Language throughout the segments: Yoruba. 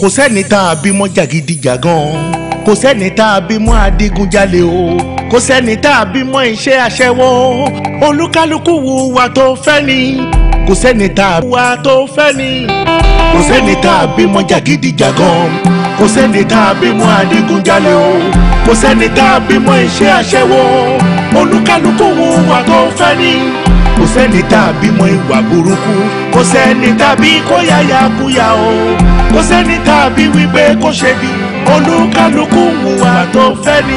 kò sẹ́ni tá a bímọ jàgídíjàgan kò sẹ́ni tá a bímọ adigunjalè o kò sẹ́ni tá a bímọ iṣẹ́ aṣẹ́wó olúkálùkù hùwà tó fẹ́ ni kò sẹ́ni tá a wá tó fẹ́ ni. kò sẹ́ni tá a bímọ jàgídíjàgan kò sẹ́ni tá a bímọ adigunjalè o kò sẹ́ni tá a bímọ iṣẹ́ aṣẹ́wó olúkálùkù hùwà tó fẹ́ ni. kò sẹ́ni tá a bímọ ìwà burúkú kò sẹ́ni tá a bí kó kúyà o kò sẹ́ni tàbí wípé kò ṣe bí olúkálukú hùwà tó fẹ́ ni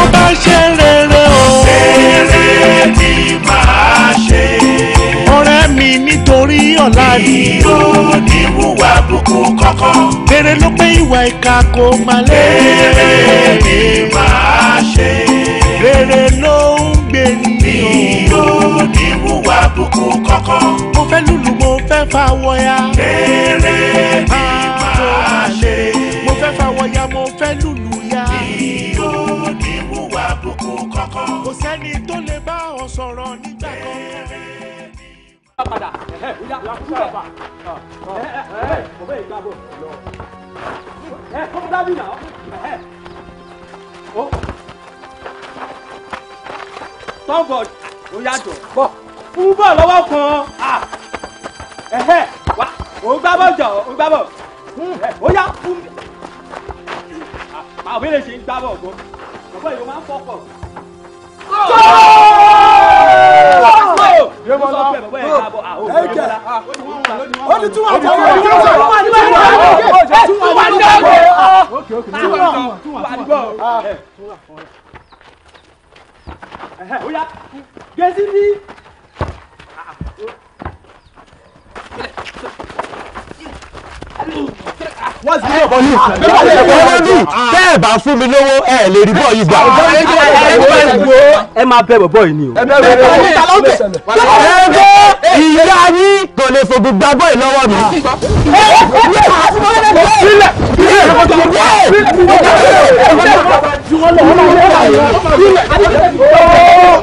ó bá ṣe rere o. rere ni màá ṣe. ọ̀rẹ́ mi nítorí ọ̀la ni. ìlú ni wúwa bùkún kọ́kọ́. rere ló pé ìwà ìka kò máa lé. rere ni màá ṣe. rere ló ń gbé ni àbùkù kọ̀kọ̀. mo fẹ́ lùlù mo fẹ́ fa wọ́yà. eré ni ah, màá ṣe. mo fẹ́ fa wọ́yà mo fẹ́ lùlù yá. ìyó ni wúwa àbùkù kọ̀kọ̀. kò sẹ́ni tó lè bá ọ sọ̀rọ̀ nígbà kan padà ìyá kúrò bá oh. ọbẹ ìgbàgbọ́ ń bọ̀ lọ́wọ́ kan ẹ̀hẹ́ wá gbá bọ̀ jọ òun gbá bọ̀ ó yá àwọn mi lè ṣe ń gbá bọ̀ gan bàbá yìí ó máa ń fọ́pọ̀. Gẹ̀ẹ́sì ní wọ́n ti yọ̀ bọ̀ ní ìsìn. bẹ́ẹ̀ bá fún mi lówó ẹ lè rí bọ́ọ̀ yìí gbà. ẹ máa bẹ bọ̀ bọ́ọ̀ yìí ni o. ẹgbẹ́ ìyá yín kò lè fògùn gba bọ́ọ̀ lọ́wọ́ mi. Oh!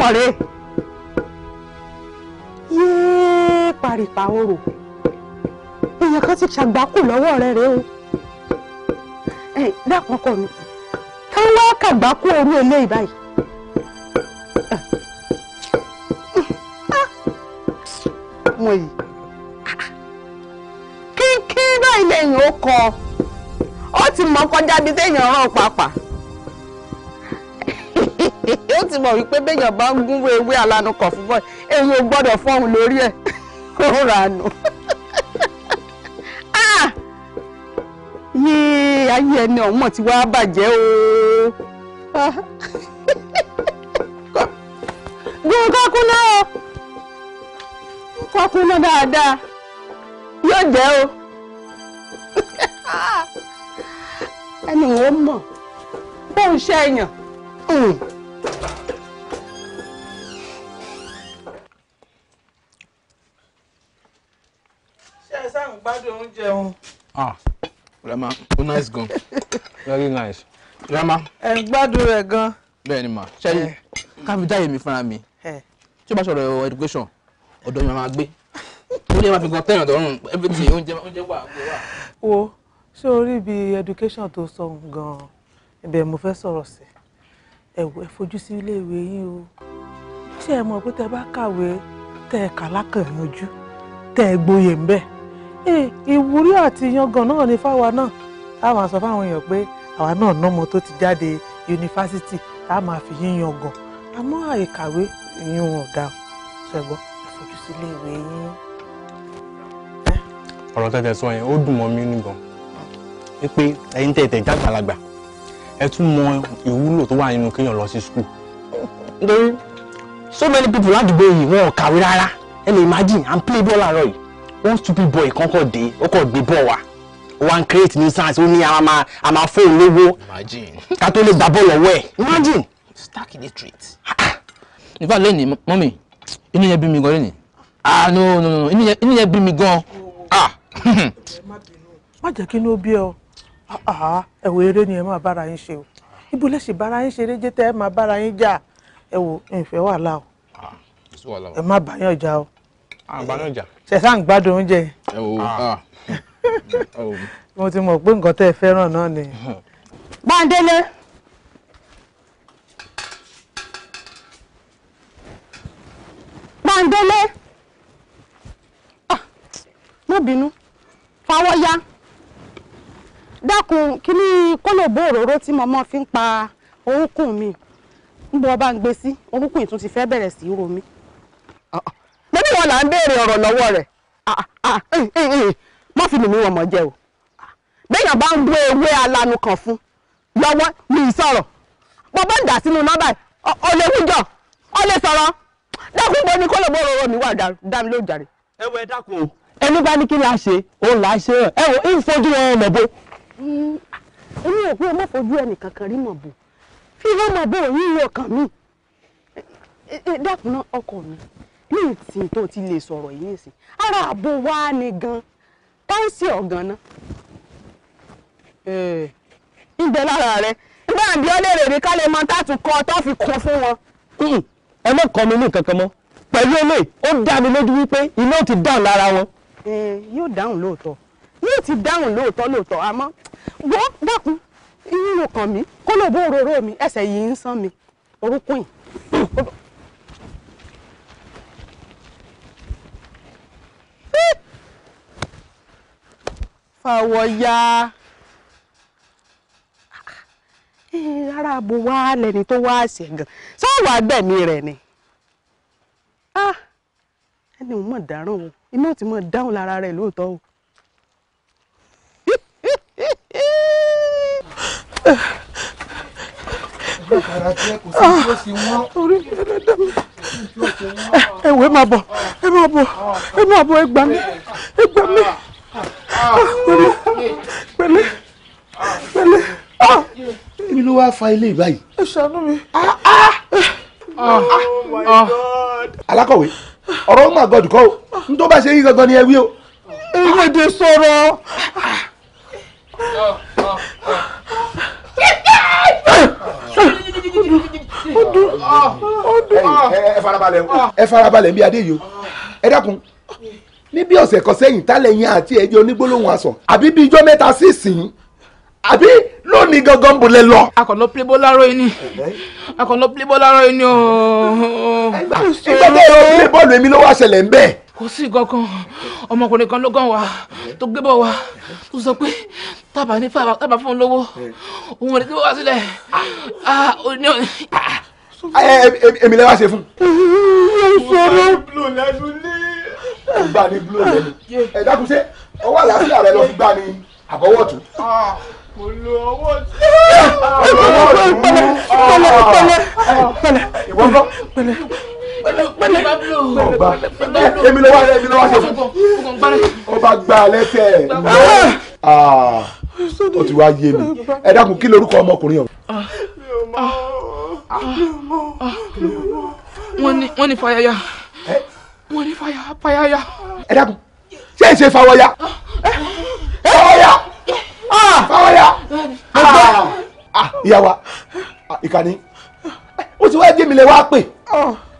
mọ̀ rè yéé paripa èèyàn kan ti ṣàgbákù lọ́wọ́ rẹ rèé o ẹ dákun ọkọ mi ká wá kàgbákù orú eléyìí báyìí. mọ̀ yìí kínkín báyìí lẹ́yìn ó kọ ó ti mọ kọjá bíi téèyàn rán pàápàá ti mọ̀ wípé béèyàn bá ń gún ewé alanu kọ̀ fún bọ́ọ̀ èyí ò gbọ́dọ̀ fọ́hùn lórí ẹ̀ kó ra nù. yéé ayé ẹni ọ̀mọ̀ tí wàá bàjẹ́ o. gún kọ́kúná o kọ́kúná dáadáa yóò jẹ́ o ah! ẹni wọn mọ̀ bóun ṣe èèyàn. Hmm. nice gan very nice. grandma. ẹ ń gbádùn rẹ gan. bẹ́ẹ̀ ni mà ṣẹ́yìn ká fi dáyé mi fúnra mi tí o bá sọ̀rọ̀ education ọ̀dọ̀ mi máa gbé ó lè máa fi gan tẹ̀yàn dọ́rùn everything oúnjẹ oúnjẹ wà wà. wo ṣé orí ibi education tó sọ gan-an ibẹ̀ mo fẹ́ sọ̀rọ̀ sí ẹ fojú sí iléèwé yín o ṣé ẹ mọ̀ pé tẹ bá kàwé tẹ ẹ kà lákànyànjú tẹ ẹ gboyè ń bẹ̀ ìwúrí àti yangan náà ni fáwa náà a máa sọ fáwọn èèyàn pé àwa náà nọ́mọ tó ti jáde yunifásitì a máa fi yín yan gan àmọ́ àìkàwé ìyún ọ̀gá ṣẹ̀gbọ́n ìfojú sí iléèwé yín. ọ̀rọ̀ tẹ̀tẹ̀ sọ yẹn ó dùn mọ́ mi nìkan pé ẹ̀yin tẹ̀tẹ̀ jágbàlagbà ẹ tún mọ ìwúlò tó wà nínú kéèyàn lọ sí skul nítorí so many people ládùúgbò yìí wọn ò kàwé rárá ẹ lè imagine i'm play ball àárọ̀ yìí one stupid boy kan kọ̀ dé ó kọ̀ gbé ball wá One create nuisance ó ní àmà àmà fóun phone ká Imagine. lè gbà bọ́ọ̀lù double ẹ̀ imagine. Stuck in the street. nípa lẹ́nu mommy. Inu yẹn bi mi gan lẹ́nu ah no no no Inu yẹn bi mi gan ah. má jẹ́ kí inú Ah ọ ah, ah, ẹ̀wọ̀ eré ni ẹ máa bára yín ṣe o ibo lẹ́sìn bára yín ṣeré jẹ́ tẹ́ ẹ máa bára yín jà ẹ wo ìfẹ́ ah, wàhálà o ẹ má bàyàn jà o ṣẹ̀ṣà ń gbádùn oúnjẹ. ẹ wo ah mo ti mọ̀ pé nǹkan tẹ́ ẹ ni. Gbandele Bándélé. Ah, má bínú ya dákun kí ni kólòbó òróró tí fi ń pa mi níbo ọba ń gbé sí ti fẹ́ bẹ̀rẹ̀ sí í ro mi. Ah, ah. mo ní wọn là ń béèrè ọ̀rọ̀ lọ́wọ́ rẹ̀ eh, eh, eh. má fi mímí mọ̀ jẹ́ o bá ń bú ewé alanu kan fún lọ́wọ́ ní ìsọ̀rọ̀ bàbá ń dà sínú nọ́mbà ọ lè sọ̀rọ̀ dákun bó ni kó lè mi wà dá mi ẹ dákun o. ẹni bá ní kí la ṣe là ṣe ẹ mi dákun náà ọkọ mi ní ìsìn tó ti lè sọ̀rọ̀ yìí táìsì ọ̀gàn náà ìgbẹ́ eh, lára rẹ nígbà bí ó lè rèrè ká lè mọ tátù kọ tó fi kún fún wọn. Hmm, ẹ má kọ́ mi ní nǹkan kan mọ́ pẹ̀lú eléyìí ó dá mi lójú wípé iná ti dáhùn lára wọn. Eh, yóò dáhùn lóòótọ́ yóò ti dáhùn lóòótọ́ lóòótọ́ àmọ́ wọ́n dákun inú ló kàn mí kó lóòbó òróró mi ẹsẹ̀ yìí ń sán mi orúkún yìí. fàwọ̀ ya rárá mo wá lẹni tó wá àṣẹ gan sáwọ agbẹ̀mí rẹ̀ ni ah, ẹni ò mọ̀ dáràn o iná ti mọ̀ dáhùn lára rẹ̀ lóòótọ́ o. ẹ̀wẹ̀ máa bọ̀ ẹ máa bọ̀ ẹ gbà mí ẹ gbà mí pẹ̀lẹ́ pẹ̀lẹ́ èmi ló wáá fa ilé ìbáyìí. ẹ ṣàánú mi. Ah, ah. Ah, alákọ̀wé ọ̀rọ̀ ó mà gọ̀dù kọ́ o n tó bá ṣe yí gangan ni ẹ wí o. èrè èdè sọ̀rọ̀. ẹ farabalẹ̀ ẹ farabalẹ̀ bí adé yìí o ẹ dákun ní bí ọ̀sẹ̀ kan sẹ́yìn tálẹ̀ yẹn àti ẹ̀jẹ̀ onígbólóhùn asọ̀ àbí bí ijọ́ mẹ́ta sí ìsìn àbí lónìí gangan bò lẹ lọ. akọ̀lọ́ pílébó láró yìí ni akọ̀lọ́ pílébó láró yìí ni o ìgbà tó yọ pílébó lu èmi ló wá ṣẹlẹ̀ ń bẹ̀. kò sí gangan ọmọkùnrin kan ló gàn wá tó gbébọ̀ wá tó sọ pé tábà ní tábà fún un lówó òun ò ní kí wọ́n wá sílẹ̀ èmi lè wá ṣe fún. ẹ sọ̀rọ̀ lò lẹ́nu ní gbà ní blu lẹ́nu ẹ dákun ṣe ọwọ́ àlàáfíà rẹ lọ fi gbà ní àbọ̀wọ̀ tún. mo lo ọwọ́ tí. pẹ̀lẹ́ pẹ̀lẹ́ pẹ̀lẹ́ ìwọ ń bọ. pẹ̀lẹ́ pẹ̀lẹ́ ọba èmi ló wá èmi ló wá ṣe fún. ọba gbà lẹ́sẹ̀ ó ti wá yé mi ẹ dákun kí lorúkọ ọmọkùnrin ọ̀hún. wọ́n ní wọ́n ní fàyàyà wọ́n ní fàyà fàyà ya. ẹ dákun ṣé ẹ ṣe fàwọ̀yà fàwọ̀yà fàwọ̀yà ìyàwó ìkànnì ó ti wáá jẹ́ mi lẹ wá pè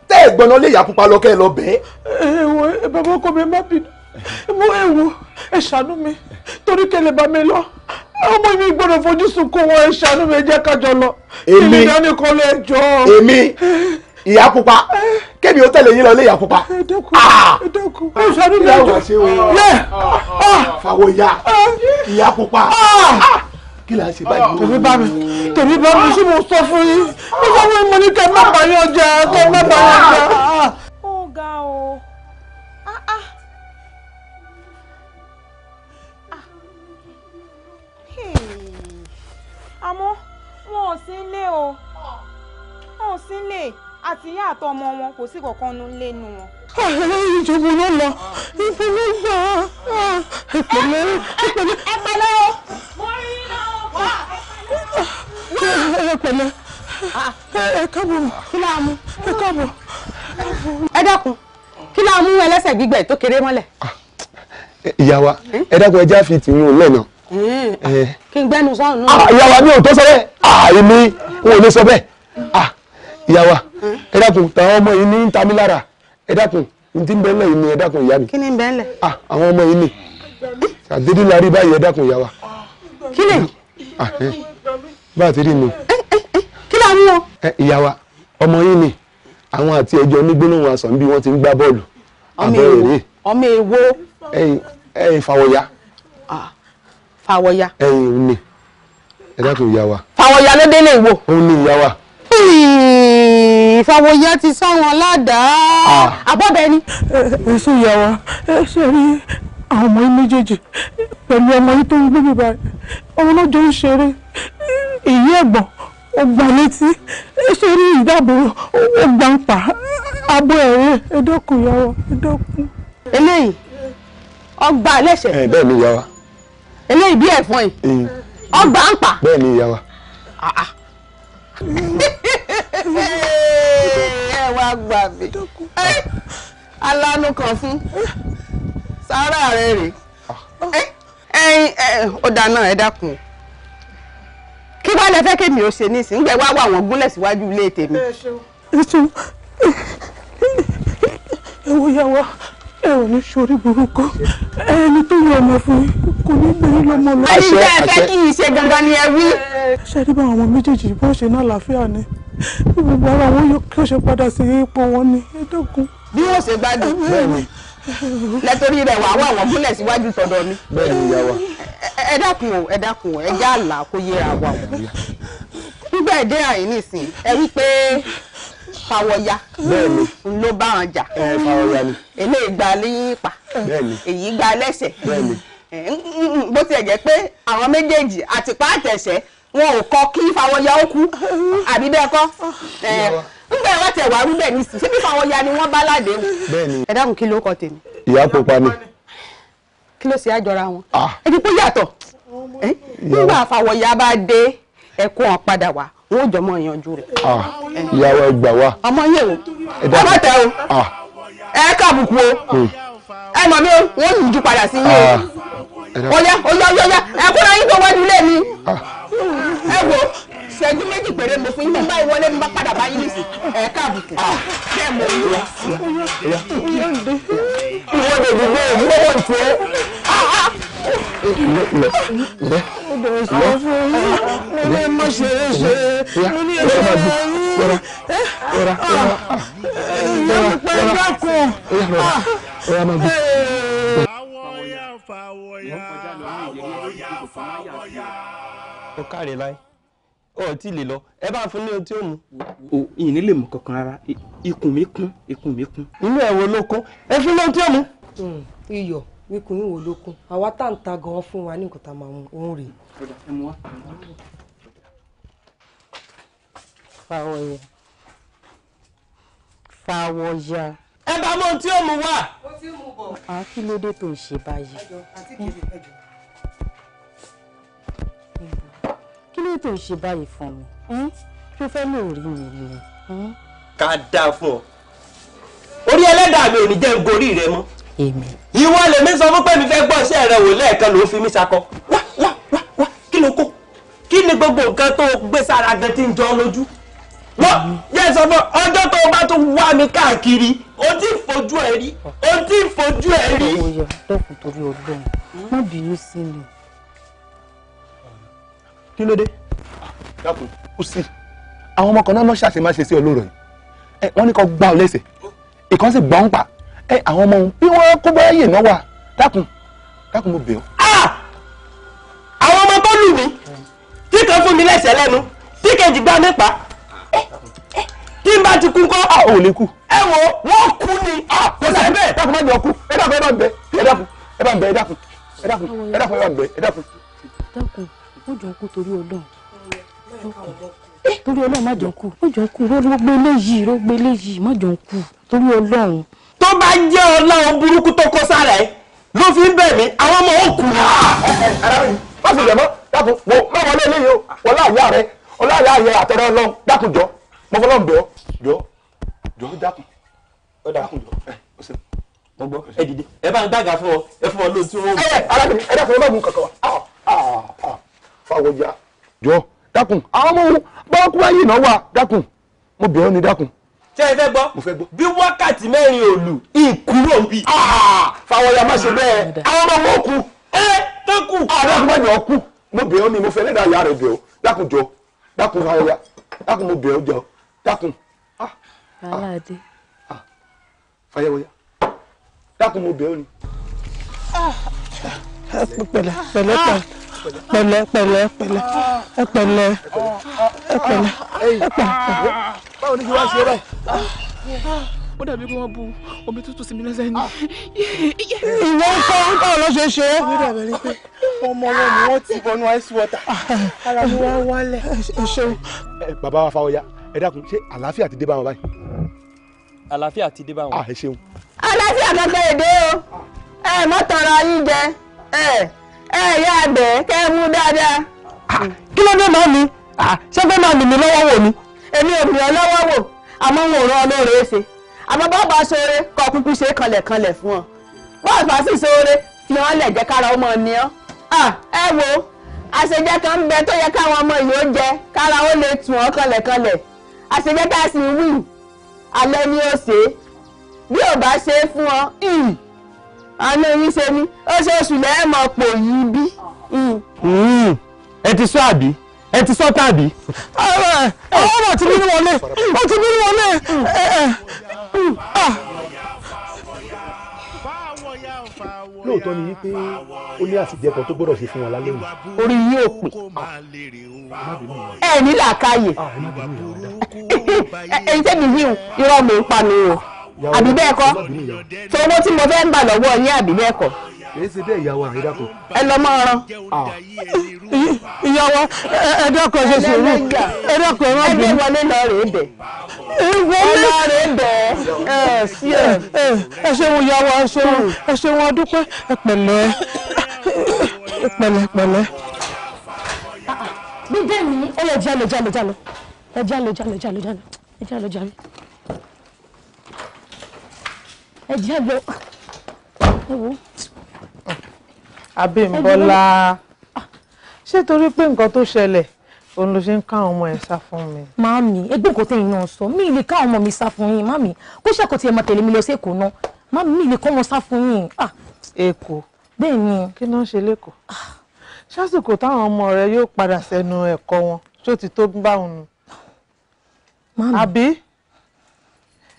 tẹ́ ẹ̀ gbọ́n náà lè pupa lọ́kẹ́ lọ bẹ́ẹ̀. ẹ̀wọ̀n bàbá ọkọ mi má bínú mo ẹ̀wọ̀ ẹ̀ ṣàánú mi torí kẹlẹ̀ bá mi lọ ọmọ mi gbọ́dọ̀ fojú sunkún wọn ẹ̀ ṣàánú mi ẹ̀ kájọ lọ. èmi èmi dání kọ́lé èmi ìyá pupa kémi ó tẹ̀lé yín lọ lé ìyá pupa. ẹ dẹ́kun ah! ẹ dẹ́kun ẹ ṣàdúrà ìyá wà ṣe o ah! ah! fàwọ̀ ìyá ìyá pupa kí là ń ṣe báyìí. tèmi bá mi tèmi bá mi sí mo sọ fún yín mo sọ fún yín mo ní kẹ má bàa yín ọjà kẹ má bàa yín ọjà. ó ga o àmọ́ wọn ò sí ilé o wọn ò sí ilé àti ìyá àtọmọ wọn kò sí kankan nu lẹ́nu wọn. ìjọba ló lọ ìjọba ló lọ ìpínlẹ̀ ìpínlẹ̀. ẹ pẹ̀lẹ́ o mo rí iná wá. ẹ pẹ̀lẹ́ ẹ káàbọ̀ kí láà mú ẹ káàbọ̀. ẹ dákun kí láà mú ẹlẹ́sẹ̀ gbígbẹ̀ tó kéré mọ́lẹ̀. ìyá wa ẹ dákun ẹ já fi tì í mú kí n gbẹ́nu sọ́run náà. Ah, ìyá wa mi ò tó sọ bẹ́ẹ̀ àìní ah, n ò ní sọ bẹ́ẹ̀ ah, ìyá wa ẹ dákun tàwọn ọmọ yìí ní ń ta mí lára ẹ dákun n ti ń bẹ́ẹ̀ lẹ̀ yìí ni ẹ dákun ìyá mi. kí ni ń ah àwọn ọmọ yìí ni àdédé la rí báyìí ẹ dákun ìyá wa. kí lè. Ah, bá a ti rí nu. Eh, eh, eh, kí ló ń wọ. ìyá wa ọmọ yìí ni àwọn àti ẹjọ nígbónáwọn àsàn bí wọn ti ń gbá bọ́ọ̀lù àbọ̀ èrè. ọmọ èwo. ẹyin ẹyin fàwọ̀yà. Ah, fàwọ̀yà. ẹyin òun ni ẹ dákun ló délé ìwò. òun ni ìyá ìfàwòyẹ ti sá wọn ládàá ah. àbọ̀bẹ ni. ẹ ṣe ìyá wa ẹ ṣe rí àwọn ọmọ yín méjèèjì pẹ̀lú ọmọ yín tó ń gbé bíbá ọmọ náà jọ ń ṣeré èyí ẹ̀gbọ́n ó gbà létí ẹ ṣe rí ìdáàbò ó gbà ń pa abo ẹ̀rẹ́ ẹ dẹ́kun ìyá wa ẹ dẹ́kun. eléyìí ọgbà lẹ́sẹ̀. ẹ bẹ́ẹ̀ ni ìyá wa. eléyìí bí ẹ̀fọn yìí ọgbà ń pa. bẹ́ẹ̀ ni ìyá wa. Ah, ah. ẹ wá gbà mí alánú kan fún sáárà rẹ rèé ẹyin ọ̀dà náà ẹ dákun kí wàá lẹ fẹ́ kémi ò ṣe nísìnyí gbẹ wá wà wọ́n gúnlẹ̀ síwájú ilé tèmi. ètò ẹ̀wọ̀ yà wá ẹ ní sori burúkú ẹni tó yẹ ọmọ fún kò ní gbẹ̀yìn lọ́mọ lọ. ẹni tẹ́ fẹ́ kí n ṣe gangan ni ẹ wí. ṣé rí bá àwọn méjèèjì bó ṣe náà láàfíà ni gbogbo ara wọn yóò kí ó ṣe padà sí ipò wọn ni ẹ bí wọ́n ṣe gbádùn bẹ́ẹ̀ ni lẹ́tọ́rí rẹ̀ wà wà wọ́n síwájú tọ̀dọ̀ mi. bẹ́ẹ̀ ni ìyá wa. ẹ o ẹ dákun o ẹ àlà kó yẹra wa o. nígbà ìdí àyè fàwọ̀yà bẹ́ẹ̀ni ló bá wọn jà fàwọ̀yà ni eléyìí gba léyìn pa bẹ́ẹ̀ni èyí gba lẹ́sẹ̀ bẹ́ẹ̀ni bó tiẹ̀ jẹ́ pé àwọn méjèèjì àtìpá àtẹ̀sẹ̀ wọn ò kọ kí fàwọ̀yà ó kú àbí bẹ́ẹ̀ kọ́ nígbà wọn tẹ̀ wá rúbẹ̀ ní sísí bí fàwọ̀yà ni wọ́n bá láde o. bẹ́ẹ̀ni ẹ dákun kí ló kọ tèmi. ìyá pupa ni. kí ló sì àjọra wọn. Ah. ẹni pé yàtọ̀ nígbà fàwọ̀yà bá dé ẹ̀kọ́ wọn padà wá wọ́n jọ mọ ìyanjú rẹ̀. ìyàwó ẹ gbà wá. ọmọ yẹ o ẹ bá tẹ o ẹ káàbùkù o hmm. ẹ mọ̀ mi o wọ́n lù jú padà sí yín o ó yá ó yá ó yá ẹ kúrò yín tó wájú ilé mi ẹ wo ṣẹ́jú méjì péré mo fún yín bá ìwọlé mi bá padà bá yín nìsí ẹ káàbùkù kẹ mọ ìwọ. ìwọ lè dìbò ìwọ wọ̀ tiẹ̀ ọkàrẹ láì ọ tí lè lọ ẹ bá fún ní ohun tí ó mu. o ìyìn nílé mu kankan rárá ikùn mi kún ikùn mi kún. inú ẹ̀ wo ló kún ẹ fún ní ohun tí ó mu. Hmm, iyọ̀ wíkùn yín wò lókun àwa tá à ń ta gan fún wa ní nǹkan tá a máa mú òun rèé. fàwọ̀yà fàwọ̀yà. ẹ bá mọ ohun tí ó mú wá. ó ti mú bọ̀. à ń kí ló dé tó ń ṣe báyìí. kí ló dé tó ń ṣe báyìí fún mi kí hm? o fẹ́ lè rí mi ni. Hm? ká dáa fún ọ orí ẹlẹ́dàá mi ò ní jẹ́ gorí rẹ mọ́ èmi. ìwọ lèmi sọ fún pé mi fẹ́ gbọ́ iṣẹ́ rẹ wò lẹ́ẹ̀kan ló fi mí sakọ wá wá wá wá kí ló kó kí ni gbogbo nǹkan tó gbé sára gan tí ń jọ lójú. wọ́n yẹ sọ fún ọjọ́ tó o bá tún wá mi káàkiri o ti fojú ẹ rí o ti fojú ẹ rí. oyè dẹ́kun torí ọgbọ́n má bínú sí mi. kí ló dé dákun ó sì àwọn ọmọ kan náà lọ ṣàṣemáṣe sí olóró yìí wọ́n ní kó gbá ọ lẹ́sẹ̀ ìkànsì gbọ́n pa ẹ àwọn ọmọ òun bí wọ́n kó bá yè náà wà dákun dákun mo bẹ̀ ọ́. àwọn ọmọ tó lù mí tí kan fún mi lẹ́sẹ̀ lẹ́nu tí kejì gbá mi pa tí n bá ti kú kọ́. a ò lè kú. ẹ wo wọ́n kú ni. kò sí bẹ́ẹ̀ dákun má jọ kú ẹ dákun ẹ bá bẹ ẹ dákun ẹ bá bẹ ẹ dákun ẹ dákun ẹ dákun ẹ bá bẹ ẹ dákun. dákun ó jọ kú torí ọdún torí ọlọ́run má jọ kú ó jọ kú ró gbélé yìí ró gbélé yìí má jọ kú torí ọlọ́run tó bá jẹ́ ọlá ohun burúkú tó kó sára ẹ ló fi ń bẹ̀ mí àwọn ọmọ òkú. Ah! má sì jẹ̀mọ́ dákun wo má wọlé eléyìí o wọlé àyà rẹ ọlá àyà rẹ àtẹrẹ ọlọ́run dákun jọ mo fọlọ́run bẹ̀ ọ́ jọ jọ dákun ọ dákun jọ ẹ ọ sẹ́yìn mo gbọ́ ẹ dìde ẹ bá ń gbàgà fún ọ ẹ fún ọ lóun tí wọn. ẹ arábìnrin ẹ dákun ẹ bá gun kankan wa ah, ah, fàwọjà jọ dákun àwọn ọmọ wọn bá wọn kú wáyé náà wà dákun mo bẹ̀ ọ́ ni dákun tẹ́ ẹ fẹ́ gbọ́. mo fẹ́ gbọ́. bí wákàtí mẹ́rin òlù ìkúrò bí. Ah! fàwọ̀yà má ṣe bẹ́ẹ̀ àwọn ọmọ wọn kú. ẹ tó kù. àwọn ọmọ yẹn kú mo bẹ̀ ọ́ ni mo fẹ́ lẹ́dàá ìyá rẹ̀ bẹ̀ ọ́ dákun jọ dákun fàwọ̀yà dákun mo bẹ̀ ọ́ jọ dákun. Ah, ah. aláàdé. fàyẹ̀wòyà dákun mo bẹ̀ ọ́ ni. pẹ̀lẹ́ pẹ̀lẹ́ pẹ̀lẹ́ pẹ̀lẹ́ pẹ̀lẹ́ pẹ̀lẹ́ ẹ pẹ̀lẹ́ ẹ pẹ̀lẹ́ ẹ pẹ̀lẹ́. báwo ni kí wọ́n ṣe báyìí. ó dàbí pé wọ́n bu omi tútù sí mi lẹ́sẹ̀ ni. ìwọ ń kọ́ ń kọ́ ló ṣe ṣe. ó dàbí rí pé ọmọ wọn ni wọ́n ti bọnú ice water ara mi wá wálẹ̀. ẹ ṣeun. bàbá wa fa ọya ẹ dákun ṣé àlàáfíà ti dé bá wọn báyìí. àlàáfíà ti dé bá ah, ẹ ṣeun. àlàáfíà kankan èdè o ẹ mọ tọrọ yín jẹ ẹ ẹ yá abẹ kẹ ẹ mú dáadáa. Ah, kí ló dé màá mi ah, ṣé fẹ́ máa lùmí lọ́wọ́ wò ni. èmi ò bìrọ̀ lọ́wọ́ wò àmọ́ wọn ò rán olóore ṣe àmọ́ bọ́ọ̀bù aṣọre kọ kúkú ṣe kanlẹ̀kanlẹ̀ fún ọ bọ́ọ̀bù fàásì ṣọre fi hàn lẹ̀ jẹ́ kára ọmọ ni ọ́. Ah, ẹ wo àṣejẹ kan ń bẹ tó yẹ káwọn ọmọ yìí ó jẹ kára ó lè tù ọ́ kanlẹ̀kanlẹ̀ àṣejẹ tá a sì wí alẹ́ ni ó ṣe é bí ò bá ṣe é fún ọ àánú yín ṣe mí ó ṣe oṣù lẹ́ẹ̀mọ pò yìí bí. Hmm. ẹ ti sọ àbí ẹ ti sọ tàbí. ọwọ́ mà ti bínú wọlé ó ti bínú wọlé. lóòótọ́ ni wípé ó ní àtijọ́ kan tó gbọ́dọ̀ ṣe fún wọn lálẹ́ yìí. orí yóò pè ẹ ní làákàyè ah, ẹ̀yin tẹ́bi yìí irọ́ mi ń pa mi o àbí bẹ́ẹ̀ kọ́ tó owó tí mo fẹ́ ń gbà lọ́wọ́ yín àbí bẹ́ẹ̀ kọ́. èyí ṣe bẹ́ẹ̀ ìyàwó àrídá kò. ẹ lọ mọ ọ̀rọ̀. Ah. ìyàwó ẹ dọ́kọ̀ ṣe sùúrù ẹ dọ́kọ̀ ẹ wọ́n bí. ẹ wọlé lọ rèé bẹ̀. ẹ lọ rèé bẹ̀. ẹ ṣeun ìyàwó ẹ ṣeun hmm. ẹ ṣeun ọdúpẹ́ ẹ pẹ̀lẹ́ ẹ pẹ̀lẹ́ pẹ̀lẹ́. bí bẹ́ẹ̀ ni ó yẹ jalo jalo jalo ẹ jalo jalo jalo jalo ẹ jalo jalo ẹ jẹ́ lọ ẹ wo. Abímbọ́lá ah, ṣé torí pé nǹkan tó ṣẹlẹ̀ òun ló ṣe ń káwọn ọmọ ẹ sá fún mi. màámi ẹgbẹ́ nǹkan tẹ̀yìn náà sọ mí ìlè káwọn ọmọ mi sá fún yín màámi kó ṣe àkọsí ẹ̀ máa tẹ̀lé mi lọ sí èkó náà màámi mí ìlè kọ́ wọn sá fún yín. Ah, èkó bẹ́ẹ̀ ni. kí ló ń ṣe lẹ́kọ̀ọ́ ah. ṣásìkò táwọn ọmọ rẹ yóò padà sẹ́nu ẹ̀kọ́ wọn ṣó ti tó báwọn nu. àbí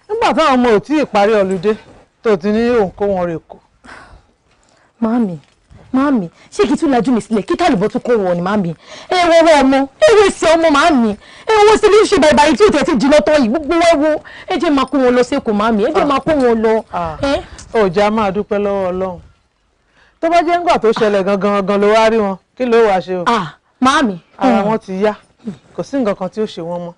nígbà táwọn ọmọ ò tí ì parí ọlùdé tó ti ní òun kó wọn rè kó. Màámi, màámi, ṣé kí tún lajú mi sílẹ̀ kí tàlùbọ̀ tún kó wọn ni màámi? Ẹ wo ọwọ́ ọmọ, ẹ wo èsì ọmọ màámi, ẹ wo ṣe ní ṣe bàìbàì tí ò tẹ̀ ti jìnnà tán yìí gbogbo ẹ wo, ẹ jẹ́ máa kó wọn lọ sẹ́kọ̀ọ́ màámi, ẹ jẹ́ máa kó wọn lọ. Òjá ah, ah. máa dúpẹ́ lọ́wọ́ Ọlọ́run. Tó bá jẹ́ ńgbà tó ṣẹlẹ̀ gangan gan ló wá rí wọn, kí ló wàá ṣe o? Ah, màámi. Ara hmm. wọn ti yá, kò sí nǹkan kan tí ó ṣe wọn mọ́.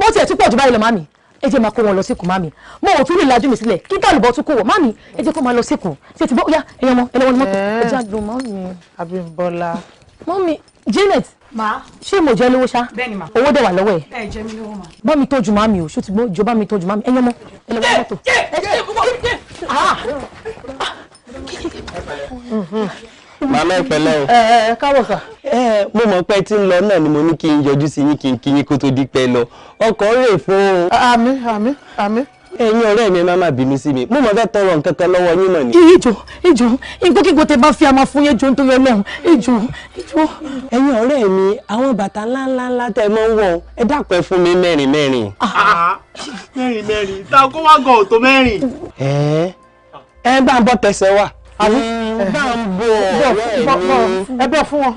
Wọ́n tiẹ̀ tún pọ̀ jù báyìí lọ màámi ẹ jẹ́ máa kó wọn lọ síkùn mami mo ò tún lè lajú mi sílẹ̀ kí tàlùbọ̀ tún kó wọ̀ mami ẹ jẹ́ kó máa lọ síkùn ṣe ti bọ́ ya ẹ̀yàn ọmọ ẹlẹ́wọ̀n ni mọ́tò ẹ jẹ́ àgbọn mami Abímbọ́lá. mami Janet ma ṣé mo jẹ lówó ṣá bẹ́ẹ̀ni ma owó dẹ̀ wà lọ́wọ́ ẹ ẹ jẹ mi lówó ma bá mi tọ́jú mami o ṣùtì jọ bá mi tọ́jú mami ẹ̀yàn ọmọ ẹlẹ́wọ̀n mọ́tò. màmá ìfẹ́lẹ́ o. ẹ ẹ mo mọ̀ pé tí ń lọ náà ni mo ní kí n yọjú sí yín kí n kí yín di lọ rè fún ami àmì àmì àmì. ẹ̀yin mi máa ma bínú sí mi mo mọ̀ fẹ tọrọ nǹkan kan yín ni. ìjọ ìjọ tẹ bá fi àmà fún yẹn jọ nítorí ìjọ ìjọ. mi àwọn bàtà tẹ wọ ẹ dàpẹ fún mi ah, ah, ah. ta kó wá gan ẹ ẹ bá ń àbí bá ń bọ̀ ẹ bọ̀ fún wọn bọ̀ fún wọn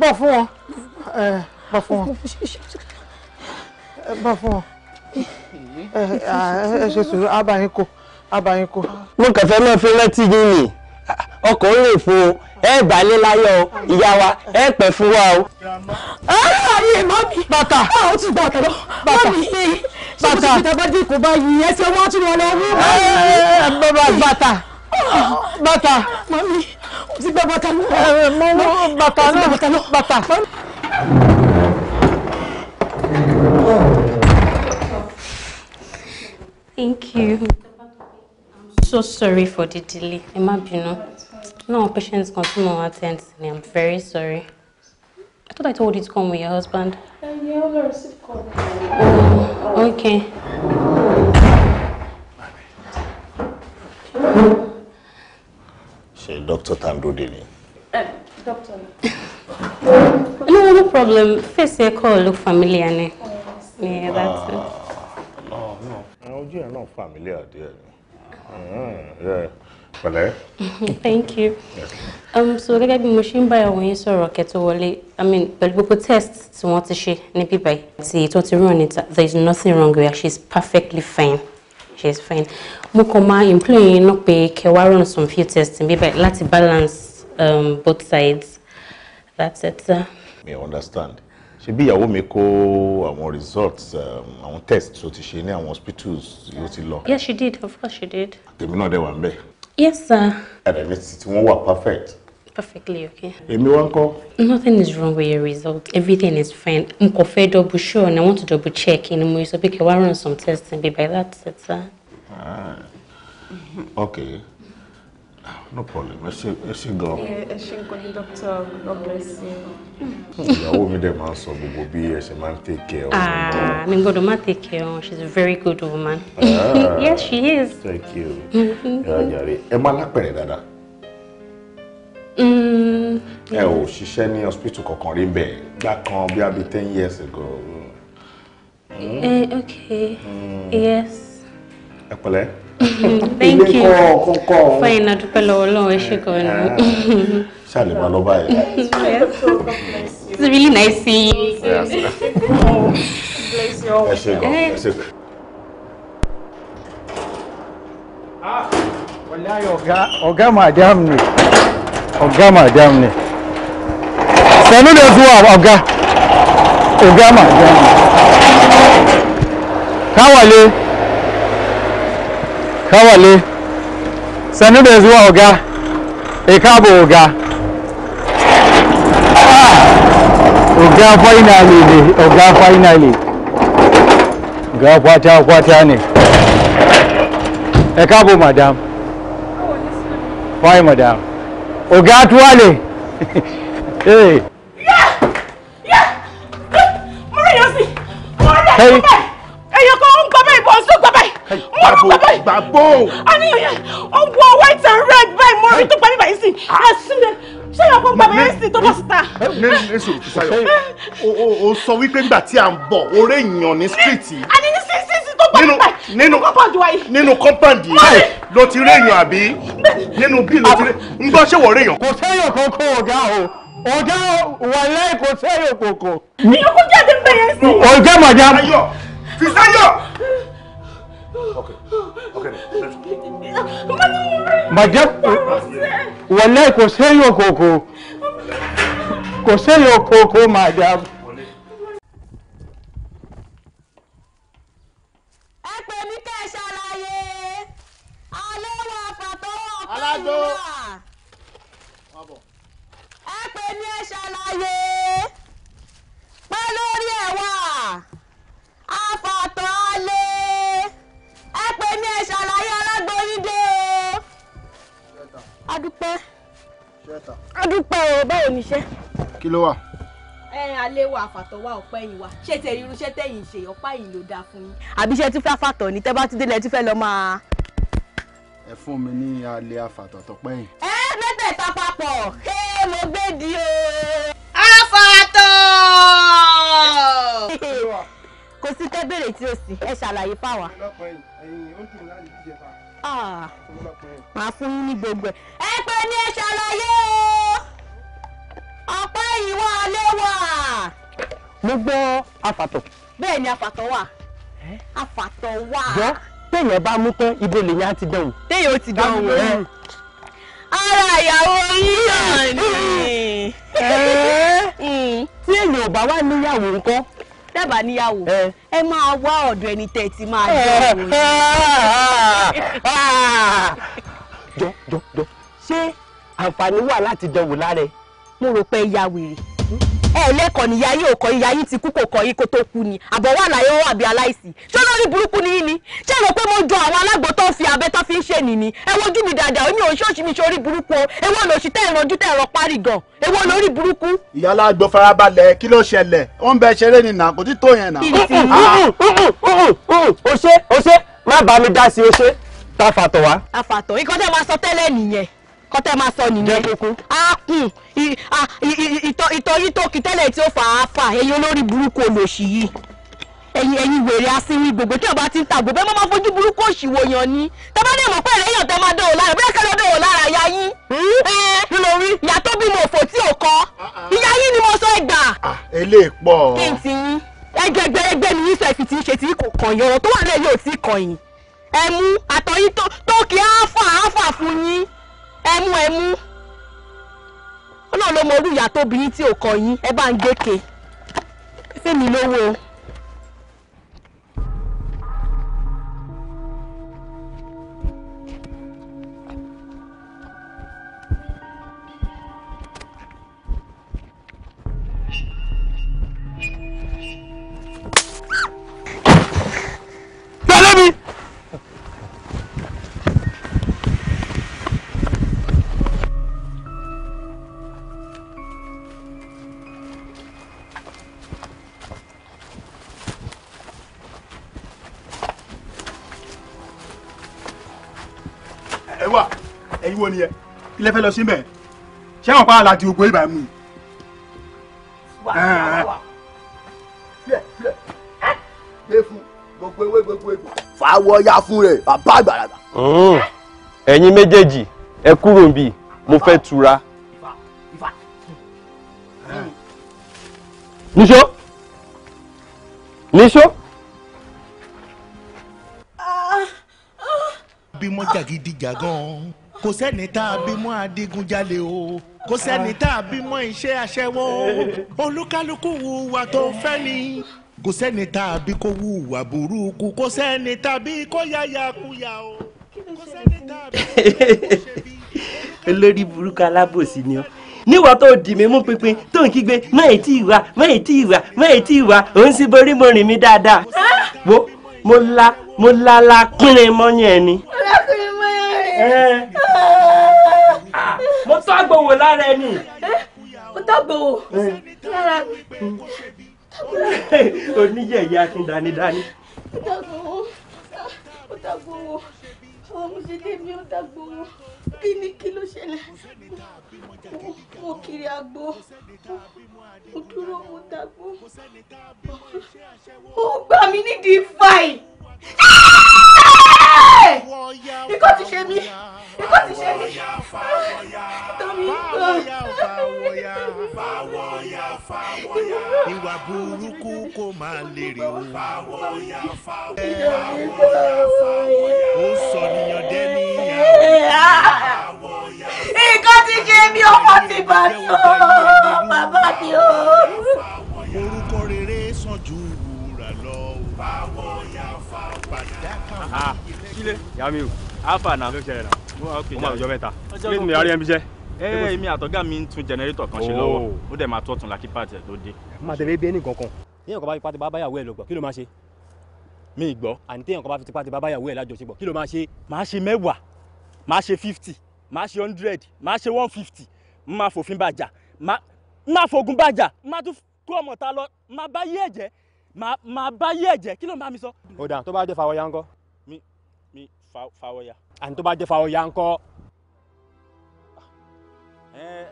bọ̀ fún wọn bọ̀ fún wọn ẹ ṣe sùúrù abayin kò abayin kò. mo kàn fẹ́ fi rántí yín ni ọkọ̀ ń rè fún o ẹ balẹ̀ láyọ̀ o ìyá wa ẹ pẹ́ fún wa o. ayé mọ́mí bàtà ó ti gbà tẹ̀lé mọ́mí bàtà ṣé mo ti dín kò bá yìí ẹsẹ̀ wọ́n tún wọn lọ wú. bàtà bàtà mami o ti gbà bàtà lọ. mo wọ bàtà náà bàtà lọ bàtà. thank you i'm so sorry for the delay ẹ má bínú no patients kan tí mo attend ni i'm very sorry. I thought I told you to come with your husband. Uh, yeah, I'm call. Oh, okay ṣe dr Tandode ni. doctor no no problem face ẹ call, look familiar ni. Yeah, that's it. No, no. Ojú ẹ̀ náà familiar ah, Yeah, ni. Pẹ̀lẹ́. Thank you. Yes. Um, so gẹ́gẹ́ bí mo ṣe ń bá ẹ̀wọ̀n yín sọ̀rọ̀ kẹ́tó I mean, pẹ̀lú gbogbo test tí wọ́n she, nippy ní See, it's tó ti rán níta, there is nothing wrong with her, she is perfectly fine she's fine mo kàn máa employ yín náà pé kẹ́ wá run some few tests but láti balance um, both sides that's it sir. mi understand She be ìyàwó mi kó àwọn results um, àwọn tests so ti ṣe ní àwọn hospitals yóò ti lọ. yes she did of course she did. tèmi náà dẹ̀ wà ń bẹ̀. yes sir. ẹ̀rẹ̀ mi ti wọ́n wà perfect perfectly okay. èmi wá ń nothing is wrong with your result everything is fine n kò fẹ́ double sure and i want to double check ni mo sọ pé kí wá run some testing be by that set sir. Ah, okay ah, no problem ẹ ṣe ẹ ṣe gan. ẹ ṣe nǹkan ní dókítà god bless you. ìyàwó mi dẹ̀ máa ń sọ gbogbo bí ẹ ṣe máa ń take care of her. Ah, mi gbọ́dọ̀ má take care of her she is a very good woman. yes she is. thank you. Mm-hmm. ẹ má lápẹ̀rẹ̀ dáadáa. Mm. ẹ ò ṣiṣẹ́ ní hospital kankan rí bẹ́ẹ̀ gbà kan bí abi ten years ago. Mm. Eh, okay. Mm. Yes. Ẹ pẹ̀lẹ́. Mm-hmm. Thank you. Ilé kọ́ kọ́kọ́. Fẹ́yìn náà dúpẹ́ lọ́wọ́ Ọlọ́run ẹ ṣe gan ni. Eh, eh. Ṣàlè máa lọ báyìí. It's really nice seeing you. Ẹ ṣe gan. Ẹ ṣe gan. Ah, wọlé ayọ̀ ọ̀gá ọ̀gá màdàm ni ọ̀gá mà jam ne sanu da zuwa ọ̀gá ọ̀gá mà jam ne kawale kawale sanu da zuwa ọ̀gá e kabo ọ̀gá ah! ọ̀gá finally ni. ọ̀gá finally ga kwata kwata ni. e kabo madam fine madam ọ̀gá àtúwálẹ̀. mo rí yọsí mo rí ẹ̀sìn bẹ́ẹ̀ èèyàn kan ń gbọ́ báyìí bọ̀ ń sún gbọ́ báyìí mo rú gbọ́ báyìí. gbàgbó. a ní ọwọ́ white and red báyìí mo rí tó gbà mí báyìí sí àsìlẹ̀ ah. ṣé yọ kó gbàgbé ẹsì tó bá síta. nẹ́sùn ti sáyọ o sọ wípé nígbà tí a ń bọ̀ oré èèyàn ní street. a ní ní sísí nínú nínú nínú compound yìí ló ti réyàn àbí nínú bí ló ti ré ń gbọ́ ṣé wọ́n réyàn. kò sẹ́yìn kókó ọ̀gá o ọ̀gá wàlẹ́ kò sẹ́yìn kókó. ìyókù jáde ń bẹ̀rẹ̀ sí. ọ̀gá màjá. ayọ̀ fi sáyọ̀. Okay. Okay. Màjá wàlẹ́ kò sẹ́yìn kókó kò sẹ́yìn kókó màjá. adúpẹ́ adúpẹ́ o báwo ni iṣẹ́. kí ló wà. ẹ alẹ́ wa àfàtọ̀wá ọ̀pẹ́ yìí wa ṣé tẹ irú iṣẹ́ tẹ̀yìn ṣe ọ̀pá yìí ló dáa fún yín. àbí iṣẹ́ tún fẹ́ fàtọ̀ ni tẹ́ bá ti délẹ̀ tún fẹ́ lọ máa. ẹ fún mi ní alẹ́ àfàtọ̀ tọpẹ́ yìí. ẹ mẹ́tẹ̀ẹ̀ta papọ̀ ṣé mo gbé di o. àfàtọ̀. kò sí tẹ́ bèrè tí o sì ẹ ṣàlàyé fáwa. ọlọ́pàá ẹ̀yìn ó dùn láti díje fáwa. Ah, màá fún yín ní gbogbo ẹ̀. ẹ pé ní ẹ ṣàlàyé o ọ̀pá ìwà alẹ́ wà. mo gbọ́ afàtọ̀. bẹ́ẹ̀ ni afàtọ̀ wà afàtọ̀ wà. jọ téèyàn bá mú tán ibo lèyàn á ti dẹ̀wò. téèyàn ó ti dẹ̀wò rẹ. ara ìyàwó yíyàn ni. Hmm. tí èèyàn ò bá wà níyàwó ńkọ́ dábàá níyàwó ẹ máa wá ọ̀dọ̀ ẹni tẹ́ ti máa jẹ́ òye. jọ jọ jọ ṣé àǹfààní wà láti dánwò lára ẹ. mo rò pé ya wèrè ẹ lẹ́kọ̀ọ́ ni yayí ò kọ́ yìí yayí ti kú kò kọ́ yìí kó tó kú ni àbọ̀ wà láyé ó àbí aláìsí ṣé lórí burúkú ni yín ni ṣé rò pé mo jọ àwọn alágbo fi abẹ́ tó fi ń ṣe nìní ẹ wojú mi dáadáa ó ní òun ṣóòṣì mi ṣorí burúkú o èwo lò sí tẹ́ ìrànjú tẹ́ ẹ̀rọ parí gan èwo lórí burúkú. ìyá alágbo farabalẹ̀ kí ló ṣẹlẹ̀ ó ń bẹ ṣeré ni nà kò tí tó yẹn nà. o ah. ṣe o ṣe má bàa mi dá sí o ṣe tá a fàtọ̀ wá kọ́tẹ́ máa sọ nìyẹn á kùn ìtọ́ yìí tó kì tẹ́lẹ̀ tí ó fà á fà ẹ̀yin olórí burúkú olòṣì yìí ẹ̀yin ẹ̀yin wèrè asínwín gbogbo tí ọba ti ń ta gbogbo ẹ má máa fojú burúkú òṣìwò yàn ni tẹ́bá dẹ̀ mọ̀ pé ẹ̀rẹ́yàn tẹ́ máa dọ̀wọ̀ lára bẹ́ẹ̀ kẹ́lẹ́ dọ̀wọ̀ lára ìyá yín nílò hmm? rí ìyá tó bímọ òfò tí ò kọ́ ah, ah. ìyá yín ni mo sọ ẹgbà. ẹ ah, lè pọ̀. kí n ti yín ẹgbẹgbẹ ẹgbẹ ni yín sọ ẹfì tí ń ṣe tí kò kàn yín ọ̀rọ̀ tó wà lẹ́yìn ò tí kàn yín ẹ mú àtọ̀yìn tó kí á fà á fà fún yín. ẹmú ẹmú ọlọ́run ló mọ orú ìyá tí kọ yín ẹ bá ń gbé ke fẹ́mi lówó o. ẹ̀yin wo ni ẹ ilé fẹ́ lọ sí bẹ́ẹ̀ ṣé àwọn pààlà ti ògbó ìbàmù yìí. wà á wà filẹ̀ filẹ̀ ẹ́ dé fún gbogbo ewé gbogbo egbò. fàáwọ̀ ya fún rẹ̀ bàbá àgbàlagbà. ẹ̀yin méjèèjì ẹ kúrò ń bì mo fẹ́ tura. níṣó níṣó. bímọ jàgídíjà gan-an kò sẹ́ni tá a bímọ adigunjalè o kò sẹ́ni tá a bímọ iṣẹ́ aṣẹ́wó olúkálùkù hùwà tó fẹ́ ni kò sẹ́ni tá a bí kó hùwà burúkú kò sẹ́ni tá a bí kó yáyà kúyà o kò sẹ́ni tá a bí kó ṣe olórí burúkú alábòsí ni ọ níwọ tó dì mí mú pinpin tó ń kígbe má ètí ìwà má ètí ìwà má ètí ìwà ò ń sí borí mo rìn mí dáadáa ah! wo mo la mo la la pínrin mọ́yàn ẹni. mo la pínrin mọ́yàn ẹni mo tọ́ àgbòwò lára ẹni. mo tọ́ àgbòwò eh. lára oníyẹ̀yẹ akíndani dání. mo tọ́ àgbòwò mo tọ́ àgbòwò àwọn ọmọdé mi ò dàgbòwò kí ni kí ló ṣẹlẹ̀ mo kiri agbo mo dúró mo dàgbò ó gbà mí nídìí fàì ikọ́ ti ṣe mí ikọ́ ti ṣe mí tọ́mi ikọ́. ìwà burúkú kò máa ti ṣe o bàbá mi o. Ah. kílé. Yamiu alpha náà ló ṣẹlẹ̀ náà mo máa jọ mẹ́ta kílé mi rárí ẹbí jẹ́. ẹ eh, mi àtọ́gá mi ń tún jẹnẹrétọ̀ kan ṣe lọ́wọ́ oh. ó dẹ̀ máa tọ́tún lákì pàtẹ ló dé. má tẹ̀lé bí ẹnì kankan. téèyàn kan bá fi pátí bá báyàwó ẹ lọ gbọ́ kí ló máa ṣe. mi gbọ́. àní téèyàn kan bá fi pátí bá báyàwó ẹ lájọṣepọ̀ kí ló máa ṣe. máa ṣe mẹ́wàá máa ṣe fifty máa ṣe hundred máa ṣe one fifty máa fòfin bàjà máa fògùn bàjà máa tún kó ọmọ ta lọ máa ba yé ẹ̀jẹ̀ máa bá yé ẹ̀jẹ̀ kí ló máa mi sọ. ó dà tó bá jẹ́ fàwọ̀ yá ńkọ́ fàwọ̀yà. àní tó bá jẹ́ fàwọ̀yà ńkọ́. ẹ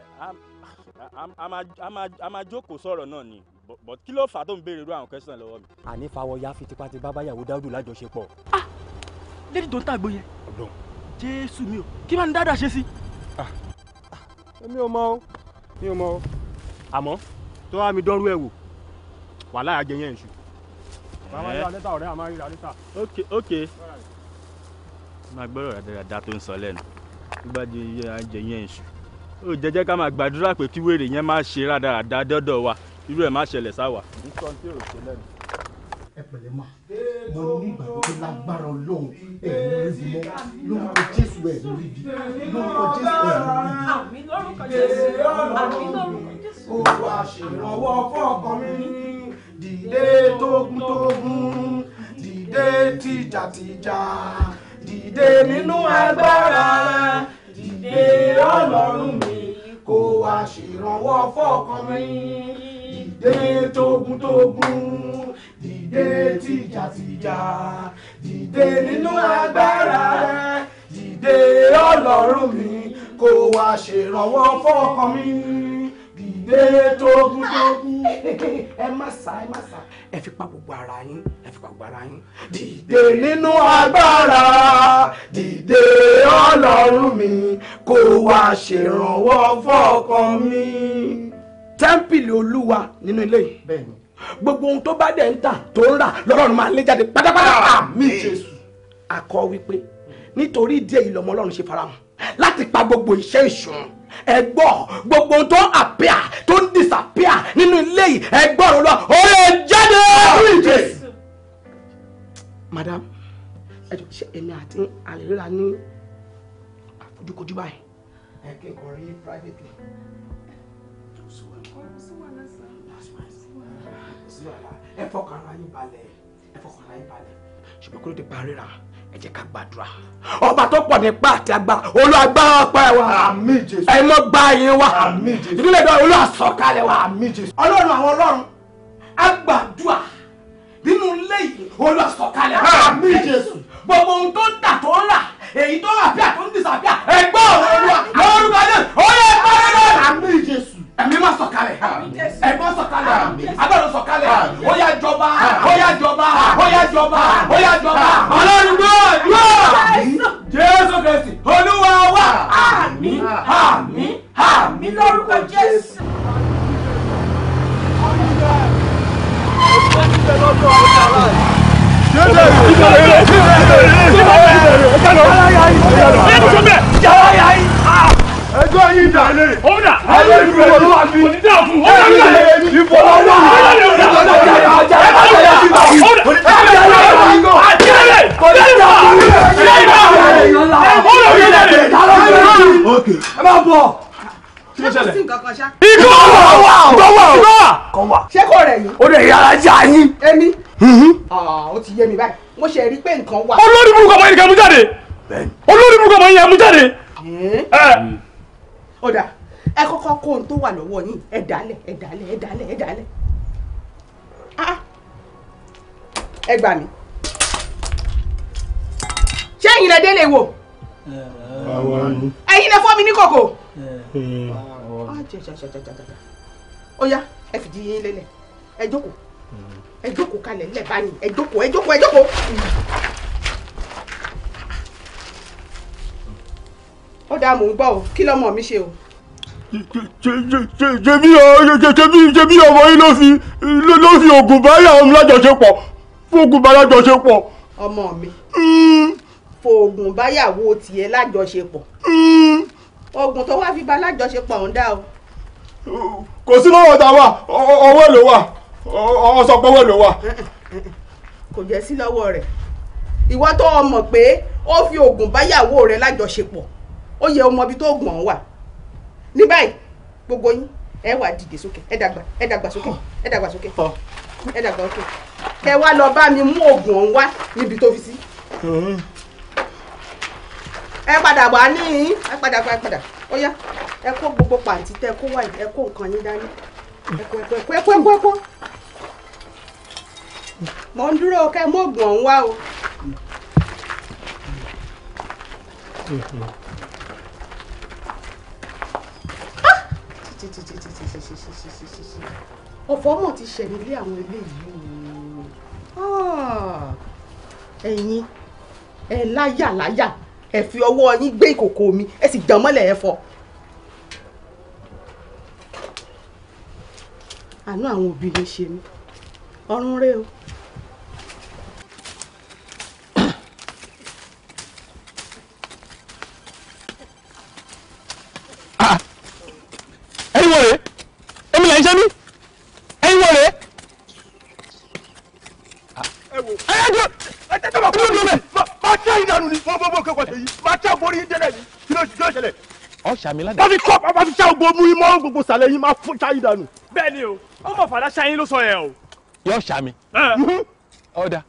a máa jókòó sọ̀rọ̀ náà ni but kí ló fà á tó ń béèrè irú àwọn kẹsàn-án lọ́wọ́ mi. àní fàwọ̀yà fi tipátipá báyàwó dáúdù lájọṣepọ̀. ah lẹ́ni tó ń tàgbó yẹn. ọlọ́run jésù mi o kí máa ń dáadáa ṣe sí. Ah! mi ò mọ o mi ò mọ o àmọ́ tó wá mi dọ́rú ẹ̀ wò wàhálà àjẹyẹn ìṣù. màmá yóò ra lẹ́tà ọ̀rẹ́ àmọ́ yóò ra lẹ́tà. ok ok. right máa gbọ́rọ̀ rádaràda tó ń sọ lẹ́nu nígbà tí iye àjẹ yẹn ń ó jẹ́jẹ́ ká máa gbàdúrà pé kí wèrè yẹn má ṣe rádaràda dọ́dọ̀ wa irú ẹ̀ má ṣẹlẹ̀ sáwà. ẹ pẹ̀lẹ́ mà mo ní ìgbàgbọ́ pé lágbára ọlọ́run ẹ̀ ń rí mọ́ lórúkọ jésù ẹ̀ ń bí lórúkọ jésù ẹ̀ ń bí. àmín lórúkọ jésù àmín lórúkọ jésù. ó wá fún ọkọ mi dìde tógúntógún dìde tìjàtìjà dìde nínú agbára rẹ dìde ọlọ́run mi kó wá ṣèrànwọ́ fọ́kàn mi dìde tógúntógún dìde tìjàtìjà dìde nínú agbára rẹ dìde ọlọ́run mi kó wá ṣèrànwọ́ fọ́kàn mi bẹ́ẹ̀ tógún tógún. ẹ má sá ẹ má sá ẹ fi pa gbogbo ara yín ẹ fi pa gbogbo ara yín. dìde nínú agbára dìde ọlọ́run mi kó wá ṣèrànwọ́ fọ́kàn mi. tẹ́ḿpìlì olúwa nínú ilé yìí. bẹ́ẹ̀ni gbogbo ohun tó bá dẹ̀ ń tà tó ń rà lọ́rọ̀rùn máa lé jáde pátápátá àmì jésù. akọ wípé nítorí ìdí èyí lọmọ ọlọ́run ṣe farahàn láti pa gbogbo iṣẹ́ ìṣùn ẹ gbọ́ gbogbo ohun tó ń appear tó ń disappear nínú ilé yìí ẹ gbọ́ ọ̀rọ̀ lọ ó yẹ jáde. madam ẹ jọ ṣe èmi àti àlèrèrà ní àfojúkojú báyìí. ẹ kí n kọ rí privately. ẹ fọkàn ara yín balẹ̀ ẹ fọkàn ara yín balẹ̀ ṣùgbọ́n kí dé bá ríra ẹ jẹ́ ká gbàdúrà ọba tó pọ̀ nípa àti agbára olúwa gbá ọpẹ́ wa ẹ yín wa ìdílé ìdánwò olúwa sọ̀kalẹ̀ wa ọlọ́run àwọn ọlọ́run á gbàdúrà nínú ilé yìí ó lè yára já yín. èmi mhm. ah, ó ti yé mi báyìí mo ṣe rí pé nǹkan wà. olórí burúkú ọmọ ẹnìkan mú jáde. gbọ́ o kí lọ́mọ mi ṣe o. jẹ̀bi jẹ̀bi jẹ̀bi ọmọ yìí ló fi ló fi oògùn báyà ọmọ lájọṣepọ̀ fóògùn bá lájọṣepọ̀. ọmọ mi hmm. fóògùn báyàwó tiẹ̀ lájọṣepọ̀ hmm. oògùn tó wá fi bá lájọṣepọ̀ ọ̀hún dá o. kò sí lọ́wọ́ ta wà ọwọ́ èlò wà ọ̀sọ̀pọ̀ ọwọ́ èlò wà. kò jẹ́ sí lọ́wọ́ rẹ̀ ìwọ tó o mọ̀ pé ó fi oògùn báyàwó rẹ̀ lájọṣepọ̀ ó yẹ ọmọ ibi tó oògùn ọ̀hún wà ní báyìí gbogbo yín ẹ wà dìde sókè ẹ dàgbà ẹ dàgbà sókè ẹ dàgbà sókè ẹ dàgbà sókè kẹ wá lọ bá mi mú oògùn ọ̀hún wá níbi tó fi sí. ẹ padà wá ní ẹ padà ẹ padà ó yá ẹ kó gbogbo pàǹtí tẹ kó wáyé ẹ kó nǹkan yín dání ẹ kó ẹ kó ẹ kó ẹ kó dúró kẹ mọ oògùn ọ̀hún wá o. mm títí títí títí títí ọ̀fọ̀ mọ̀ ti ṣẹlẹ̀ lé àwọn eléyìí ẹ̀yin ẹ̀ láyà láyà ẹ̀ fi ọwọ́ yín gbé ìkòkò mi ẹ̀ sì dán mọ́lẹ̀ ẹ̀ fọ́. àánú àwọn òbí ló ṣe mí ọ̀run rẹ o. ẹ̀yin wọ̀rẹ́ èmi là ń ṣe mí ẹ̀yin wọ̀rẹ́. ẹyẹ jọ ẹtẹ tó bá kú lóde máa tẹ ìdánù ni mo mo kékọ̀ọ́ ṣe yìí máa tẹ borí délẹ̀ yìí kí ló ṣe ṣẹlẹ̀. ọ ṣàmì ládàá. wọ́n fi kọ́ bàbá fi ṣá gbogbo mú imọ́ gbogbo sàlẹ̀ yìí máa fún ṣá ìdánù. bẹ́ẹ̀ ni o ó mọ̀ fàdá ṣáyín ló sọ yẹn o. yọ ṣàmì. Mhm. ọ̀dà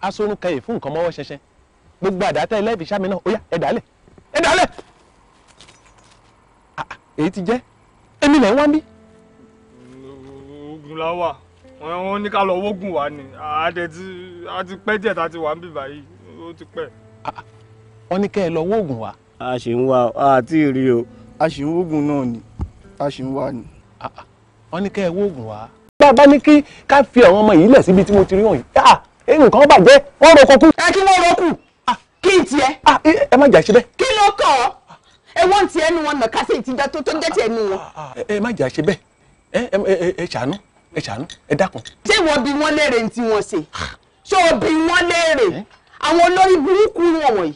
asorun kẹyìn fún nǹkan mọ́wọ́ ṣẹṣẹ gbogbo àdáta ilé ìfiṣàmì náà ó yá ẹ̀dálẹ̀ ẹ̀dálẹ̀ ah, ah, èyí ti jẹ́ èmi lẹ̀ ń wá bí. ogun la wà wọn ní ká lọ wógun wá ni a ti pẹ́ díẹ̀ tá a ti wà ń bì báyìí ó ti pẹ́. Ah, ah. wọn ní kẹ́ ẹ lọ wógun wá. a ṣì ń wá a ti rí o a ṣì ń wógun náà ni a ṣì ń wá ni. Ah, wọn ní kẹ́ ẹ wógun wá. bá a bá ní kí ká fi àwọn ọmọ yìí lẹ̀ síbi tí mo ti rí wọn yìí nǹkan bàjẹ́ wọ́n roko kú. ẹ kí wọ́n roku kí n tiẹ̀. ẹ má jà ṣe bẹ́ẹ̀. kí ló kọ́ ọ ẹ wọ́n ti ẹnu wọn nàka sí ìtìjà tó tó dẹ́tì ẹnu wọn. Ah, ah, eh, ẹ má jà ṣe bẹ́ẹ̀ ẹ ẹ ẹ ṣàánú ẹ ṣàánú ẹ dákun. ṣé wọ́n bí wọ́n léèrè ní tí wọ́n ṣe ṣé wọ́n bí wọ́n léèrè eh? àwọn olórí burúkú wọn wọ̀nyí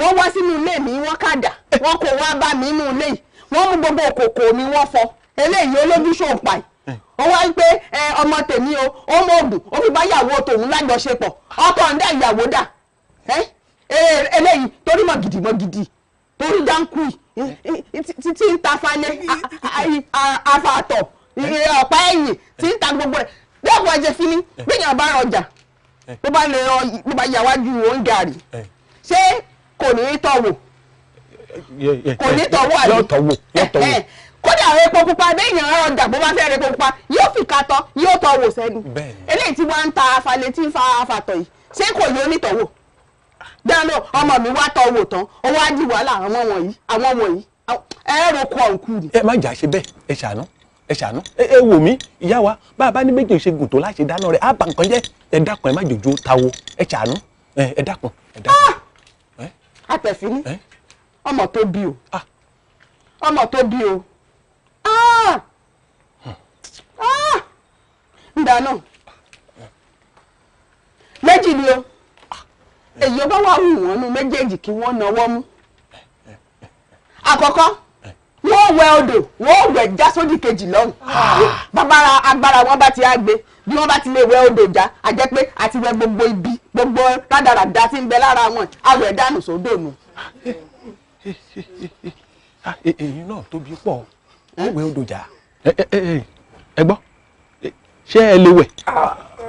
wọ́n wá sínú ilé mi wọ́n kàdà eh? wọ́n kò wá bá mi nínú ilé wọ́n mú gbogbo òkòkò mi wọ́n fọ eléyìí olójú ṣòǹpa ó wá pé ọmọ tèmi o ó mọ ògùn ó fi bá yàwó tòun lájọṣepọ̀ ọkọ ń dá ìyàwó dà eléyìí torí mọ gidi mọ gidi tó ń dánkù tí ń ta fanẹ afatọ ọ̀pá ẹ̀yìn tí ń ta gbogbo ẹ̀ bẹ́ẹ̀ bọ́ ẹ̀jẹ̀ fínní bẹ́ẹ̀yàn bá rọ ọjà tó bá lè rọ ló bá yà wájú oúnjẹ àrí ṣé kò ní í tọ̀wò kò ní í tọ̀wò àrí kódà àwọn epo pupa bẹ́ẹ̀yàn rọ ọjà bó bá fẹ́ rẹ epo pupa yóò fi katọ́ yóò tọ̀wò sẹ́nu eléyìí tí wọ́n ń ta afalẹ̀ tí ń fa afatọ̀ yìí ṣé kò ní ó dáná ọmọ mi wá tọ́ wò tán ó wá wàhálà àwọn wọ̀nyí àwọn ẹ ẹ má jà ṣe bẹẹ ẹ ṣàánú ẹ ṣàánú ẹ wò mí ìyá wa bá a bá ní méjì ṣe dáná rẹ á nǹkan ẹ dákun ẹ má jòjó tawo ẹ ṣàánú ẹ dákun ẹ dákun. Ah! ọmọ tó bí o ah! ọmọ tó bí o ah! méjì ni o. èyí bá wà wù wọ́n nu méjèèjì kí wọ́n náwó mú àkọ́kọ́ wọ́n wẹ odò wọ́n wẹ̀ já sódì kejì lọ́hùn ah. bàbára agbára wọn bá ti á gbé bí wọ́n bá ti lè wẹ odò já a jẹ́ pé a ti wẹ gbogbo ibi gbogbo rádaràda tí ń bẹ lára wọn a wẹ̀ dànù sódò nù. Ah, e, èyí náà tóbi pọ̀ wọ́n wẹ odò já ẹ gbọ́ ṣé ẹ lè wẹ̀. Ah.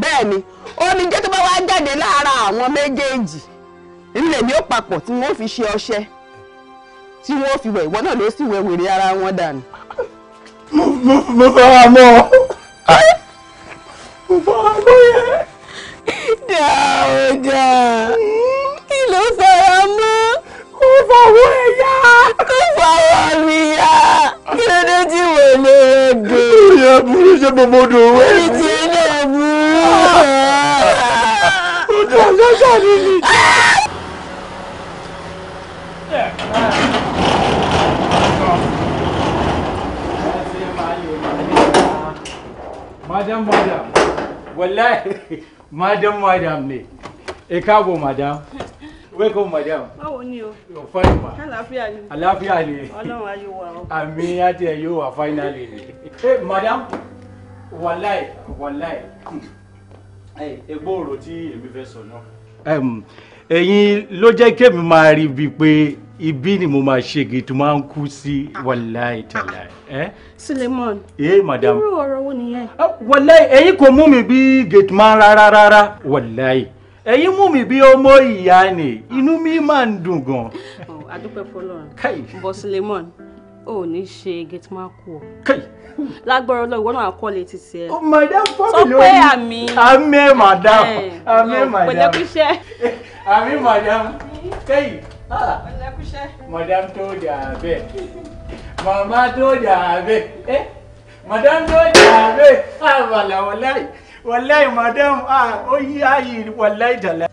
bẹ́ẹ̀ ni omijé tó bá wá jáde lára àwọn méjèèjì nílẹ̀ mi ó papọ̀ tí wọ́n fi ṣe ọṣẹ tí wọ́n fi wẹ̀ ìwọ náà ló sì wẹ̀ wèrè ara wọn dànù. mo mo mo fara mọ́ ọ mo fara mọ́ yẹn. dáadáa kí ló fara mọ́. kò fọwọ́ ẹ̀ yá. kò fọwọ́ mi yá. kí ló dé tí wọ́n lè rẹ̀ dùn. ìyá burú ṣe bọ́bọ́ dùn wẹ́ẹ̀ madam madam wallahi madam madam ne e káàbọ̀ madam welcome madam. How are you? o fine ma. àlàáfíà ni. àlàáfíà ni. ọlọ́run ayé wa You àmì àti ẹ̀ yóò wà finally Hey, madam wallahi wallahi egbòòrò tí èmi fẹ́ sọ náà. ẹ̀yin ló jẹ́ kémi máa rí bíi pé ibi ni mo máa ṣe kí tó máa ń kú sí wàláì tàlà. Suleiman ee madam irú ọ̀rọ̀ wo nìyẹn. Ah, wàláì ẹ̀yin kò mú mi bí gateman rárá rárá wàláì ẹ̀yin mú mi bí ọmọ ìyá ni inú mi máa ń dùn gan. àdúpẹ́ oh, fọlọ́run bọ́ Suleiman ò ní ṣe gate man kú ọ. lágbára ọlọ́wọ́ náà kọ́lé ti sẹ́. o oh, madam fọ́ọ̀mù ló ní sọ pé àmì. àmì ẹ̀ madam àmì ẹ̀ madam. pẹ̀lẹ́kúṣẹ́. àmì madam kẹ́yì. pẹ̀lẹ́kúṣẹ́. madam tó dà bẹ́ẹ̀ mama tó dà bẹ́ẹ̀ eh? madam tó dà bẹ́ẹ̀ àbàlà ah, wàláì wàláì madam ah, ó yí ààyè wàláì dàlà.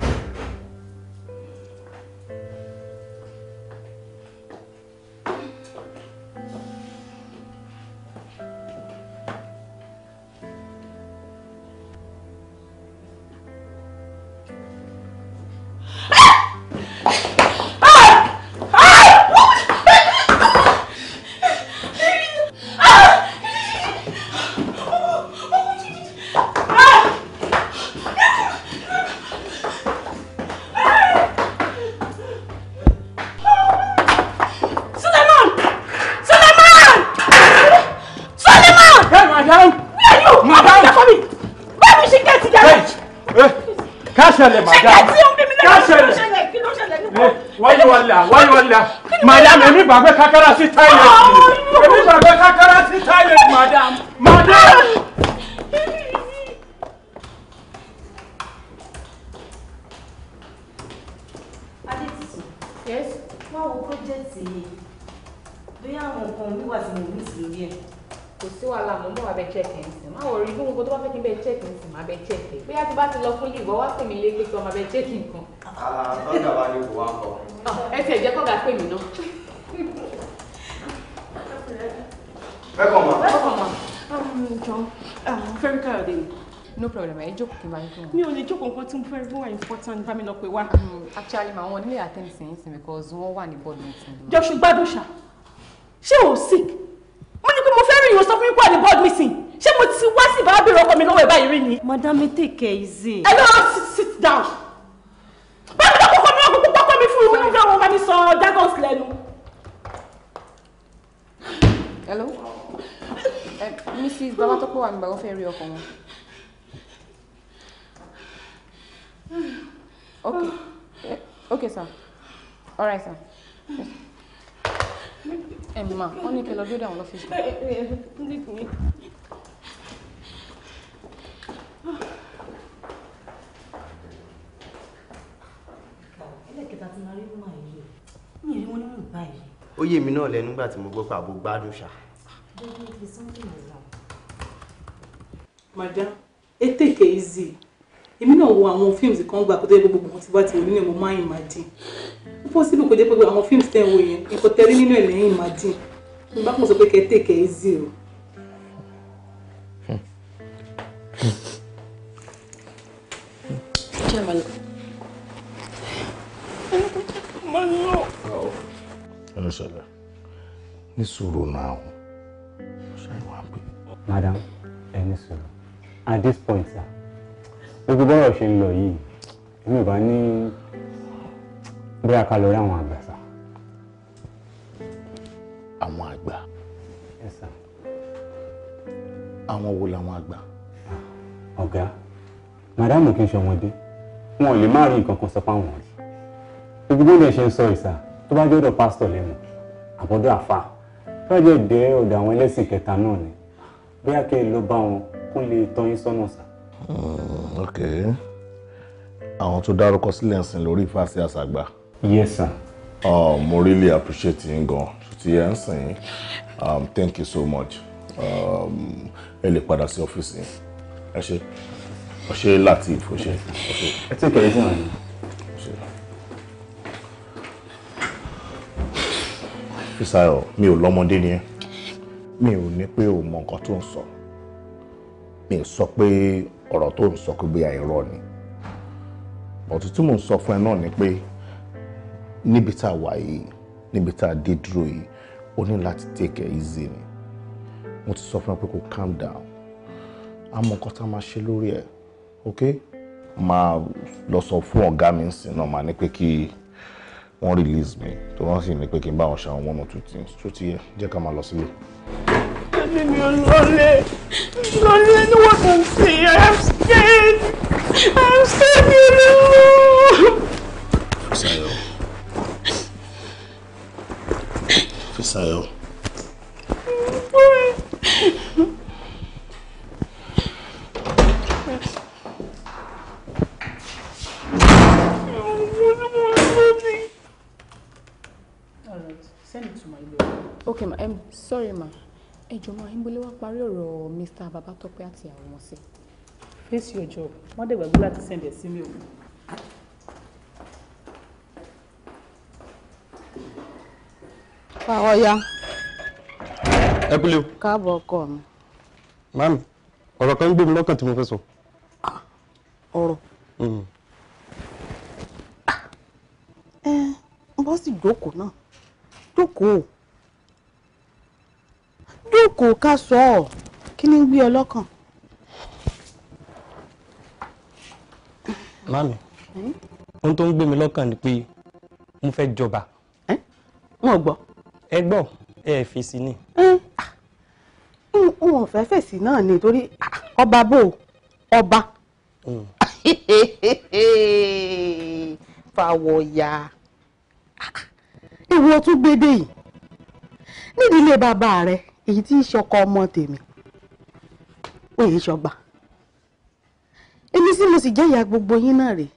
ṣẹlẹ̀ madam ká ṣẹlẹ̀ eh, wáyé wàlá wáyé wàlá madam èmi bàbá kakara sí táyà. Oh, kí n bá yín fún wọn. mi ò lè jókòó nǹkan tí mo fẹ́ rí wà important bá mi lọ pé wá. Mm, actually màá wọn nílé attend sí yín sí because wọ́n wà ní board meeting. jọ́sùn gbádùn ṣá ṣé o sick mo ní pé mo fẹ́ rí ìwọ sọ fún yín pọ̀ ní board meeting ṣé mo ti wá sí ìbábìrì ọkọ mi lọ́wọ́ ìbáyìí rí ni. madam take care easy. hello sit, sit down. báwo ni ọkọ mi ọkọ pọpọ mi fún ìwúrí ìgbà wọn bá mi sọ dagos lẹ́nu. hello eh, mrs babatopo wa nígbà wọn fẹ́ rí ọkọ wọn. Okay. Okay, sir. All right, sir. Emma, wọ́n ní kí lọ gbéra àwọn lọ́fíìsì. ẹlẹ́kẹta ti máa rí mọ́ àyè mi rí wọn nínú báyìí. ó yé mi náà lẹ́nu nígbà tí mo gbọ́ pé àbò gbádùn ṣá. definitely something is wrong. madam eteke easy èmi náà wo àwọn fíìmù kan gbà kó tó yẹ gbogbo nǹkan tí bá ti wò nínú ẹ̀ mo máa ń máa dín ó possible kó jẹ́ pé àwọn fíìmù tẹ̀ ń wo yẹn nǹkan tẹ́rí nínú ẹ̀ lẹ́yìn máa dín mo bá kàn sọ pé kẹ́ take it easy o. ní sùúrù náà ṣe é wá pé. Madam, ẹ ní At this point, sir, gbogbo bọ́rọ̀ ṣe ń lọ yìí èmi ò bá ní bóyá ká lọ rí àwọn àgbà sá. àwọn àgbà. Yes sir. àwọn wo làwọn àgbà. ọ̀gá màdámù kì í ṣọmọdé wọn ò lè má rí nǹkan kan sọ fáwọn rí gbogbo bó lè ṣe ń sọ ìsà tó bá jọ́dọ̀ pásítọ̀ lẹ́nu àbọ̀dọ̀ àfa tó bá jẹ́ dé ọ̀dọ̀ àwọn ẹlẹ́sìn kẹta náà ni bóyá kẹ́ ẹ lọ bá wọn kó lè tọ́ sọ́nà sá. Hmm, ok àwọn tó dárúkọ sílẹ̀ ń sìn lórí Ifásí Àsàgbà. yes sir. Uh, mo really appreciate yín gan ti ẹ ń sìn yín um, thank you so much um, ẹ lè padà sí ọ́fíìsì yín ẹ ṣe ọ ṣe láti ìfọṣẹ. ẹ tí kẹ̀lé sí wọn. Fisáyọ̀ mi ò lọ́mọdé ni ẹ́ mi ò ní pé o mọ nǹkan tó ń sọ mi ò sọ pé ọ̀rọ̀ tó ń sọ pé bóyá irọ́ ni ọ̀tún tí mò ń sọ fún ẹ náà ni pé níbi tá a wà yìí níbi tá a dé dúró yìí o ní láti take it easy ni mo ti sọ fún ẹ pé kó calm down àmọ́ nǹkan tá a máa ṣe lórí ẹ ok máa lọ sọ fún ọ̀gá mi ń sìn náà máa ní pé kí wọ́n release mi tó wọ́n sì ní pé kí n bá wọn ṣàwọn one or two things tó ti yẹ jẹ́ ká máa lọ sílé. ẹni mi ò lọlé lọlé ni wọ́n kàn sí i I'm sorry, no. Fisayo. Fisayo. Okay, ma. I'm sorry, ma'am. Ẹ jọ̀ọ́ ma, ń bolẹ́ wá parí ọ̀rọ̀ Mr. Babatope àti àwọn ọmọ sí face your job wọ́n we're going to send a sí mi o. ọ̀ya. ẹ kúlẹ̀ o. káàbọ̀ ọkọ mi. mami ọ̀rọ̀ kan ń gbé mi lọ́kàn tí mo fẹ́ sọ. ọ̀rọ̀. Hmm. ẹ bọ́ sí jókòó náà jókòó jókòó ká sọ ọ́ kí ni ń gbé ọ lọ́kàn. mami hm? ohun tó ń gbé mi lọ́kàn ni pé mo fẹ́ jọba. wọn gbọ́. ẹ gbọ́ ẹ fèsì ni. Ah, n ò fẹ́ fèsì náà ni torí ah, ọba bò ọba mm. fàwọ̀yà ah, ìwọ tún gbédè yìí nídìílé bàbá rẹ èyí tí í ṣọkọ ọmọ tèmi ó ṣọgbà èmi sì mo sì jẹ́ ìyá gbogbo yín náà rèé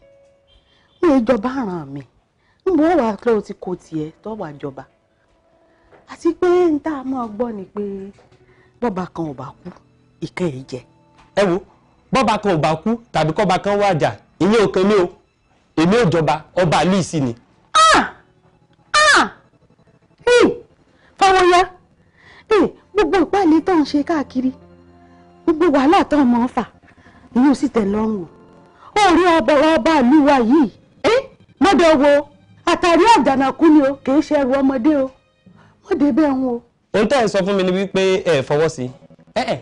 mo lè jọba àràn mi ń bọ́ wà lọ́wọ́ ti kò tiẹ̀ tó wà jọba àti pé ń tá a máa gbọ́ ni pé bọ́ba kan ò bá kú ìkẹ́ ẹ̀ jẹ. ẹ wo bọ́ba kan ò bá kú tàbí kọ́ba kan wàjà ìyẹn ò kan ní o èmi ò jọba ọba àlú ìsìn ni. Ah! Ah! Hmm! fáwọn ya hmm! gbogbo ìpàlẹ́ tó ń ṣe káàkiri gbogbo wàhálà tó ń mọ̀ ọ́n fà èyí ò sì tẹ̀ lọ́rùn o ò rí ọba ọba ìlú wa yìí ẹ́ mọ́dọ̀ wo àtàrí àjànàkú ni o kì í ṣe ẹrù ọmọdé o wọ́n dé bẹ́ẹ̀ ń o. ohun tẹ́ ẹ̀ ń sọ fún mi ni wípé ẹ fọwọ́ sí ẹ ẹ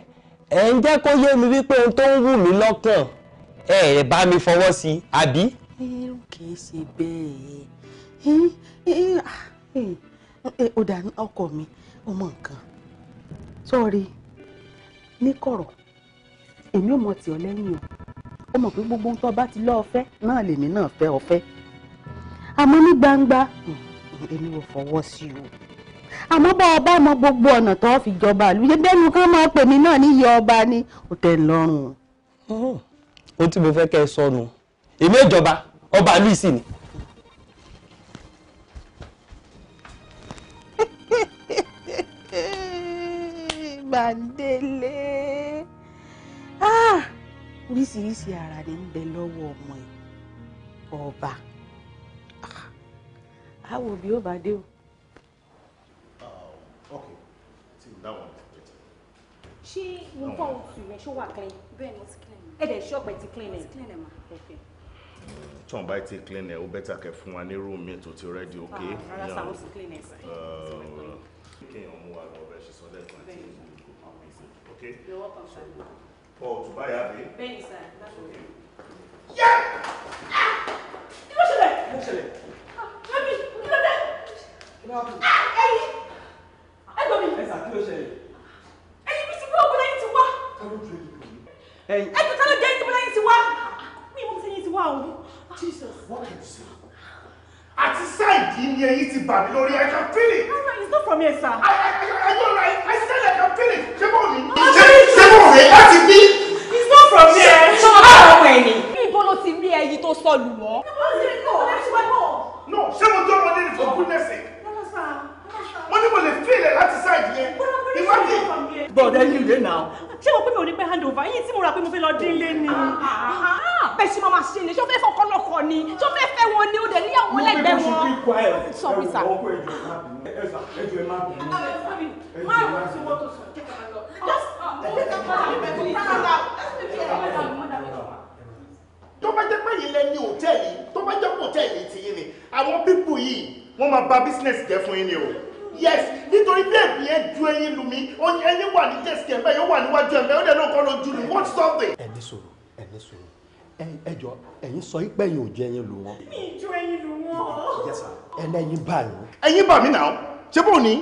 ẹ ń jẹ́ kó yé mi wípé ohun tó ń wù mí lọ́kàn ẹ ẹ bá mi fọwọ́ sí àbí. irú kì í ṣe bẹ́ẹ̀ ó dà ọkọ mi ọmọ nǹkan sọ́ọ́rí ní kọ̀rọ̀ èmi ò mọ̀ tì ọ́ lẹ́yìn o ó mọ̀ pé gbogbo ohun tó bá ti lọ́ọ́ fẹ́ náà lèmi náà fẹ́ ọ fẹ́ àmọ́ ní gbangba hmm, èmi ò fọwọ́ sí o àmọ́ bá ọba mọ gbogbo ọ̀nà tó fi jọba àlùyé dẹ́nu kan máa pè mí náà níyì ọba ni ó tẹ̀ ń lọ́rùn. Hmm, ohun tí mo fẹ́ kẹ́ ẹ sọnù èmi ìjọba ọba àlù ìsìn ni. Bàndélé. Ah! oríṣiríṣi ara ní ń bẹ lọ́wọ́ ọmọ ẹ̀ ọba àwò ah! bí ó bá dé o. Ah, okay see that one is better. ṣé mo fọ́ ohun tù yẹn ṣó wà clean. bẹ́ẹ̀ mo ti clean. ẹ dẹ̀ ṣọ́ọ̀pẹ̀ ti clean ẹ̀. mo ti clean ẹ̀ ma. okay tọ́n bá ti clean ẹ̀ ó bẹ́tà kẹ́ fún wa ní room mi tó ti rẹ́dí ok. rárá sá ó ti clean ẹ̀ sí. Uh, kéèyàn mú wa lọ bẹ́ẹ̀ ṣe sọ lẹ́ẹ̀kan àti ìlú ok ọ̀ tùbá yà bẹ́ẹ̀. bẹ́ẹ̀ ni sà láti. yẹ ẹ kí ló ṣẹlẹ̀. kí ló ṣẹlẹ̀. ẹbí ah! kí ló dé. kí ló dé. Ah! ẹyin ah! ẹgbẹ́ mi. ẹ sà kí ló ṣẹlẹ̀. ẹyin mi ti gbé òkú lẹ́yìn ti wá. ká ló dé ìlú mi. ẹyin. ẹjọ ká ló dé ìlú lẹ́yìn ti wá. mi ò mọ̀ sí yín ti wá o. Jesus, what can you say? àti sáìdì ni èyí ti bà mí lórí I can feel it. rárá it's not from here sir. I I I I don't like I said I can feel it. ṣé bọ́ọ̀ ni. ṣé ṣé bọ́ọ̀ rẹ̀ láti bí. it's not from here. ṣé ọba ọmọ ẹ̀ ni. ní ìbọn ló ti rí ẹyí tó sọ lù wọ́. no ṣé mo jọ́ ọmọdé ni for goodness sake. mo ní mo lè feel ẹ̀ láti sáìdì yẹn. ìwádìí. bọ̀dẹ̀ yìí lè nà ó ṣé mo pé mi ò ní pẹ́ hand over yìí tí mo rà pé mo fẹ́ lọ dín lé ni. Ah, ah, ah. bẹ́ẹ̀ ṣe máa ṣe ni ṣé o fẹ́ fọkọ lọ́kọ ni ṣé o fẹ́ fẹ́ wọn ni o dẹ̀ níyàwó lẹ́gbẹ̀ẹ́ wọn. mo fẹ́ sọ pé sà. tó bá jẹ́ pé yìí lẹ ní hòtẹ́ẹ̀lì tó bá jẹ́ pé hòtẹ́ẹ̀lì ti yín ni àwọn pípù yìí wọ́n máa bà business jẹ́ fún yín ni o yes nítorí bẹ́ẹ̀bì yẹn ju ẹyin lù mí ẹyin wà ní tẹ̀síkẹ̀ mbẹ́ yóò wà níwájú ẹ̀mbẹ́ ó dẹ̀ ló kọ́ lójú ni what's something. ẹni sọ̀rọ̀ ẹni sọ̀rọ̀ ẹjọ ẹyin sọ pé ẹyin ò jẹ ẹyin lù wọn. mi ju ẹyin lù wọn. yes sir. ẹni ẹyin bá yín. ẹyin bá mi nà ó ṣé bò ní.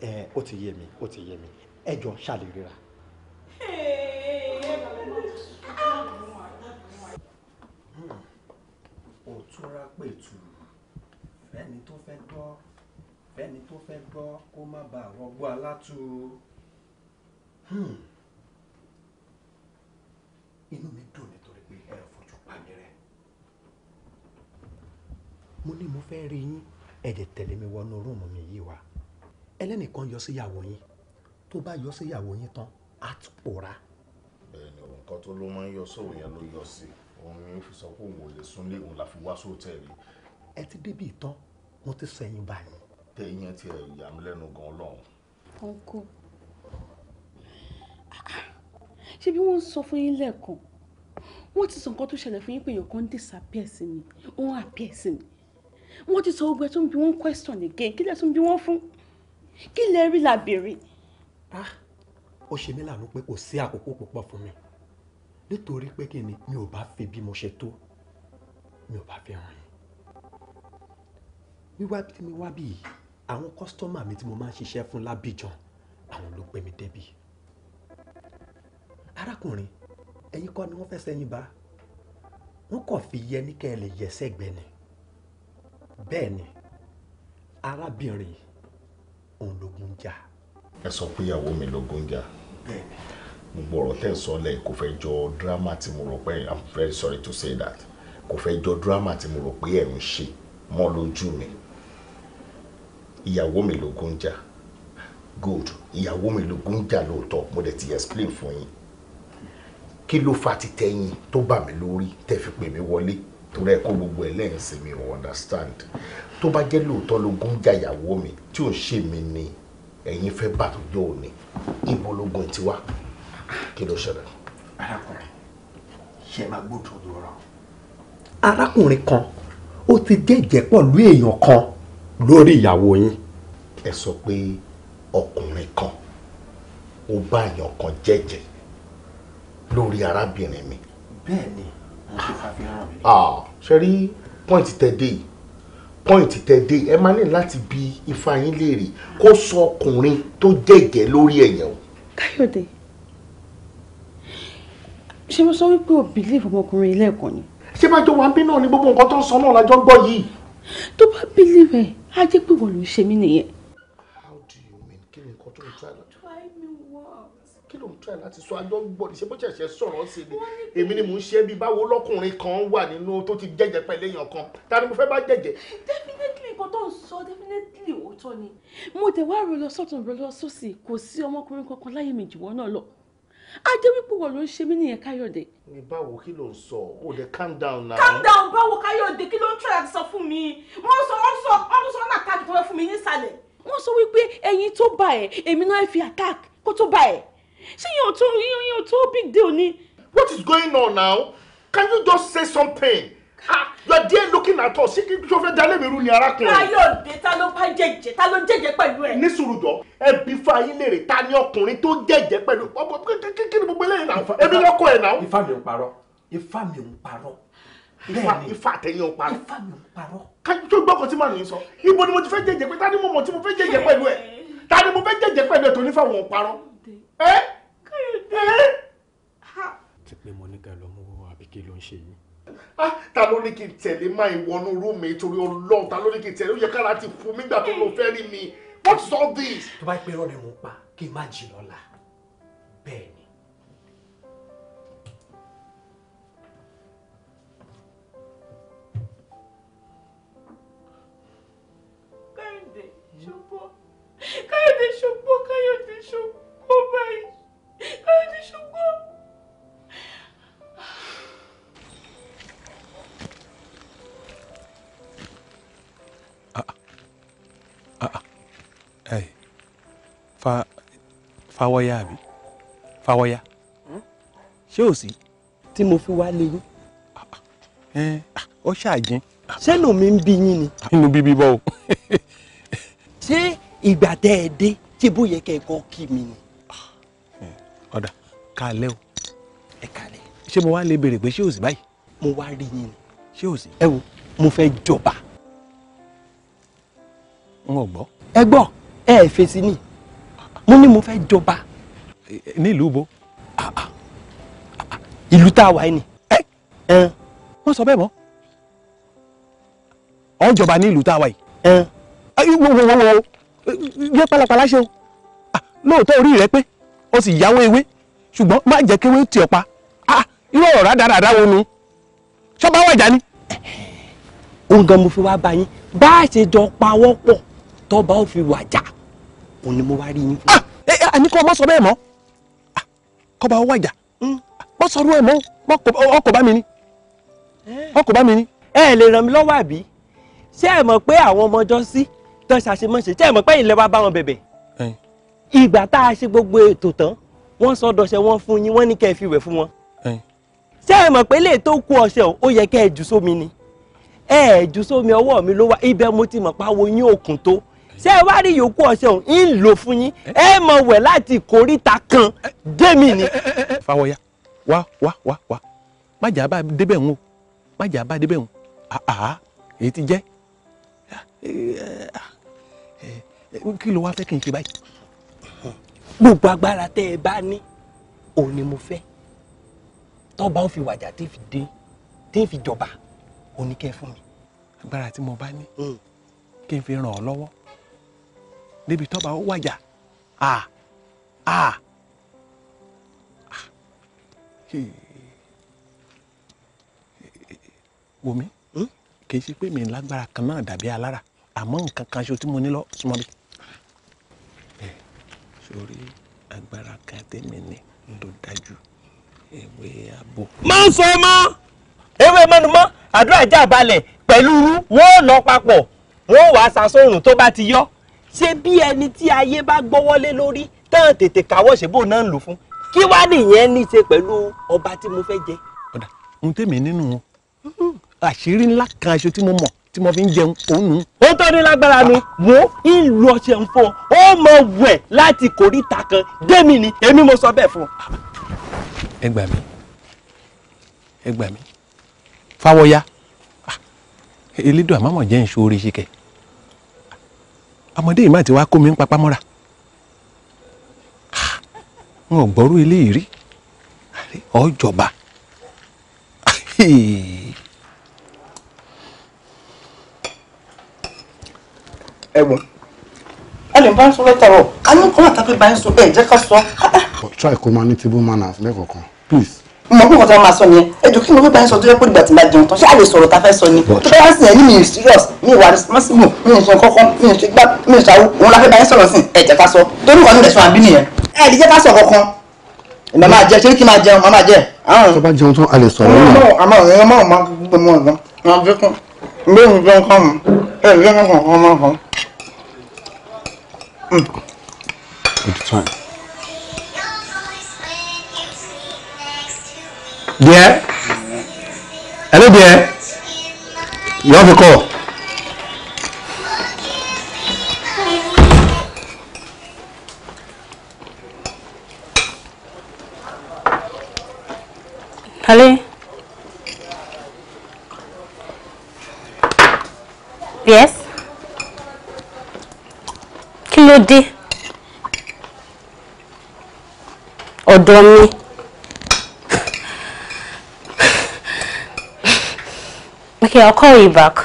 ẹ ó ti yé mi ó ti yé mi ẹjọ ṣàlérera. òtúnra hmm. pẹ̀tù fẹ́ni tó fẹ́ gbọ́ fẹ́ni tó fẹ́ gbọ́ kó má bàa rọgbọ alátú hmm. inú mi dùn nítorí pé ẹ fojú pa mí rẹ mo ní mo fẹ́ rí yín ẹ̀dẹ̀ tẹ̀lé mi wọnú rúùmù mi yìí wá ẹlẹ́nìkan yọ síyàwó yín tó bá yọ síyàwó yín tán á tún pòórá. bẹ́ẹ̀ni òun kan tó ló máa ń yọ sóòrùn yẹn ló yọ sí òun ni fi sọ pé òun ò lè súnlé òun la wá sóòtẹ́ẹ̀lì. ẹ ti débi ìtàn mo ti sọ ẹ̀yin báyìí tẹ yẹn ti ẹ̀ yà mí lẹ́nu gan lọ́hùn. ọ̀nkò ṣé bí wọ́n ń sọ fún yín lẹ́ẹ̀kan wọ́n ti sọ nǹkan tó ṣẹlẹ̀ fún yín pé èèyàn kan ń disappear sí mi òun appear sí mi wọ́n ti sọ gbogbo ẹ̀ tó ń bi wọ́n question again kí lẹ̀ tó ń bi wọ́n fún kí lẹ̀ rí làbèrè. Ah, ó ṣe mí láàánú pé kò sí àkókò púpọ̀ fún mi nítorí pé kí ni mi ò bá fi bí mo ṣe tó mi ò bá fi hàn wíwá tí mi wá bí yìí àwọn kọ́sítọ́mà mi tí mo máa ń ṣiṣẹ́ fún lábìjàn àwọn ló gbé mi débi. arákùnrin ẹ̀yin kọ́ ni wọ́n fẹ́ sẹ́yìn bá wọ́n kàn fi yẹ ní kẹ́ ẹ lè yẹsẹ́ gbẹ̀nì bẹ́ẹ̀ ni arábìnrin òun lógun jà. ẹ sọ pé ìyàwó mi lógun jà gbogbo ọ̀rọ̀ tẹ́ ẹ̀ sọ lẹ̀ kò fẹ́ jọ dírámà tí mo rò pé i'm very sorry to say that kò fẹ́ jọ drama tí mo rò pé ẹ̀ ń ṣe mọ́ lójú mi ìyàwó mi lógún jà good ìyàwó mi lógún jà lóòótọ́ mo dẹ̀ ti explain fún yín kí ló fa ti tẹ̀yìn tó bà mí lórí tẹ́ fi pè mí wọlé torí ẹ kó gbogbo ẹ lẹ́yìn sí mi ò understand tó bá jẹ́ lóòótọ́ lógún jà ìyàwó mi tí ò ń ṣe mí ni ẹ̀yin fẹ́ bà tó jọ òní ibo lógún ti wá kí ló ṣẹlẹ̀. arákùnrin ṣe máa gbódò lóra. arákùnrin kan ó ti jẹ́jẹ́ pọ̀lú èèyàn kan lórí ìyàwó yín. ẹ sọ pé ọkùnrin kan ó bá èèyàn kan jẹ́jẹ́ lórí arábìnrin mi. bẹ́ẹ̀ni mo ti fàfihàn mi. ṣe rí pọ́ǹtì tẹ́ dé yìí pọ́ǹtì tẹ́ dé ẹ máa ní láti bi ifá yín léèrè kó sọ ọkùnrin tó jẹ́jẹ́ lórí èèyàn o. káyọ̀dé ṣé mo sọ wípé o bìlíf ọmọkùnrin lẹ́ẹ̀kan ni. ṣé bá jọ wà ń bí náà ni gbogbo nǹkan tó ń sọ náà lájọ gbọ́ yìí. tó bá bìlíf ẹ̀ á jẹ́ pé wọ́n ló ṣe mí nìyẹn. how do you mean kí ni nǹkan tó ń try láti. try me what. kí ló ń try láti sọ ajọ́ gbọ́dọ̀ ṣe bó ṣẹ̀ṣẹ̀ sọ̀rọ̀ sí ni èmi ni mò ń ṣe bí báwo lọ́kùnrin kan wà nínú tó ti jẹ́jẹ́ pẹ̀lú èèyàn kan ta ni mo fẹ́ bá jẹ́jẹ́. definitely nǹkan tó ń sọ definitely òótọ́ ni mo tẹ̀ wá rò lọ sọ́tún rò lọ sósì kò sí ọmọkùnrin kankan láyé mi jù wọ́n náà lọ a jẹ́ wípé wọ́n ló ń ṣe mí nìyẹn káyọ̀dé. ní báwo kí ló ń sọ o lè calm down now. calm down báwo káyọ̀dé kí ló ń try láti sọ fún mi wọ́n sọ wọ́n sọ wọ́n sọ wọ́n attack tó fẹ́ fún mi nísàlẹ̀. wọ́n sọ wípé ẹyin tó bá ẹ èmi náà fi attack kó tó bá ẹ ṣé yóò tó yóò tó big deal ni. what is going on now can you just say something you are there looking at us ṣé kí o fẹ́ dalẹ̀ mi rú ni arákùnrin. káyọ̀dé ta ló bá jẹ̀jẹ̀ ta ló jẹ̀jẹ̀ pẹ̀lú ẹ̀. ní sùúrù jọ ẹ bí fa yín léèrè ta ni ọkùnrin tó jẹ̀jẹ̀ pẹ̀lú ọmọ kí ni gbogbo eléyìí náà ẹbí lọ́kọ ẹ̀ náà. ifá mi ń parọ́ ifá mi ń parọ́. ifá ifá àtẹ̀yìn ń parọ́. ifá mi ń parọ́. kájú gbọ́kọ̀ tí màá ní sọ ibo ni mo ti fẹ́ jẹ̀jẹ̀ pé ta ni mo mọ̀ tí mo fẹ́ jẹ̀jẹ̀ pẹ̀lú ẹ̀ ta ni mo fẹ́ jẹ̀jẹ̀ pẹ̀lú ẹ̀ tó ní fáwọn parọ́. ẹ ẹ. ti pé mo ní kẹ́ lọ mú àbíkí ló ń ṣe yìí. Ah, ta ló ní kí n tẹ̀lé máa ìwọnú rúmi torí ọlọ́run ta ló ní kí n tẹ̀lé ó yẹ kára ti fún mi nígbà tó lọ fẹ́ rí mi what is all this. tó bá pẹ́ rọ́ọ̀nì mo pa kí n má jí lọ́la bẹ́ẹ̀ ni. káyọ̀dé ṣubú káyọ̀dé ṣubú káyọ̀dé ṣubú báyìí káyọ̀dé ṣubú. Hey. Fa Fawọ́yá àbí? Fawọ́yá. Hmm? Ṣé ò sí? Tí mo fi wá lé yín. Eh, ah, ó ṣàjìn. Ṣé nù mi ń bí yín ni? Ah, inú bíbí bọ́ o. Ṣé ìgbà tẹ́ ẹ dé tí bó yẹ kẹ́ ẹ kọ́ kí mi ni? Ah, eh, ọ̀dà kalẹ́ o. Ẹ kalẹ́. Ṣé mo wá lè béèrè pé ṣé ò sí báyìí? Mo wá rí yín ni. Ṣé ò sí? Ẹ wo, mo fẹ́ jọba. N ò gbọ́. Ẹ gbọ́ ẹ ẹ fèsì ni mo ní mo fẹ́ jọba. ní bo. ìlú tá a wà ni. wọ́n sọ bẹ́ẹ̀ mọ́ ọ̀ jọba ní ìlú tá a wà yìí. wo wo wo yẹ pálapàla ṣe o ah, lóòótọ́ orí rẹ pé o sì yáwó ewé ṣùgbọ́n má jẹ́ kéwé tì ọ́ pa ah, irú ọ̀rọ̀ rádaràdá wo nu ṣọ́ba wàjà ni. ohun gan mo fi wá bá yín bá a ṣe jọ pawọ́ pọ̀ tọ́ba ó fi wàjà òun ni mo wá rí yín. Ah, ẹ ẹ àní kọ́ ọ má sọ bẹ́ẹ̀ mọ́ ah, kọ́ bá wájà hmm. má sọ ọdún mọ́ ọkọ̀ bá mi ni ọkọ̀ eh. bá mi ni. ẹ lè ràn mí lọ́wọ́ àbí ṣé ẹ mọ̀ pé àwọn ọmọ sí tó ṣàṣemọ́ṣe ṣé ẹ mọ̀ pé ilẹ̀ wa bá wọn bẹ̀bẹ̀ ìgbà tá a ṣe gbogbo ètò tán wọ́n sọ dọ̀ṣẹ́ wọn fún yín wọ́n ní kẹ́ ẹ fi wẹ̀ fún wọn ṣé ẹ mọ̀ pé lè tó kú ọṣẹ ó yẹ kẹ́ ẹ jù sómi ni ẹ jù sómi ọwọ́ mi ló wá ibẹ̀ mo ti mọ̀ pa wo yín òkun tó ṣé ẹ wá rí yòókù ọṣẹ òun ń lò fún yín ẹ mọ wẹ̀ láti kórìíta kan démi ni. fàwọ̀yà wá wá wá wá májà bá débẹ̀ ń o májà bá débẹ̀ ń àá èyí ti jẹ́ kí ló wá fẹ́ kí n ṣe báyìí. gbogbo agbára tẹ́ ẹ bá ní òun ni mo fẹ́ tọ́ba ó fi wàjà tí fi dé tí fi jọba oníkẹ́ fún mi. agbára tí mo bá ní hmm. kí n fi ràn ọ́ lọ́wọ́ níbi tọ́ba ó wàjà à à wò mí kì í ṣe pé mi lágbára kan náà dàbí alára àmọ́ nǹkan kan ṣo tí mo ní lọ súnmọ́ bí. ẹ sórí agbára kan tèmi ni tó dájú ewé abo. máa ń sọ ẹ mọ́ ewé mọ́numọ́ àdúrà jà balẹ̀ pẹ̀lú irú wọ́n papọ̀ wọ́n wàá tó bá ti yọ ṣe bí ẹni tí ayé bá gbọ́wọ́lé lórí tán tètè káwọ́ ṣèbò náà ń lò fún kí wá nìyẹn ní í ṣe pẹ̀lú ọba tí mo fẹ́ jẹ. ọ̀dà ohun tèmi nínú wọn àṣírí ńlá kan aṣọ tí mo mọ̀ tí mo fi ń jẹun òun nù. ó tọ́ ní lágbára mi wo ìlú ọṣẹ ń fọ ó mọ wẹ̀ láti kòríta kan démi ni èmi mo sọ bẹ́ẹ̀ fún. ẹ gbà mí ẹ gbà mí fáwọ́yá ah, elédò àmọ́mọ́ jẹ́ ìṣòro ìṣìkẹ́ ọmọdé yìí má ti wá kó mi ń papá mọ́ra ah, n ò gbọ́rú eléyìí rí ọjọba ẹ̀wọ̀n ẹlẹ̀ bá ń sọ lẹ́tà ọ̀ ká ní kọ́ àtàkùn bá ń sọ bẹ́ẹ̀ jẹ́ ká sọ. try command table manners lẹ́kọ̀ọ̀kan please mo kún nǹkan tí wọn máa sọ nìyẹn ẹjọ kí mo fẹ́ bá yín sọ tó yẹ kó dìgbà tí n bá jẹun tán ṣé a lè sọ̀rọ̀ ta fẹ́ sọ ni tó bá sì yẹn ní mi ì serious mi ìwà mọ́símù mi ì sọ kọ́kọ́ mi ì ṣe gbá mi ì ṣàwù òun la fẹ́ bá yín sọ̀rọ̀ sí ẹ̀jẹ̀ ká sọ torí nǹkan nílẹ̀ sọ àbí nìyẹn ẹ̀ ẹ̀ jẹ́ ká sọ kankan ìmọ̀ máa jẹ ṣé kí máa jẹun máa jẹ. tó bá jẹun tán a lè sọ̀rọ̀ nínú. àmọ́ ìyẹn máa ma gbogbo mọ́ ọ̀gá máa fi kún bí mi jẹun kàn mí ẹ̀ jẹ́ kankan máa kàn. deɛ ɛne deɛ yɛ ɔfi kɔ ale yes kí ló dé ọ̀dọ̀ mi. Okay, I'll call you back.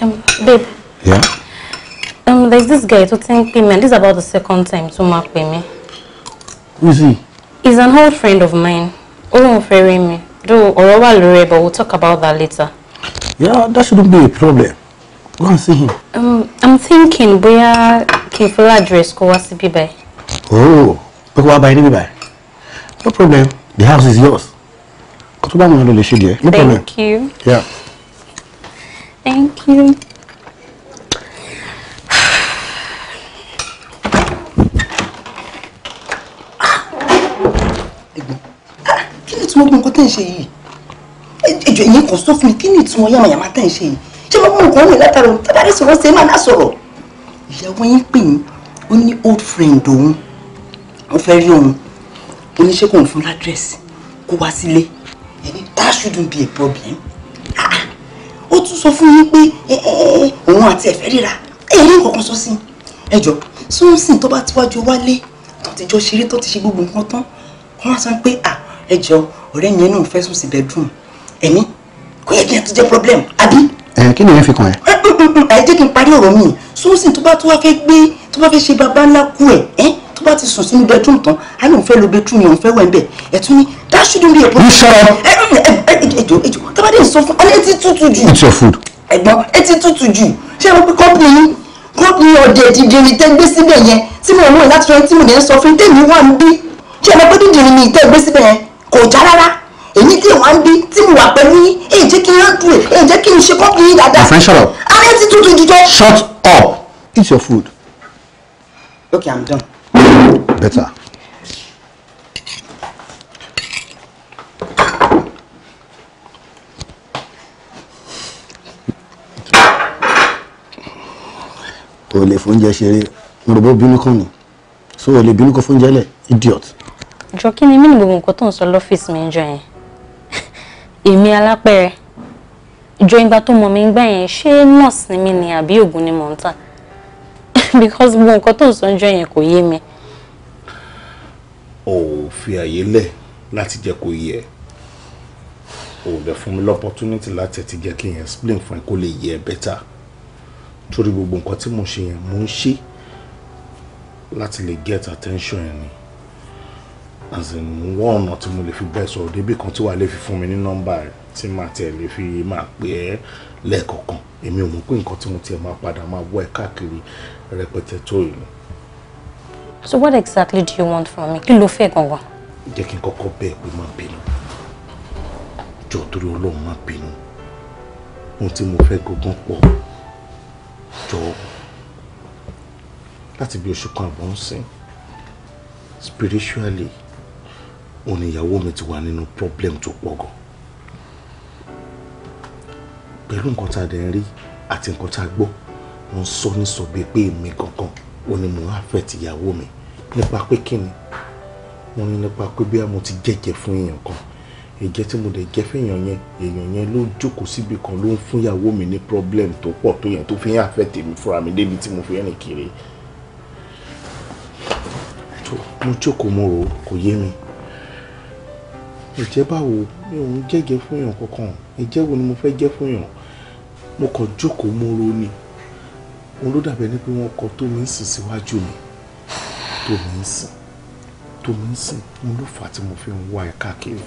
Um, babe. Yeah? Um, there's this guy to thank me, this is about the second time to mark pay me. Who's he? He's an old friend of mine. Oh, very me. Do ọ̀rọ̀ wà lórí ẹ̀, but we'll talk about that later. Yeah, that shouldn't be a problem. Go and see him. Um, I'm thinking where can n address go? wá síbí báyìí. Oh pé kó wá báyìí níbi báyìí no problem the house is yours kó tó bá wọn lọ lè ṣe díẹ̀ no problem. thank you. Yeah. thank you. tí wọ́n gbọ́ nǹkan tẹ́ ń ṣe yìí ẹjọ́ ìyẹn kan sọ fún mi kí ni ìtumọ̀ yàmàyàmà tẹ́ ń ṣe yìí ṣé wọ́n mú nǹkan rìn látara òun tábàdé sọ̀rọ̀ ṣe é máa dá sọ̀rọ̀ ìyàwó yín pè yín ó ní old friend òun mo fẹ́ rí òun oníṣẹ́ kò ń fún ládírẹ́sì kó wá sílé ẹni that shouldn't be a problem ah, ah. ó tún sọ fún yín pé eh, eh, eh, òun àti ẹ̀fẹ́ ríra èyí kankan sọ sí i ẹjọ́ sóńsìn tó bá ti wájú wálé tó ti jọ ṣeré tó ti ṣe gbogbo nǹkan tán wọ́n wá sọ pé ẹjọ́ ọ̀rẹ́ yẹn náà fẹ́ sùn sí bedroom ẹ̀mí kò yẹ kí ẹ tún jẹ́ problem àbí. ẹ kí ni ẹ fi kàn ẹ. ẹ jẹ́ kí n parí ọ̀rọ̀ mi sóńsìn tó bá tún wá fẹ́ gbé tó bá fẹ́ ṣe baba ńlá kú ẹ̀ tó bá ti sùn sínú bedroom tán a ní òun fẹ́ lo bedroom yẹn òun fẹ́ wẹ̀ ń bẹ̀ ẹ̀ tún ní that shouldn't be a problem. bísọ̀ ẹjọ ẹjọ tábàdé ń sọ fún ọ ní etí tútù jù. it's your food. ẹ̀gbọ́n etí tútù jù ṣé ẹ mọ̀ pé kọ́pì yín kọ́pì ọ̀dẹ̀ dìndìnrín tẹ́ gbé síbẹ̀ yẹn tí mo wọ̀ láti twenty mo dẹ̀ ń sọ fún tèmi wà ń bí ṣé ẹ mọ̀ pé dìndìnrín ni ìtẹ́ gbé síbẹ̀ yẹn kò já rárá èyí tí wọ́n ń bí tí mo wà pẹ̀lú yín èyí jẹ́ kí n rántí rẹ̀ èyí jẹ́ kí n ṣe kọ́pì yín dáadáa. my friend shut up. alẹ́ ti tútù jù jọ. shut up it's your food. okay i'm done better. o lè fóúnjẹ ṣeré mo rò bó bínú kàn ní so o lè bínú kó fóúnjẹ lẹ idiot. jọ kí ni mí ni gbogbo nǹkan tó ń sọ lọ́fíìsì mi ń jọ yẹn èmi alápẹ̀rẹ̀ ìjọ ìgbà tó mọ̀ mi ń gbà se ṣé nọ́ọ̀sì ni mí ni àbí oògùn ni mò ń because gbogbo nǹkan tó ń sọ ń jọ yẹn kò mi ò fi àyè lẹ̀ láti jẹ́ kó yẹ ò dẹ̀ fún mi lọ́pọ̀túnítì láti ẹ̀ ti jẹ́ kí n explain fún ẹ kó lè yẹ bẹ́tà torí gbogbo nǹkan tí mo ṣe yẹn mo ń ṣe láti lè get attention yẹn ni as in wọ́n ọ̀nà tí mo lè fi bẹ́ẹ̀ sọ̀rọ̀ débi kan tí wàá lè fi fún mi ní nọ́mbà rẹ̀ tí màá tiẹ̀ lè fi máa pè é lẹ́ẹ̀kọ̀ọ̀kan èmi ò mọ̀ pé nǹkan tí mo tiẹ̀ máa padà máa wọ́ ẹ káàkiri rẹpẹtẹ tó yìí So what exactly do you want from me? Kí ló fẹ́ gangan? Jẹ́ kí n kọ́kọ́ bẹ́ẹ̀ pé má bínú. Jọ̀ọ́ torí Ọlọ́run má bínú. Ohun tí mo fẹ́ gangan pọ̀. Jọ̀ọ́. Láti bí oṣù kan àbọ̀ ń Spiritually, òun ìyàwó mi ti wà nínú problem to pọ̀ gan. Pẹ̀lú nǹkan tá a dẹ̀ ń rí àti nǹkan tá so gbọ́, wọ́n sọ ní sọ gangan o ní mo affect ìyàwó mi nípa pé kí ni mo ní nípa pé bí mo ti jẹ́jẹ́ fún èèyàn kan ìjẹ́ tí mo dẹ̀ jẹ́ fẹ́yàn yẹn èèyàn yẹn ló jókòó síbi kan ló ń fún ìyàwó mi ní problem tó pọ̀ tó yẹn tó fi ń affect mi fúnra mi débi tí mo fi rìn kiri mo jókòó mo rò kò yé mi ìjẹ́ báwo mi ò ń jẹ́jẹ́ fún èèyàn kankan ìjẹ́ wo ni mo fẹ́ jẹ́ fún èèyàn mo kàn jókòó mo rò ni òun ló dàbẹ̀ ni pé wọ́n kọ tómi ń sìn síwájú mi tómi ń sìn tómi ń sìn òun ló fà á tí mo fi ń wá ẹ káàkiri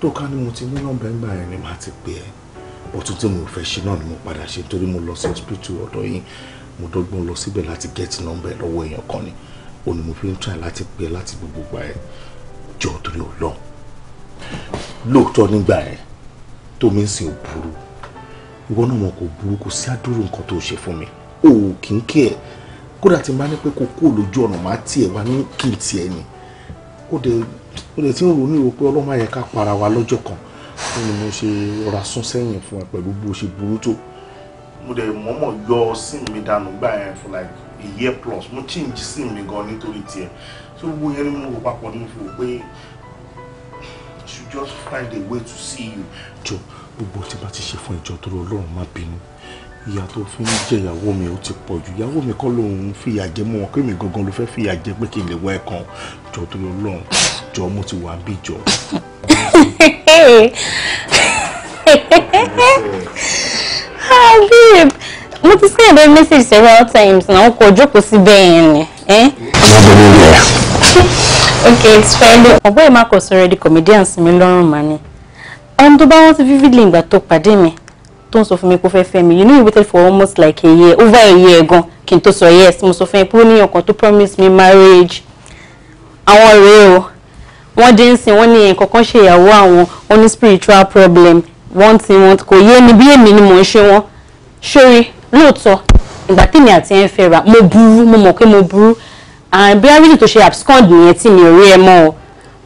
tóka ni mo ti ní nọ́mbà ẹgbà yẹn ni màá ti pè ẹ́ bọ́tún tí mo fẹ́ ṣe náà ni mo padà ṣe nítorí mo lọ sí hospital ọ̀dọ̀ yín mo dọ́gbọ́n lọ síbẹ̀ láti get nọ́mbà ẹ lọ́wọ́ èèyàn kan ni òun ni mo fi ń try láti pè ẹ́ láti gbogbo gbà ẹ́ jọ̀ọ́ torí Ọlọ́run lóòótọ́ nígbà yẹn tómi ń sìn ò burú ìwọ náà mọ̀ kò burú kò sí àdúrò nǹkan tó ṣe fún mi o ò kì í kí ẹ kódà tí n bá ní pé kò kúrò lójú ọ̀nà máa tiẹ̀ wá ní kí n tiẹ̀ ni ó dẹ̀ ó dẹ̀ tí ń ronú ìrò pé ọlọ́mọ ayẹ ká para wa lọ́jọ́ kan ó ní mo ṣe rọra sún sẹ́yìn fún ẹ pẹ̀lú bó ṣe burú tó mo dẹ̀ mọ̀ọ́mọ̀ yọ sí mi dànù gbà yẹn fún like a year plus mo change sí mi gan nítorí tiẹ̀ tí gbogbo yẹn ni mo rò papọ̀ ní mo fi rò pé I should just find a way to see you. Joe gbogbo tí bá ti ṣe fún ìjọ tó lọ́rùn má bínú ìyá tó fi ń jẹ ìyàwó mi ó ti pọ̀ jù ìyàwó mi kọ́ lòun fìyà jẹ mọ́ wọn kémi gangan ló fẹ́ fìyà jẹ pé kí n lè wá ẹ̀kan jọ tó lọ́rùn jọ mo ti wà bí jọ. Ah, mo ti send a message several times na kò jókòó sí bẹ́ẹ̀ yẹn ni. ọmọbìnrin okay it's fine. ọ̀gbọ́n ìmákòsó rẹ̀ di comedians mi lọ́rùn màá ni ẹni tó bá rántí vividly ìgbà tó pàdé mi tó ń sọ fún mi pé ó fẹ́ fẹ́ mi you know you waited for almost like a year over a year gan kí n tó sọ yes mo sọ fún yín pé ó ní ọkàn tó promise me marriage àwọn rèé o wọ́n dé ń sìn wọ́n ní nǹkan kan ṣe ìyàwó àwọn wọ́n ní spiritual problem wọ́n ti wọn kò yé ni bí èmi ni mò ń ṣe wọ́n ṣórí lóòótọ́ ìgbà tèmi àti ẹ̀ ń fẹ́ ra mo burú mo mọ̀ pé mo burú and bí arílì tó ṣe abscond nìyẹn tí mi ò rí ẹ mọ́ o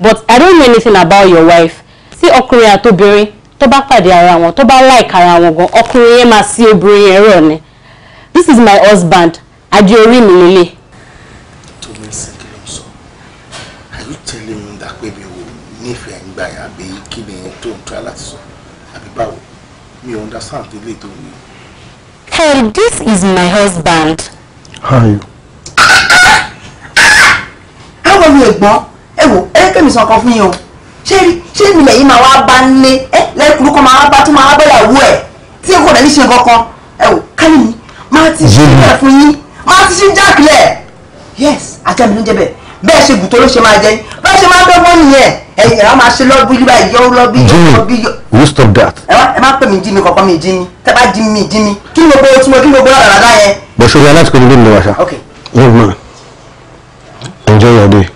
but I don't know anything about your wife tí ọkùnrin àtobìnrin tó bá pàdé ara wọn tó bá like ara wọn gan ọkùnrin yẹn máa sí obìnrin yẹn rọ̀ ni this is my husband adé orí mi lélẹ̀. are you telling understand Hey, this is my husband. Hi. Báwo ni ẹ̀gbọ́n? e wò, ẹ kẹ́mi sọ fún yín o. ṣé ṣé ilẹ̀ yìí máa wá bá nílé lẹ́kùnrin kan máa wá bá tó máa wá bá ìyàwó ẹ̀ tí èkó rẹ̀ ní ṣe kankan ẹ wò káyì máa ti ṣe ìlẹ̀ fún yín máa ti ṣe jákìlẹ̀ yes ajá mi jẹ bẹ́ẹ̀ bẹ́ẹ̀ ṣe bùtó ló ṣe máa jẹ bẹ́ẹ̀ ṣe máa dọ́gbọ́n nìyẹn ẹ̀yìn ẹ̀rọ máa ṣe lọ́bí yíba ìyọ́ lọ́bí lọ́bí yọ. you stop that. ẹ má pè mí jí mi kọ̀ọ̀kan mi jí mi tẹ́ bá jí mi jí mi kí ni gbogbo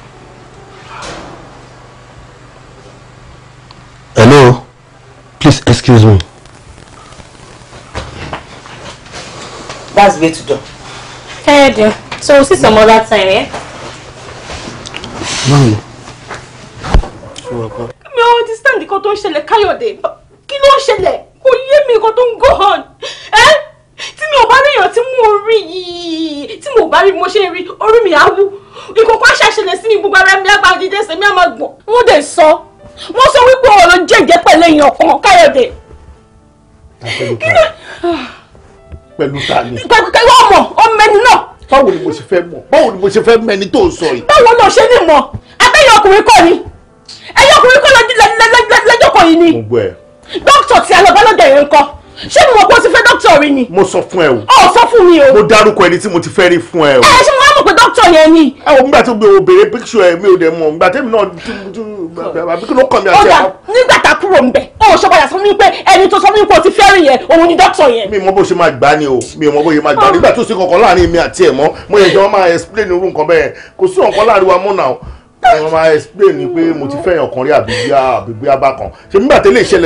Excuse me. That's way to do. Hey, dear. So we'll see some other time, eh? Mami. Mi ò understand nǹkan tó ń ṣẹlẹ̀ Káyọ̀dé. Kí ló ń ṣẹlẹ̀? Kò yé mi nǹkan tó ń go on. Eh? Tí mi ò bá ríyàn tí mo rí me tí mo bá rí mo ṣe rí, orí mi and wú. Ìkòkò àṣà ṣẹlẹ̀ sí mi gbogbo ara mi á bá jíjẹ́ sẹ́mi á máa gbọ̀n wọ́n sọ wípé ọ̀rọ̀ ló jẹ́jẹ́ pẹ̀lú èèyàn kan káyọ̀dé. pẹ̀lú ta ni. pẹ̀lú ọmọ ọmọẹni náà. báwo ni mo ṣe fẹ́ mọ̀ báwo ni mo ṣe fẹ́ mẹ́ni tó ń sọ yìí. báwo ló ṣe ní mọ̀ abẹ́yẹ ọkùnrin kọ́ ni ẹ̀yẹ ọkùnrin kọ́ lọ́jọ́ kan yìí ni. mo gbọ́ ẹ. dókítà tí alọ́gbá lọ́dọ̀ yẹn ń kọ́ ṣé mo mọ̀ pé o ti fẹ́ dókítà rí ni. mo sọ fún ẹ o. ọ sọ fún mi o. mo dárúkọ ẹni tí mo ti fẹ́ rí fún ẹ o. ẹ ṣé mo wá mọ̀ pé dókítà yẹn ni. ẹ o nígbà tó gbé o béèrè píkṣọ ẹ mi ò dẹ̀ mọ̀ nígbà tẹ́mi náà àbí kí ló kàn mí àti ẹ̀. ọ̀dà nígbà tá a kúrò ń bẹ̀ ọ̀ ṣọ́padà sọ fún mi pé ẹni tó sọ fún mi pé o ti fẹ́ràn yẹn òun ni dókítà yẹn. mi mọ bó ṣe máa gbá ni o mi mọ bó ṣe máa gbá nígbà tó sí kankan láàrin mi àti ẹ̀ mọ́ mo yẹ kí wọ́n máa explain irú nǹkan bẹ́ẹ̀ kò sí nǹkan láàrin wa mọ́ náà wọ́n máa explain ni pé mo ti fẹ́yàn kan rí àbígbé àbígbé abákan ṣe nígbà tẹ́lẹ̀ ah.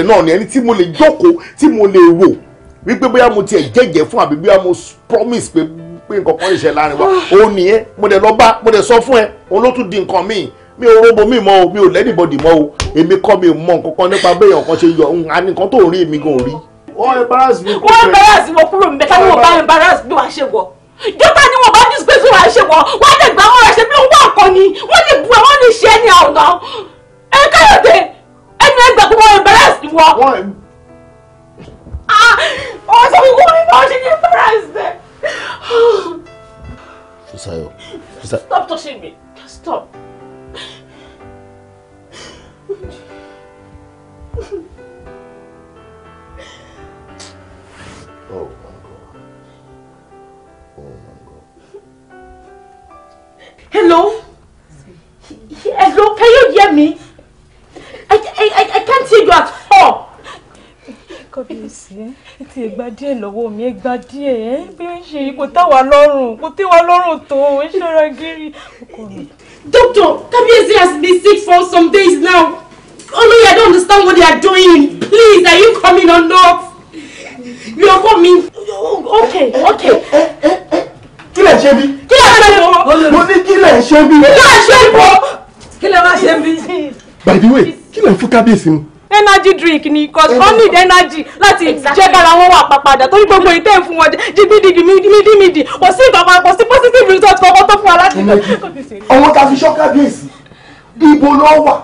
di nǹkan míì mi ò róbó mi mọ́ o mi ò lẹ́nìbọ̀dì mọ́ o èmi kọ́ mi mọ nǹkan kan nípa béèyàn kan ṣe yọ nǹkan nǹkan tó rí èmi gan rí. wọ́n embarrass mi kúrò. wọ́n embarrass mi kúrò mi bẹ́ẹ̀ táwọn ò bá embarrass mi wá ṣe wọ̀ jọba ni wọn bá ní space wà ṣe wọ wọn lè gbà wọn ṣe bí wọn wà kọ ni wọn lè bu àwọn lè ṣe ẹni ọ̀nà ẹ káyọ̀dé ẹni ẹgbẹ́ kó wọn embarrass ni wọn. ọ̀ sọ fún wọn nípa Stop touching me. Stop. Oh my God. Oh my God. Hello? Hello, can you hear me? I, I, I can't hear you at all. Kọ́bíyèsí ẹ́, ẹ ti ẹ̀gbá díẹ̀ lọ́wọ́ mi, ẹ̀gbá díẹ̀ ẹ́, bí ó ń ṣe yìí kò tẹ́ wa lọ́rùn, kò tẹ́ wa Doctor, Kabiyesi has been sick for some days now. Only I don't understand what they are doing. Please, are you coming or not? You are coming. Okay, okay. Kí lẹ ṣe bí? Kí lẹ ṣe bọ̀? Mo ní kí lẹ ṣe bí? Kí By the way, kí lẹ fún Kábíyèsí energy drink ni cause all need energy láti jẹ́ kára wọn wà pàpàdà torí gbogbo ìtẹ́ ń fún wọn jí bídìdì mídìmídì kò sí ìkọ̀kan kò sí positive result kankan tó fún wa láti. ọmọ ta fi ṣọ́ká bíyèsí ibo ló wà.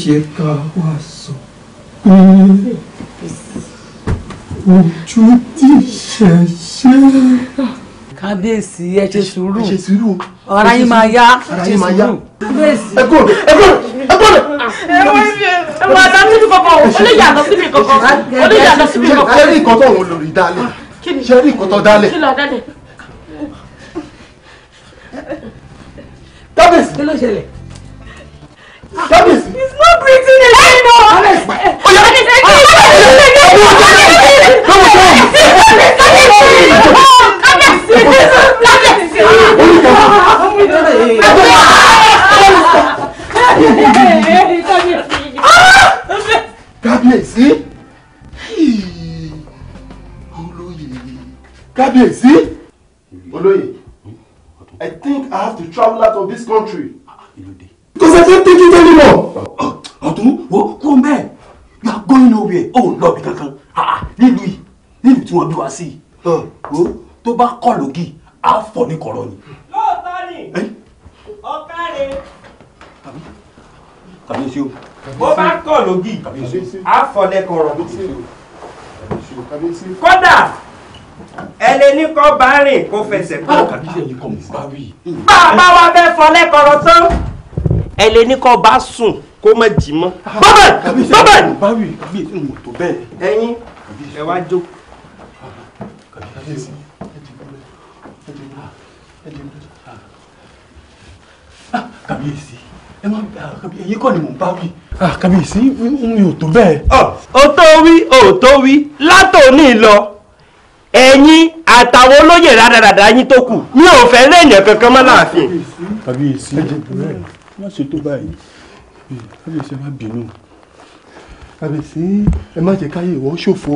ṣé ká wá sọ pé ojú ti ṣẹ̀ṣẹ̀ kábíyèsí ẹ ṣe sùúrù ẹ ṣe sùúrù ara yín máa yá ara yín máa yá kábíyèsí ẹ gbọ́dọ̀ ẹ gbọ́dọ̀ ẹ gbọ́dọ̀. ẹ wọ ibi ẹ wọ àdá síbi kankan o lè yàtọ̀ síbi kankan o lè yàtọ̀ síbi kankan. ṣe rí nǹkan tó òun lórí dálẹ̀ ah, ṣe rí nǹkan tó dálẹ̀. kábíyèsí kí ló ṣẹlẹ̀. kábíyèsí. it's not breathing again. kábíyèsí. ó yá ó yá ó yá ó yá ó yá ó yá. sí i wo tó bá kọ̀ lógì á fọ̀ ní kọ̀rọ̀ ni. lóòótọ́ ni ọ̀kàrẹ̀. kàbíyèsí o. bó bá kọ̀ lógì á fọ̀ ní kọ̀rọ̀. kódà ẹlẹ́ni kọ́ bá rìn kó fẹsẹ̀ kọ́. Ah, kàbíyèsí ẹ̀yin kọ́ mi bá wí. bá a bá wa bẹ́ẹ̀ fọ̀ ní kọ̀rọ̀ tán ẹlẹ́ni kọ́ bá sùn kó má jí mọ́. bọ́bẹ̀ bọ́bẹ̀. kàbíyèsí ẹ̀yin kọ́ bá wí kàbíyèsí ẹ̀yin kò tó bẹ́ẹ̀. ẹ̀yin ẹ wá jókòó kábíyèsí ẹ dìbúlẹ̀ ẹ dìbúlẹ̀ ẹ dìbúlẹ̀. Ah, kábíyèsí ẹ má kábíyèsí ẹ̀yin kọ́ ni mò ń bá wí. Ah, kábíyèsí mi ò tó bẹ́ẹ̀. ò ah, tó wí ò tó wí látòní lọ ẹ̀yin àtàwọn olóyè rádaràdà yín tó kù mi ò fẹ́ lẹ́yìn kankan mọ́ láàfin. kábíyèsí ẹ dìbúlẹ̀ má ṣe tó báyìí kábíyèsí ẹ má kàbíyèsí ẹ má jẹ́ káyé ìwọ ṣòfò.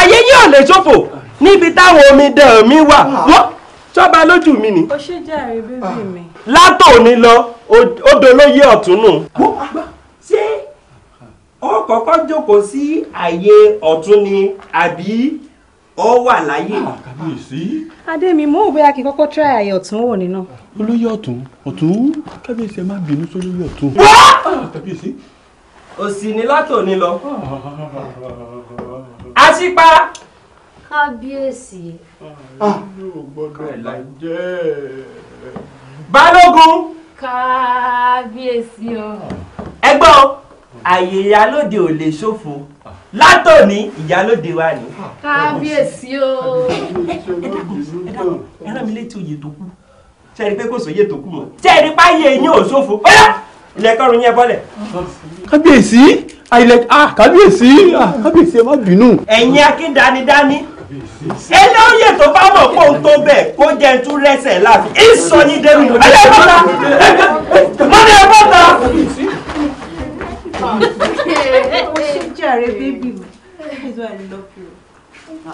ayé yìí ò lè ṣòfò níbi táwọn omidan mi wà ah. wọ́n ṣọ́ba lójú mi ni. o ṣe jàre bébí ah. mi. látòní lọ odò ló yé ọ̀tún nù. Ah. ṣé ó kọ́kọ́ jókòó sí àyè ọ̀tún ni àbí ó wà láyé. kàbíyèsí. adé mi mú òbí akin kọ́kọ́ try àyè ọ̀tún wò nínú. olóyè ọ̀tún ọ̀tún kábíyèsí ẹ má bínú sólóyè ọ̀tún. wá kàbíyèsí òsì ni látòní lọ. àṣìpa. kábíyèsí. yóò ah, gbọ́dọ̀ balógun. kábíyèsí o. ẹgbọ́n o àyè ìyálóde ò lè ṣòfò látòní ìyálóde wa ni. kábíyèsí o. ẹ rán mi létí oyè tó kù ṣe é rí pé kò sóyè tó kù mọ́ ṣe é rí pé ayé yín ò ṣòfò ilẹ̀kọ́rùn yẹn bọ́lẹ̀. kábíyèsí àìlẹ̀ ah kábíyèsí ah kábíyèsí ẹ má bínú. ẹ̀yin akíndánidání eléoyè tó bá mọ̀ kó ń tó bẹ́ẹ̀ kó jẹ́ ń tún rẹ́sẹ̀ láàfin ìsọ ẹ̀yẹ bọ́ta mọ́ni ẹ̀ bọ́ta.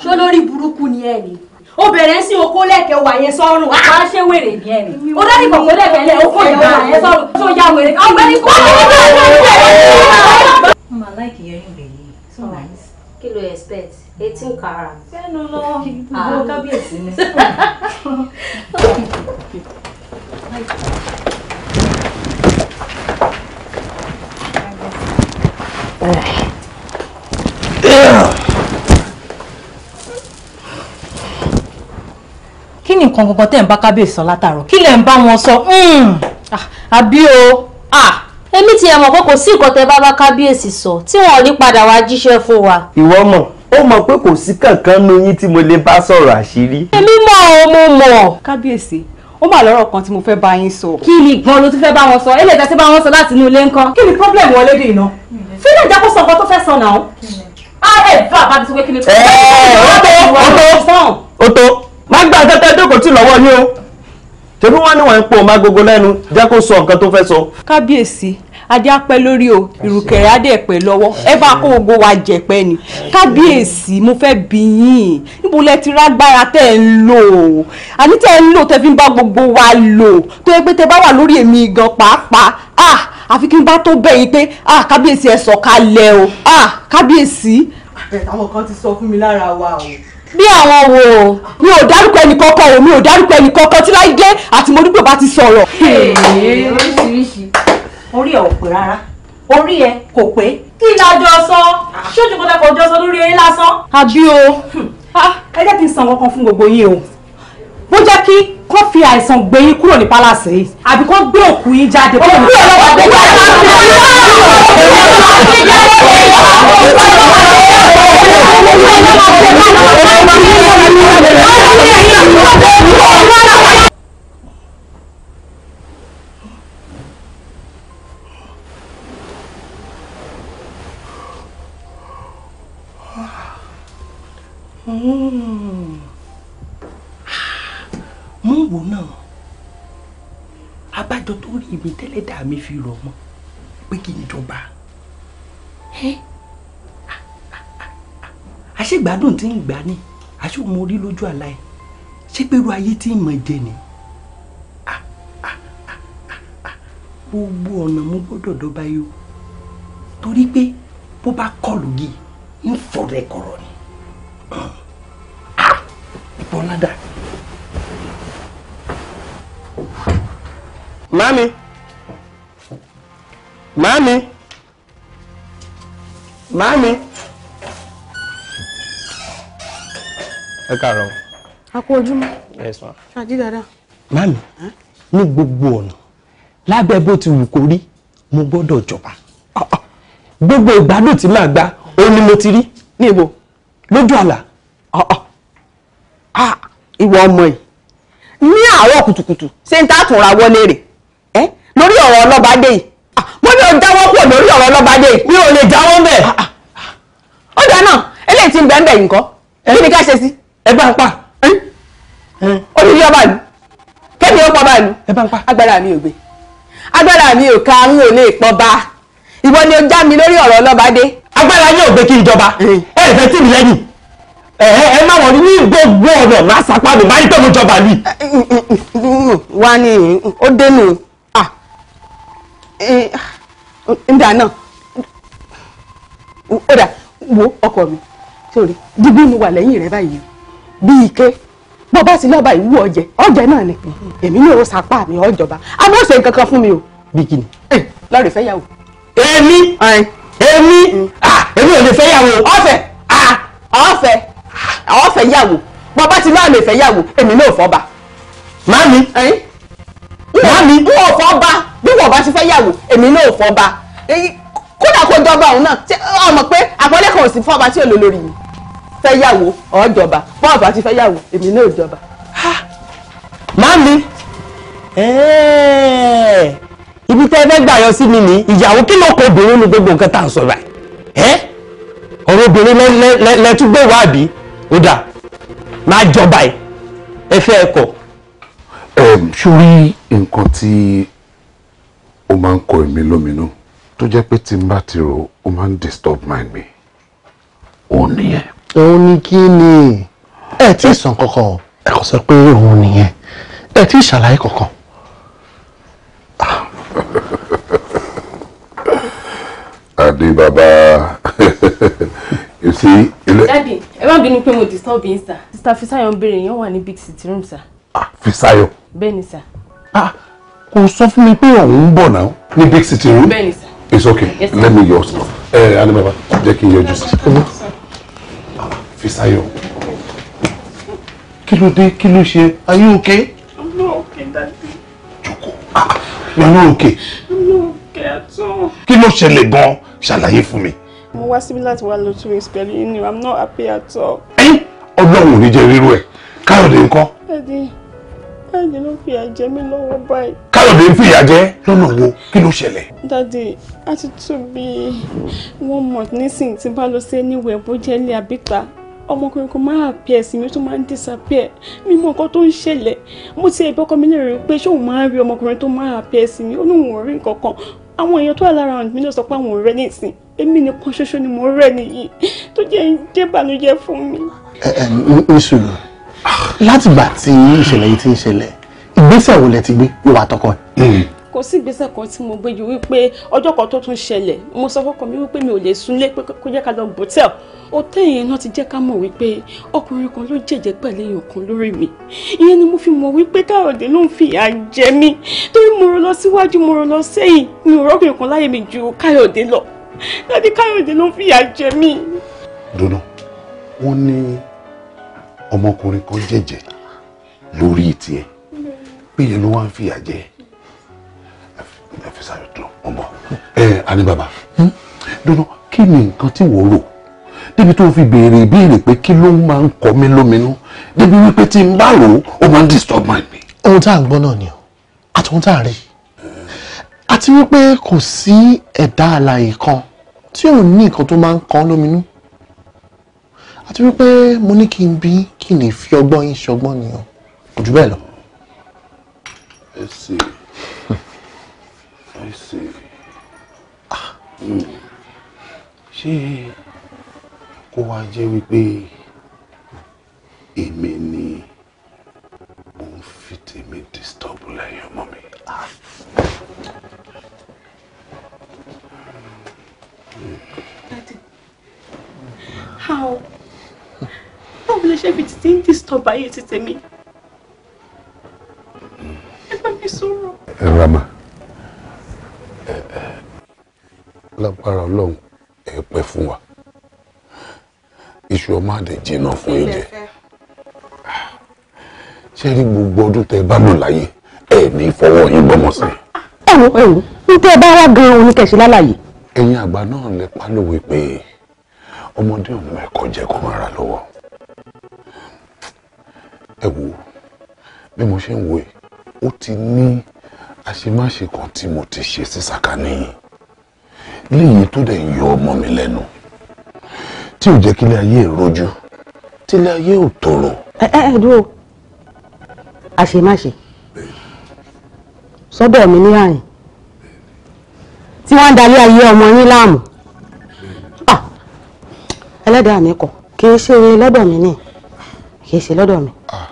ṣé lórí burúkú ni ẹ ni obìnrin sí okó lẹ́kẹ̀ wà yẹn sọ́rùn wà á ṣe wèrè ní ẹ̀rìn ó dárí pọ̀ pé lẹ́kẹ̀ lẹ́ okó yẹn wà yẹn sọ́rùn tó ya wèrè ọgbẹ́ni kó ní ìgbà yẹn. mo máa láìkì yẹyìn rẹ yìí so nice. kí ló expect eighteen karat. fẹ́nu lọ àwọn kábíyèsí ni. All right. kí ni nǹkan gangan tẹ̀ ń bá kábíyèsí sọ látàárọ̀ kí lẹ̀ ń bá wọn sọ hmm. ah, àbí o. Ah. èmi ti ẹ̀ mọ̀ pé kò sí nǹkan tẹ́ bá bá kábíyèsí sọ tí wọn ò ní padà wá jíṣẹ́ fún wa. ìwọ mọ̀ ó mọ̀ pé kò sí kankan nu yín tí mo lè bá sọ̀rọ̀ àṣírí. èmi mọ̀ o mo mọ̀. kábíyèsí ó mà lọ́rọ̀ kan tí mo fẹ́ bá yín sọ. kí ni gan ló tún fẹ́ bá wọn sọ eléyìí tẹ́sí bá wọn sọ láti inú ilé ńkan. kí ni problem wọlé dè iná fílẹ̀ ìjà kó sọ nǹkan tó fẹ́ sọ náà. a ah, ẹ̀ bá a bá ti sọ pé kí ni. ẹ ẹ ó tó ó tó ó tó má gba nǹkan tẹ́ jókòó tì lọ́wọ́ yín o tẹbí wọn ní wọn ń pò má gbogbo lẹ́nu jẹ́ kó sọ nǹkan tó fẹ́ sọ. kábíyèsí adé apẹ́ lórí o ìrùkẹ̀rẹ̀ adé ẹ̀pẹ́ lọ́wọ́ ẹ bá kó gbogbo wa jẹ̀pẹ́ ni kábíyèsí mo fẹ́ bí yín níbo lẹ ti rágbára tẹ́ ẹ ń lò àní tẹ́ ẹ ń lò tẹ́ fi ń bá gbogbo wa lò tó yẹ pé tẹ́ bá wà lórí èmi gan pàápàá ah àfi kí n bá tó bẹ̀ yín pé ah kábíyèsí ẹ sọ̀kalẹ̀ o ah kábíyèsí. àwọn kan ti sọ fún mi lára wa o bí àwọn wo mi ò dárúkọ ẹnì kọ́kọ́ o mi ò dárúkọ ẹnì kọ́kọ́ tí láì dé àti mo dúpọ̀ bá ti sọ̀rọ̀. oríṣiríṣi orí ẹ ò pé rárá orí ẹ kò pé kí lájọ sọ ṣé ojú kọ́tà kọjọ sọ lórí eré lásán. àbí o hm. ah, ẹ jẹ́ kí n san kankan fún gbogbo yín o bó jẹ́ kí kó fi àìsàn gbé yín kúrò ní pálásì yìí àbí kó gbé òkú yín jáde kó gbé ọlọ́wọ́ gbé jáde ń wò náà abájọ tó rí mi tẹ́lẹ̀ dà mí fi rọ̀ mọ́ pé kí n jọba àṣegbádùn tí ń gbà ní àṣùmọ orí lójú àlá ẹ ṣé pẹ̀lú ayé tí ń mọ̀ jẹ ni gbogbo ọ̀nà mo gbọ́dọ̀ dọ́ba yìí o torí pé bó bá kọlù yìí ń fọ̀rọ̀ ẹ̀kọ̀rọ̀ ni bọ́ládà. Mami. Mami. Mami. Ẹ káàárọ̀. A kú ojúmọ́. Yes ma. Ṣáàjì dada. Mami, ní gbogbo ọ̀nà, lábẹ́ bó ti wù kó rí, mo gbọ́dọ̀ jọba. Gbogbo ìgbádùn tí màá gba, òun ni mo ti rí. Ní ibo? Lójú àlà. Ah, ah. ah, ìwọ ọmọ yìí ní àárọ̀ kùtùkùtù ṣé n ta tún ra wọlé rè ẹ lórí ọ̀rọ̀ ọlọ́bàdé yìí ah, mo ní o jáwọ́ pọ̀ lórí ọ̀rọ̀ ọlọ́bàdé yìí. mi ò lè jáwọ́ bẹ́ẹ̀. Ah, ah, ó dáa náà eléyìí ti ń bẹ́ẹ̀ bẹ́ẹ̀ nǹkan kí ni ká ṣe sí. ẹ bá ń pa. ó ní yọba ni kéde ó pọ̀ bá ni. ẹ bá ń pa. agbára mi ò gbé agbára mi ò ka n ò lè pọ̀ bá ìwọ ni o já mi lórí ọ̀rọ̀ ọlọ́bàdé. agbára yóò gbé kí n jọba ẹ ẹ fẹ́ tì mí lẹ́yìn ẹ má wọ̀ ní gbogbo ọ̀nà lásàpá mi báyìí tó jọba lì. wá ní ó dénú ǹdà náà ó dà wo ọkọ mi sórí dìgbì mi wà lẹ́yìn rẹ báyìí bí ike bó bá sì lọ́ba ìwú ọjẹ ọ̀jẹ̀ náà ni èmi ní mi fún mi o. ni. lọ́ọ̀rì fẹ́ yàwó. èmi èmi mm. èmi ò lè fẹ́ yàwó. ọ̀fẹ́ ọ̀fẹ́. àwọn fẹ́ yàwó bàbá ti náà lè fẹ́ yàwó èmi náà fọ́ ba. màámi màámi n ò fọ́ ba bí wọ́n bá ti fẹ́ yàwó èmi náà fọ́ ba kódà kó jọba òun náà ọmọ pé àpọ́nlé kan ò sí fọ́ba tí ò lò lórí mi fẹ́ yàwó ọ̀jọba bọ́ọ̀ bá ti fẹ́ yàwó èmi náà jọba. màámi ibi tẹ́ ẹ fẹ́ gbà yọ sí mi ní ìyàwó kí ló kọ obìnrin ní gbogbo nǹkan tá à ń sọ báyìí ọ̀rọ̀ obìnrin lẹ́túgbẹ̀wá àbí ó dáa máa jọba ẹ ẹ fẹ́ ẹ kọ. sórí nǹkan tí ó máa ń kọ èmi lóminú tó jẹ́ pé tí n bá ti rò ó máa ń disturb mind mi òun nìyẹn. òun ni kí ni ẹ tí ì sàn kankan ẹ kò sọ pé òun nìyẹn ẹ tí ṣàlàyé kankan. adé bàbá you see. Daddy, Everyone been looking pé mo disturb yín sir. Sister Fisayo ń béèrè yẹn wà ní big city room sir. Ah, Fisayo. Bẹ́ẹ̀ni sir. Ah, kò sọ me mi pé òun ń bọ̀ big city room. Bẹ́ẹ̀ni sir. It's okay. Yes, sir. Let me yọ sọ. Eh, ẹ Anamaba, jẹ́ kí n yọjú sí. Ah, Fisayo. Kí ló dé? Kí ló ṣe? Are you okay? I'm not okay, Daddy. Joko. Ah, you not okay. I'm not okay at all. she ló ṣẹlẹ̀ gan-an? Ṣàlàyé fún mi mo wá síbi láti wá lọ two weeks pẹ̀lú yín i'm not happy at all. ẹyin ọlọ́run ò ní jẹ́ rírú ẹ̀ káyọ̀dé ńkọ́. káyọ̀dé káyọ̀dé ló fi ìyà jẹ mí lọ́wọ́ báyìí. káyọ̀dé ń fi ìyà jẹ lọ́nà wo kí ló ṣẹlẹ̀. dadi a ti tó bí one month nísìnyí tí bá lọ sí anywhere bó jẹ́ ilé àbíta ọmọkùnrin kan máa appear sí mi tó máa ń disappear mi mọ nǹkan tó ń ṣẹlẹ̀ mo ti ẹ̀bí ọkọ mi lè rí i pé ṣé òun máa ń rí ọmọkùnrin tó máa appear sí mi ó ní òun ò rí nǹkan kan àwọn èèyàn tó wà lára àwọn ìgbìmọ̀ sọ pé àwọn ò rẹ́ nísìn èmi nìkan ṣoṣo ni mò ń rẹ́ nìyí tó jẹ́ jẹ́ ìbànújẹ́ fún mi. ẹ ẹ ní sùúrù látìgbà tí ìṣẹ̀lẹ̀ yìí ti ń ṣẹlẹ̀ ìgbésẹ̀ wo lẹ ti gbé ìwà àtọkọ yìí kò sí ìgbésẹ̀ kan tí mo gbé ju wípé ọjọ́ kan tó tún ṣẹlẹ̀ mo sọ fọ́kọ mi wípé mi ò lè sunlé pé kó jẹ́ ká lọ bòtẹ́l òtẹ́ yẹn náà ti jẹ́ ká mọ̀ wípé ọkùnrin kan ló jẹ̀jẹ̀ pẹ̀lú èèyàn kan lórí mi ìyẹn ni mo fi mọ̀ wípé káyọ̀dé ló ń fìyà jẹ mí torí mo rò lọ síwájú mo rò lọ sẹ́yìn mi ò rọ́kùnrin kan láyé mi ju káyọ̀dé lọ dájú káyọ̀dé ló ń fìyà jẹ mí. dùnà wọn ní ọmọkùnrin kan jẹ̀jẹ̀ lórí tiẹ̀ pé ló wá ń fìyà jẹ ọfíìsì ayọ̀dún ọmọ ẹ àní bàbá dúró kí ni nǹkan tí wọ́n rò débi tó fi béèrè ìbéèrè pé kí ló máa ń kọ mí lóminú débi wípé tí n bá rò ó máa ń disturb mind mi. ohun tá à ń gbọ́ náà ni o àti ohun tá à ń rí àti wípé kò sí ẹ̀dá alààyè kan tí ò ní nǹkan tó máa ń kọ lóminú àti wípé mo ní kí n bí kí n lè fi ọgbọ́n yín ṣọgbọ́n nìyẹn jù bẹ́ẹ̀ lọ. ẹ ṣe Ah, hmm. ṣé kó wá jẹ́ wípé èmi ni mò ń fi tèmi disturb lẹ́yìn ọmọ mi. Ah. how? báwo lè ṣe fi títí ń disturb ayé ti tèmi? ẹ bá mi sọ̀rọ̀. ẹ ra ma lágbára ọlọ́run ẹ pẹ́ fún wa iṣu ọmọ àdè jìnnà fún yín jẹ ṣé rí gbogbo ọdún tẹ bá lò láyé ẹ ní fọwọ́ yín gbọ́mọ sí. ẹ̀wù ẹ̀wù ní tẹ́ ẹ bá wá gan-an oníkẹ̀sí lálàyé. ẹ̀yin àgbà náà lè pálòwé pé ọmọdé òun ẹ̀kọ́ jẹ́ kó máa ra lọ́wọ́ ẹ bí mo ṣe ń wo ó ti ní àṣemáṣe kan tí mo ti ṣe sí sàkánìyìn léyìí tó dẹ̀ yọ ọmọ mi lẹ́nu tí ò jẹ́ kílé ayé ìrojú tílé ayé ò tòrò. ẹ ẹ ẹ dúró àṣemáṣe sọ́dọ̀ mi ní àyìn tí wọ́n ń darí ayé ọmọ yín láàmú ẹlẹ́dàá mi kọ̀ kì í ṣe lọ́dọ̀ mi ni kì í ṣe lọ́dọ̀ mi. Ah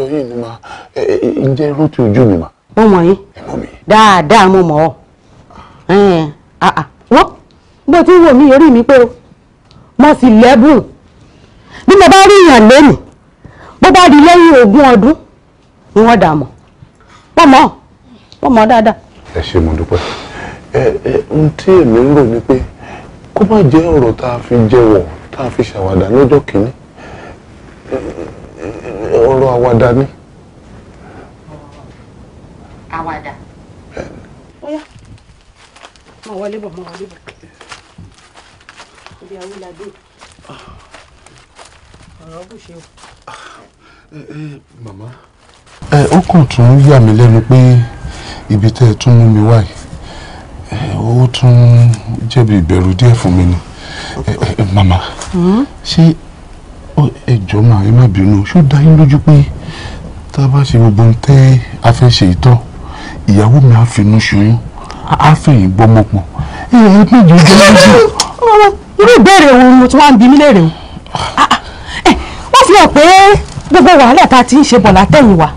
ọ̀dọ̀ yìí ni mà ǹjẹ́ rántí ojú mi mà. mo mọ̀ yín dáadáa mo mọ̀ ọ́ wọ́n bó ti wò mí orí mi pé o mo sì lẹ́bùn bí mo bá rí èèyàn lónìí bó bá di lẹ́yìn ogún ọdún ni wọ́n dà mọ̀ wọ́n mọ̀ wọ́n mọ̀ dáadáa. ẹ ṣé mo dúpẹ́ ẹ ẹ ohun tí èmi ń rò ni pé kó má jẹ́ ọ̀rọ̀ tá a fi jẹ́wọ̀ tá a fi ṣàwàdà lọ́jọ́ kìíní ọ̀rọ̀ àwàdà ni. àwàdà. bóyá mo wọlé bọ̀ mo wọlé bọ̀ ibi àwọn ìlàdé ọ̀rọ̀ bù ṣe o. màmá ẹ ó kàn tún yà mí lẹ́nu pé ibi tẹ́ ẹ tún mú mi wá ó tún jẹ̀bi ìbẹ̀rù díẹ̀ fún mi ni màmá hmm? ṣé ẹ jọ̀ọ́ mà ẹ má bínú ṣó dá yín lójú pé tá a bá ṣe gbogbo ohun tẹ́ a fẹ́ ṣe ìtọ́ ìyàwó mi á finú ṣoyún á fẹ̀yìn gbọ́mọpọ̀ ẹ ẹ méje ọjọ́ méjì. irú ìbéèrè wo ni mo tún wá ń bi mí léèrè o ah, ah, eh, wọ́n fi hàn pé gbogbo wàhálà tá a ti ń ṣe bọ̀ látẹ̀yìn wa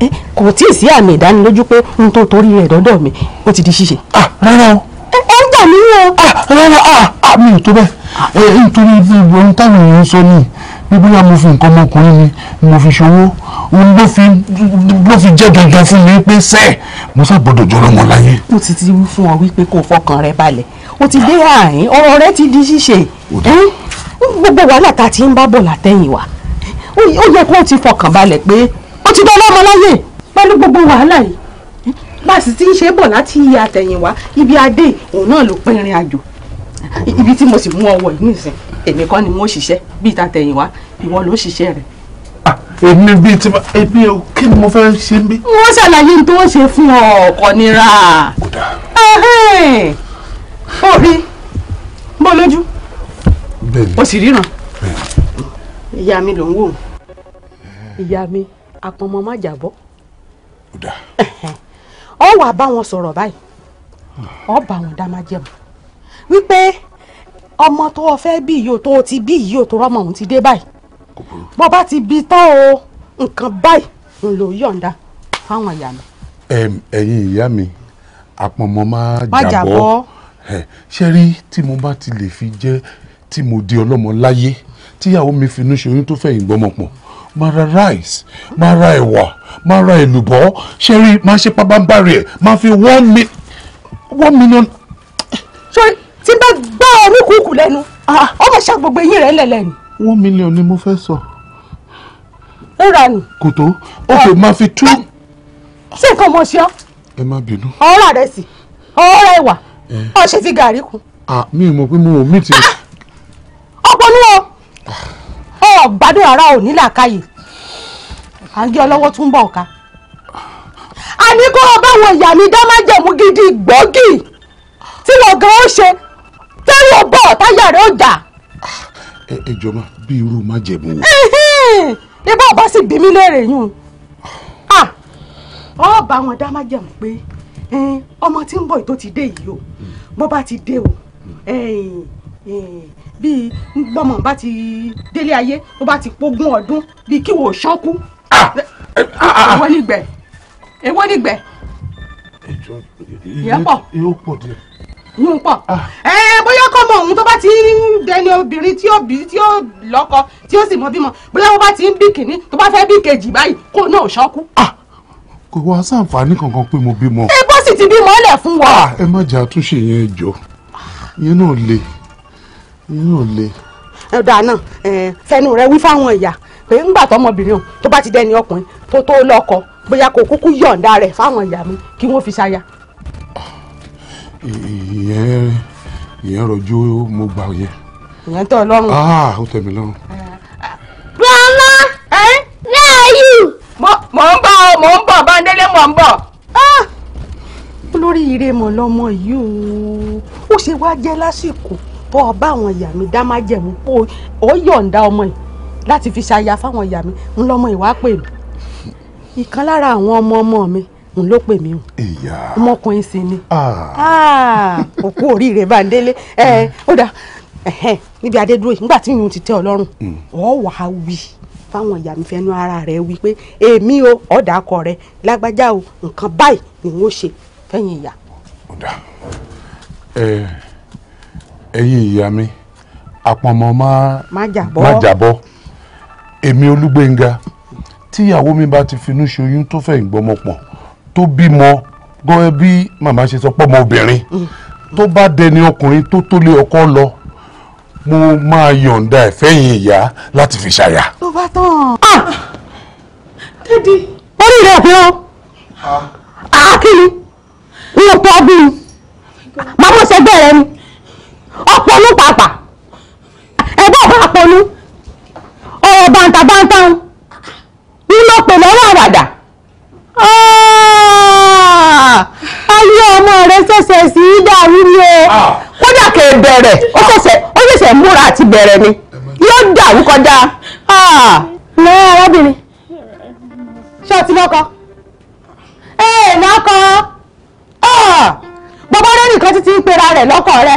eh, kò tí ì sí àmì ìdánilójú pé n tó torí rẹ̀ dọ́dọ̀ mi ó ti di ṣíṣe. Ah, rárá o. Eh, ẹ ń gbà mí o. rárá mi ò tó bẹ́ẹ̀ nítorí ohun táwọn èèyàn ń sọ nìyí bóyá mo fi nǹkan ọmọkùnrin ni mo fi ṣòwò òun ló fi ló fi jẹ́ dandan fún mi pé sẹ́ẹ̀ mo ṣàgbọ́dọ̀ jọrọ wọn láyé. mo ti ti fún ọ wípé kó o fọkàn rẹ balẹ̀ o ti dé àárín ọ̀rọ̀ rẹ ti di ṣíṣe gbogbo wàhálà tá a ti ń bá bọ̀ látẹ̀yìn wa ó yẹ kó o ti fọkàn balẹ̀ pé o ti dán lọ́mọ láyé pẹ̀lú gbogbo wàhálà yìí bá a sì ti ń ṣe bọ̀ láti iye àtẹ̀yìnwá ibi adé òun náà ló pín ìrìn àjò ibi tí mo sì mú ọwọ́ yìí nìsín èmi kọ́ ni mo ṣiṣẹ́ bíi tàtẹ̀yìnwá ìwọ ló ṣiṣẹ́ rẹ̀ èmi bí ti ma èmi o kí ni mo fẹ́ ṣe bí. wọ́n ṣàlàyé ní tó ń ṣe fún ọkọ nira. ó rí bó lójú ó sì ríran ìyá mi ló ń wò. Hmm. ìyá mi àpọ̀mọ́ má jàbọ́. ó wá bá wọn sọ̀rọ̀ báyìí ó bá wọn dá má jẹun wípé ọmọ tó o fẹ́ bí yìí o tó o ti bí yìí o tó rọ́mọ òun ti dé báyìí bó bá ti bí tán o nǹkan báyìí ń lò yọ̀ǹda fáwọn ìyá mi. ẹ̀yin ìyá mi àpọ̀nmọ́ máa jàbọ́ ṣé rí tí mo bá ti lè fi jẹ́ tí mo di ọlọ́mọ láyé tíyàwó mi finú ṣoyún tó fẹ̀yìn gbọ́mọ máa ra rice máa ra ẹ̀wà máa ra èlùbọ́ ṣé rí máa ṣe pábánbárì ẹ̀ máa fi one mi one million. ṣé tí bá gbọ́ orúkúkú lẹ́nu ọmọ ah. ṣá gbogbo eyín rẹ̀ lẹ̀lẹ̀ ni. one million ni mo fẹ́ sọ. rírà ni. kò tó o ah. kò máa fi tú. ṣé nǹkan mọ̀ ṣe ọ́. ẹ má bínú. ọ̀rọ̀ rẹ̀ sì ọ̀rọ̀ ẹ̀wà ọ̀ṣẹ̀ ti gàrí kun. Ah, mi ò mọ̀ pé mo ò mí ti. ọ̀pọ̀ ni o ọ̀gbádùn ara ò ní làákàyè à ń gé ọlọ́wọ́ tún bọ̀ ọ̀ka. àní kó o báwọn ìyá mi dá májẹ̀mú gidi gbòógì tí wọ́n ó ṣe tẹ́rù ọbọ̀ táyà rẹ̀ ó jà. ẹ jọba bí irú má jẹ̀bù. ibà ọba sì bí mi léèrè yún ọ bá wọn dá má jẹun pé ọmọ tí ń bọ̀ tó ti dé yìí o bó bá ti dé o bíi gbọ́mọ bá ti délé ayé bó bá ti pógún ọdún bíi kí wò ó ṣánkú èwo nígbẹ èwo nígbẹ ìyẹn pọ̀ yún pọ̀ ah. ẹ bóyá kọ́ mọ òun tó bá ti ń dẹni obìnrin tí ó bí tí ó lọ́kọ tí ó sì mọ bímọ bóyá wọ́n bá ti ń bí kìnní tó bá fẹ́ bí kejì báyìí kó náà ṣọ́kú. Ah, kò wá sáǹfààní kankan pé mo bímọ. ẹ bó sì ti bímọ lẹ̀ fún wa. Ah, ẹ má jà àtúnṣe yẹn jọ yẹn náà le yẹn náà le. ẹ dáa náà fẹnu rẹ wí fáwọn ìyá pé ńgbà tọmọbìnrin tó bá ti dẹni ọkùnrin tó tó lọ́kọ bóyá kò kúkú yọ̀ǹda rẹ̀ fáwọn ìyá mi kí wọ́n fi ṣaya ìyẹn ìyẹn rọjò mo gbà yẹn. ìyẹn tẹ́ lọ́rùn. aa ah, ó tẹ́ mi lọ́rùn. grandma ẹ náà yù. mo ń bọ̀ o mo ń bọ̀ Bándélé mo ń bọ̀. Ah! olórí ire mọ̀ lọ́mọ yìí o ó ṣe wá jẹ́ lásìkò tó o bá àwọn ìyá mi dá má jẹ̀mú pé ó yọ̀ǹda ọmọ yìí láti fi ṣaya fáwọn ìyá mi ńlọmọ ìwà pè mí ìkan lára àwọn ọmọ ọmọ mi òun ló pè mí o. ìyá ọmọkùnrin sì ni ah. Ah, òkú oríire Bándélé ó dà níbi adédúró yìí nígbà tí ìyún ti tẹ ọ lọ́rùn mm. ọ wà á wí fáwọn ìyá mi fẹnu ara rẹ wí pé èmi o ọ̀dà akọ rẹ lágbájá o nǹkan báyìí ni wọ́n ṣe fẹ́yìn ìyá. ọ̀dà ẹ̀yin ìyá mi àpọ̀nmọ́ má jàbọ́ èmi Olúgbénga tíyàwó mi bá ti finú ṣoyún tó fẹ̀yìn gbọ́mọ pọ̀n tó bímọ gọ́gẹ́ bí màmá ṣe sọ pọ́mọ obìnrin tó bá dẹni ọkùnrin tó tó lé ọkọ lọ mo máa yọ̀ǹda ẹ̀fẹ́ yìí ìyá láti fi ṣàyà. ló bá tán. dẹ́dí. wọ́n rí rẹ̀ pé ó. àákìlì ń tọ́ bí mi màmá ṣe bẹ̀rẹ̀ ni ọ̀pọ̀lú pàápàá ẹ̀gbọ́n ọ̀pọ̀ àpọ̀lú ọ̀rọ̀ bàǹtàbàǹtà ń lọ pè lọ́wọ́ àwàdà. ayé ọmọ rẹ ṣẹ̀ṣẹ̀ sí dàrú ni o kódà kẹ bẹ̀rẹ̀ ó ṣẹ̀ṣẹ̀ ó ṣẹ̀ṣẹ̀ múra àti bẹ̀rẹ̀ ni yóò dàrú kọjá lọ́wọ́ arábìnrin ṣé o ti ee lọ́kọ bàbá rẹ nìkan títí ń pera rẹ̀ lọ́kọ rẹ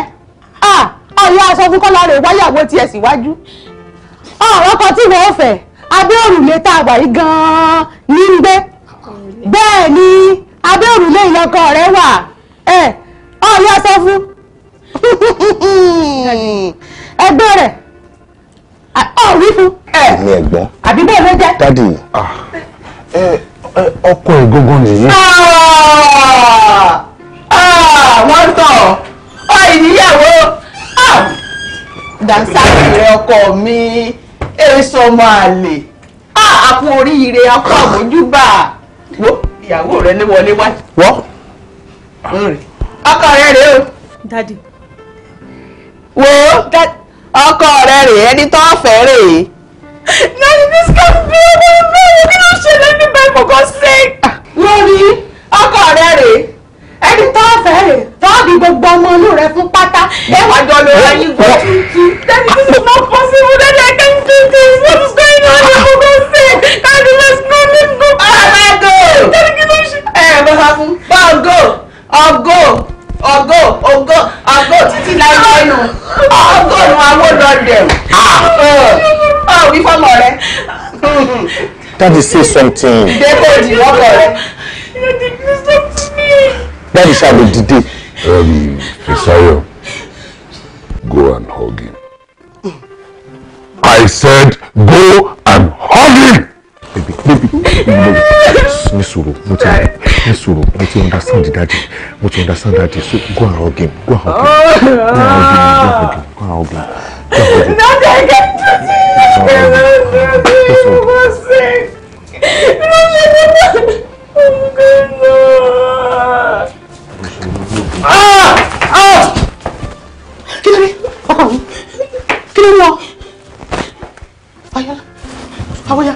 ọ̀yọ́ aṣọ fún kọ́lá rẹ̀ wáyàwó tiẹ̀ síwájú ọ̀rọ̀ kan tí wọ́n fẹ́ abẹ́ òrùlé tá a wà gan ní gbé bẹ́ẹ̀ ni abẹ́ òrùlé ìlọ́kọ rẹ wà ẹ ọ̀yọ́ sọ fún ẹgbẹ́ rẹ̀ ọ̀rí fún. ẹ̀mí ẹ̀gbọ́n. àbí bẹ́ẹ̀ ló jẹ́. dádì ah. ọkọ ìgógó nìyí. Ah! Ah! wọ́n sọ ọ ìníyàwó dànsáàkì rẹ ọkọ mi èso máa lè àpò oríire ọkọ àmójúbà. wo ìyàwó rẹ ní wọlé wá. wọ́. Hmm. ọkọ rẹ rèé o. dadi. wo ọkọ rẹ rèé ẹni tó fẹ́ rèé. nani this can be a man kí ló ṣẹlẹ̀ níbẹ̀ for God's sake. lórí ah, ọkọ rẹ rèé ẹni tó fẹ́ rèé tọ́ọ̀bì gbogbo ọmọ inú rẹ fún pátá ẹ wàá jọ lọ ra yín gbọ́ tuntun. dadi this is not possible dadi i can't do this what is going on for God's sake can't do this go. ọlọ́pàá go. nítorí kí ló but ṣe. ẹ I'll go. I'll go. I'll go I'll go. Titi, ọgọ́ ọgọ́ ọgọ́ ọgọ́ títí láìpẹ́ nù ọgọ́ nù àwọn Ah, ọ wí fọmọ rẹ. Daddy say something. They you. you? What dèbò òdì lọ́kọ rẹ. Daddy ṣàlè Um, Fisayo, go and hug him. I said go and hug him. Baby, bèbè bèbè ìgbòho ní sòrò mo ti ní sòrò mo ti understand daddy mo ti understand daddy so go and hug him go and hug him oh. go and hug him go and hug him go and hug him. Daddy I can't do this you must say oh God no. Ah! Ah! Kí ló dé? Ọkọ mi, kí ló ń lọ? Ayọ̀lá, àwọ̀yá.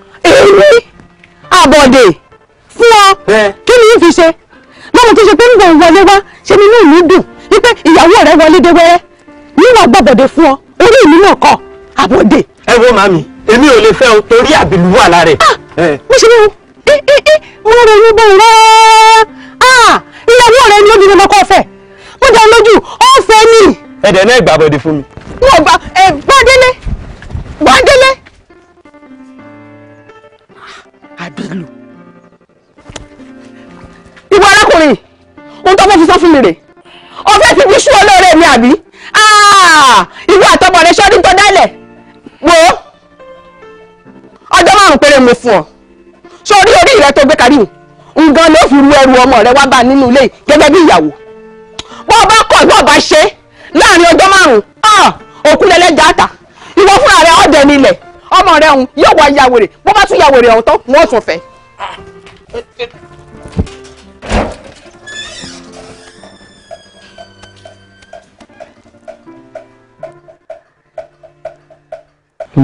èmi àbọ̀dè fún ọ kí ni yín fi ṣe lọ́mọ tó ṣe pé nígbà wọlé wá ṣe ni inú mi dùn wípé ìyàwó rẹ wọlé dé wẹ́rẹ́ níwà gbàbọ̀dè fún ọ orí mi náà kọ àbọ̀dè. ẹ wo màmí èmi ò lè fẹ́ o torí àbìlú wà lára ah! ẹ. mo ṣe ní o mo rò yín bọ̀ rẹ́ ah! ìyàwó rẹ ni obìnrin ọmọkọ fẹ́ mo dá lójú ó fẹ́ ni. ẹ̀dẹ̀ náà gbàbọ̀dè fún mi. mo gbà ẹ̀ gbàdélé gbàdélé àbílù. ìwọ arákùnrin ohun tó fẹ́ fi sọ fún mi rè o fẹ́ fi fi ṣú olóore mi àbí ah! ìwé àtọmọ rẹ ṣọ́ọ́dí tó dálẹ̀ wo ọjọ́ márùn-ún péré mo fún ọ sórí orí rẹ tó gbé kárí nǹkan ló fi ru ẹrù ọmọ rẹ wá bá nínú ilé gẹ́gẹ́ bí ìyàwó bó o bá kọ̀ bó o bá ṣe láàrin ọjọ́ márùn-ún ah! òkú lẹ́lẹ́jà àtà ìwọ fúnra rẹ ọ̀dẹ̀ nílẹ̀ ọmọ rẹ òun yóò wá ya wèrè bó bá tún ya wèrè ọ̀hún tán wọ́n tún fẹ́.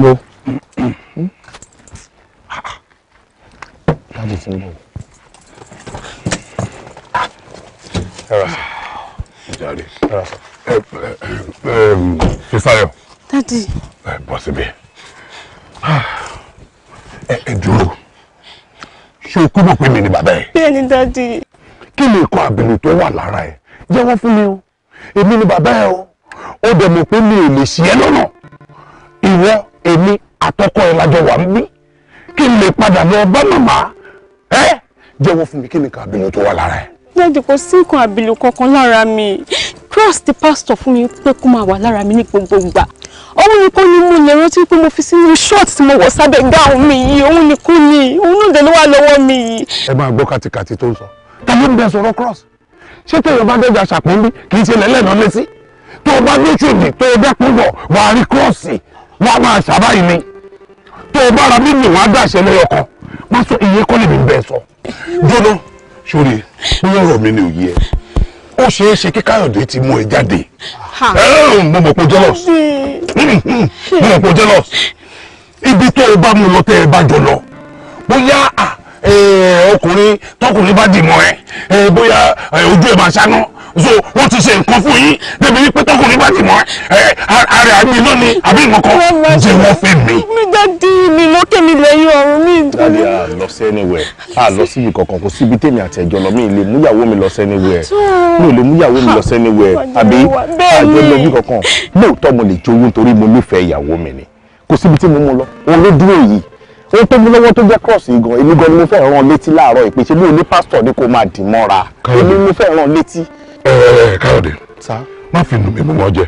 Mo. Dáàdì ti ń bọ̀. Ẹ rà sọ. Ìjàre. Ẹ rà sọ. Ẹ ẹ ẹ Fisayo. Dáàdì. Ẹ bọ̀ síbí. ẹ ẹ dúró ṣé ikú mọ̀ pé mi ni bàbá ẹ. bẹ́ẹ̀ ni dáàdi. kí ni ikọ̀ àbẹ̀lẹ̀ tó wà lára ẹ jẹ́wọ́ fún mi o èmi ni bàbá ẹ o ó dẹ̀ mọ̀ pé mi ò lè ṣí ẹ lọ́nà ìwọ èmi àtọkọ ẹ lájọ wà ń bí kí n lè padà lọ bá màmá ẹ jẹ́wọ́ fún mi kí ni ikọ̀ àbẹ̀lẹ̀ tó wà lára ẹ. dáàdi kò sí nǹkan àbẹ̀lẹ̀ kankan lára mi Christ the pastor fún mi pé kó máa wà lára mi ní gbogbo ìgbà òun nìkan ni mo lè rántí pé mo fi sínú short tí mo wọ̀ sábẹ́ gáàhùn mi yìí òun nìkan ni òun náà dẹ̀ ló wà lọ́wọ́ mi yìí. ẹ máa gbọ́ kàtìkàtì tó ń sọ tàbí ń bẹ sọ̀rọ̀ cross ṣé tẹ̀yọ̀ bá dẹ́jà ṣàpọ́nbí kì í ṣe lẹ́lẹ́nà létí tó o bá lóṣòdì tó o dẹ́kun bọ̀ wà á rí kírọ́ọ̀sì wà á máa ṣàbáyé ni tó o bá ra bí nìwọ̀n á dàṣẹ lẹ́yọkan ó ṣeé ṣe kí káyọ̀dé ti mú ẹ jáde mo mọ̀ pé jealous hmm, hmm, hmm. mo mọ̀ pé jealous ibi tó o bá mú lọ tẹ́ ẹ bá jọ lọ bóyá à Eh, ọkùnrin tọkùnrin bá dì mọ́ ẹ bóyá ojú ẹ máa ṣáná so wọ́n ti ṣe nǹkan fún yín débi wípé tọkùnrin bá dì mọ́ ẹ ara àmì iná àbí nǹkan jẹ́ wọ́n fẹ́ mi. mi dáàdi mi lókè mi lẹ́yìn ọ̀run mi. dáàdi a lọ sí anywhere a lọ síbi kankan kò síbi tèmi àti ẹjọ lọ mi lè múyàwó mi lọ sí anywhere mi ò lè múyàwó mi lọ sí anywhere àbí àjọ lọ bí kankan lóòótọ́ mo lè jowó nítorí mo nífẹ̀ẹ́ ìyàwó ó tó mú lọ́wọ́ tó jẹ́ cross yìí gan èmi gan ni mo fẹ́ rán létí láàárọ̀ ìpè ṣe bí o ní pásítọ̀ ni kò máa dì mọ́ra èmi ni mo fẹ́ rán létí. ẹ ẹ káyọ̀dé má fi nù mí mú wọn jẹ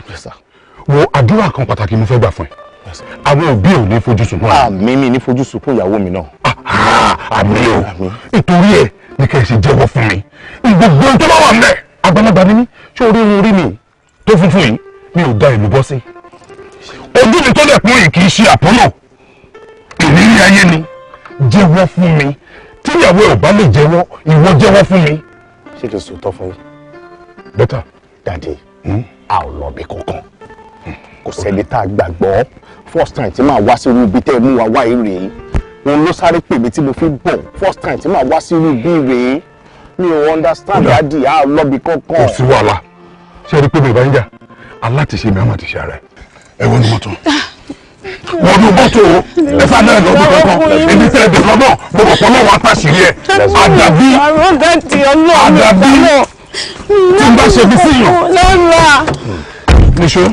wo àdúrà kan pàtàkì mo fẹ́ gbà fún ẹ àwọn òbí ò ní fojú sunkún. àmì mi ní fojú sunkún ìyàwó mi náà. Ah, ah, àmì o nítorí ẹ ní kẹ́ ẹ ṣe jẹ́wọ́ fún mi gbogbo tó bá wà mẹ́ àgbàlagbà ni mí ṣé orí irun orí mi tó funfun yìí mi ò da ìlú bọ́ sí ojú mi tó lẹ̀ pọ́n yìí kì í ṣe àpọ́nà ìrírí ayé ni jẹ́wọ́ fún mi tíyàwó ẹ̀ ò bá lè jẹ́wọ́ ìwọ jẹ́wọ́ fún mi. ṣé kí n sòótọ́ fún yín. bẹ́tà. dàdí hmm? a ò lọ bí kankan kò sẹ́ni tá a gbàgbọ́ first time tí màá wá sí irú ibi tẹ́ ẹ mú wa wá èrè wọn ló sáré pè mí tí mo fi bọ̀ first time tí màá wá sí irú ibi rèé mi ò understand dàdí a ò lọ bí kankan. kò sí wàhálà ṣé ẹ rí i pé mi ò bá ń jà aláàtìṣe mi á ara ẹ ẹ wọ́n ní mọ́tò. Ah mo ní mọ́tò ẹ̀fà náà lọ́dún kankan èmi tẹ̀ ẹ̀dẹ̀ kan náà mo mọ̀ pọ́n lọ́wọ́ apàṣírí ẹ̀ àdàbí àdàbí tí n bá ṣe bí sí yàn. níṣó.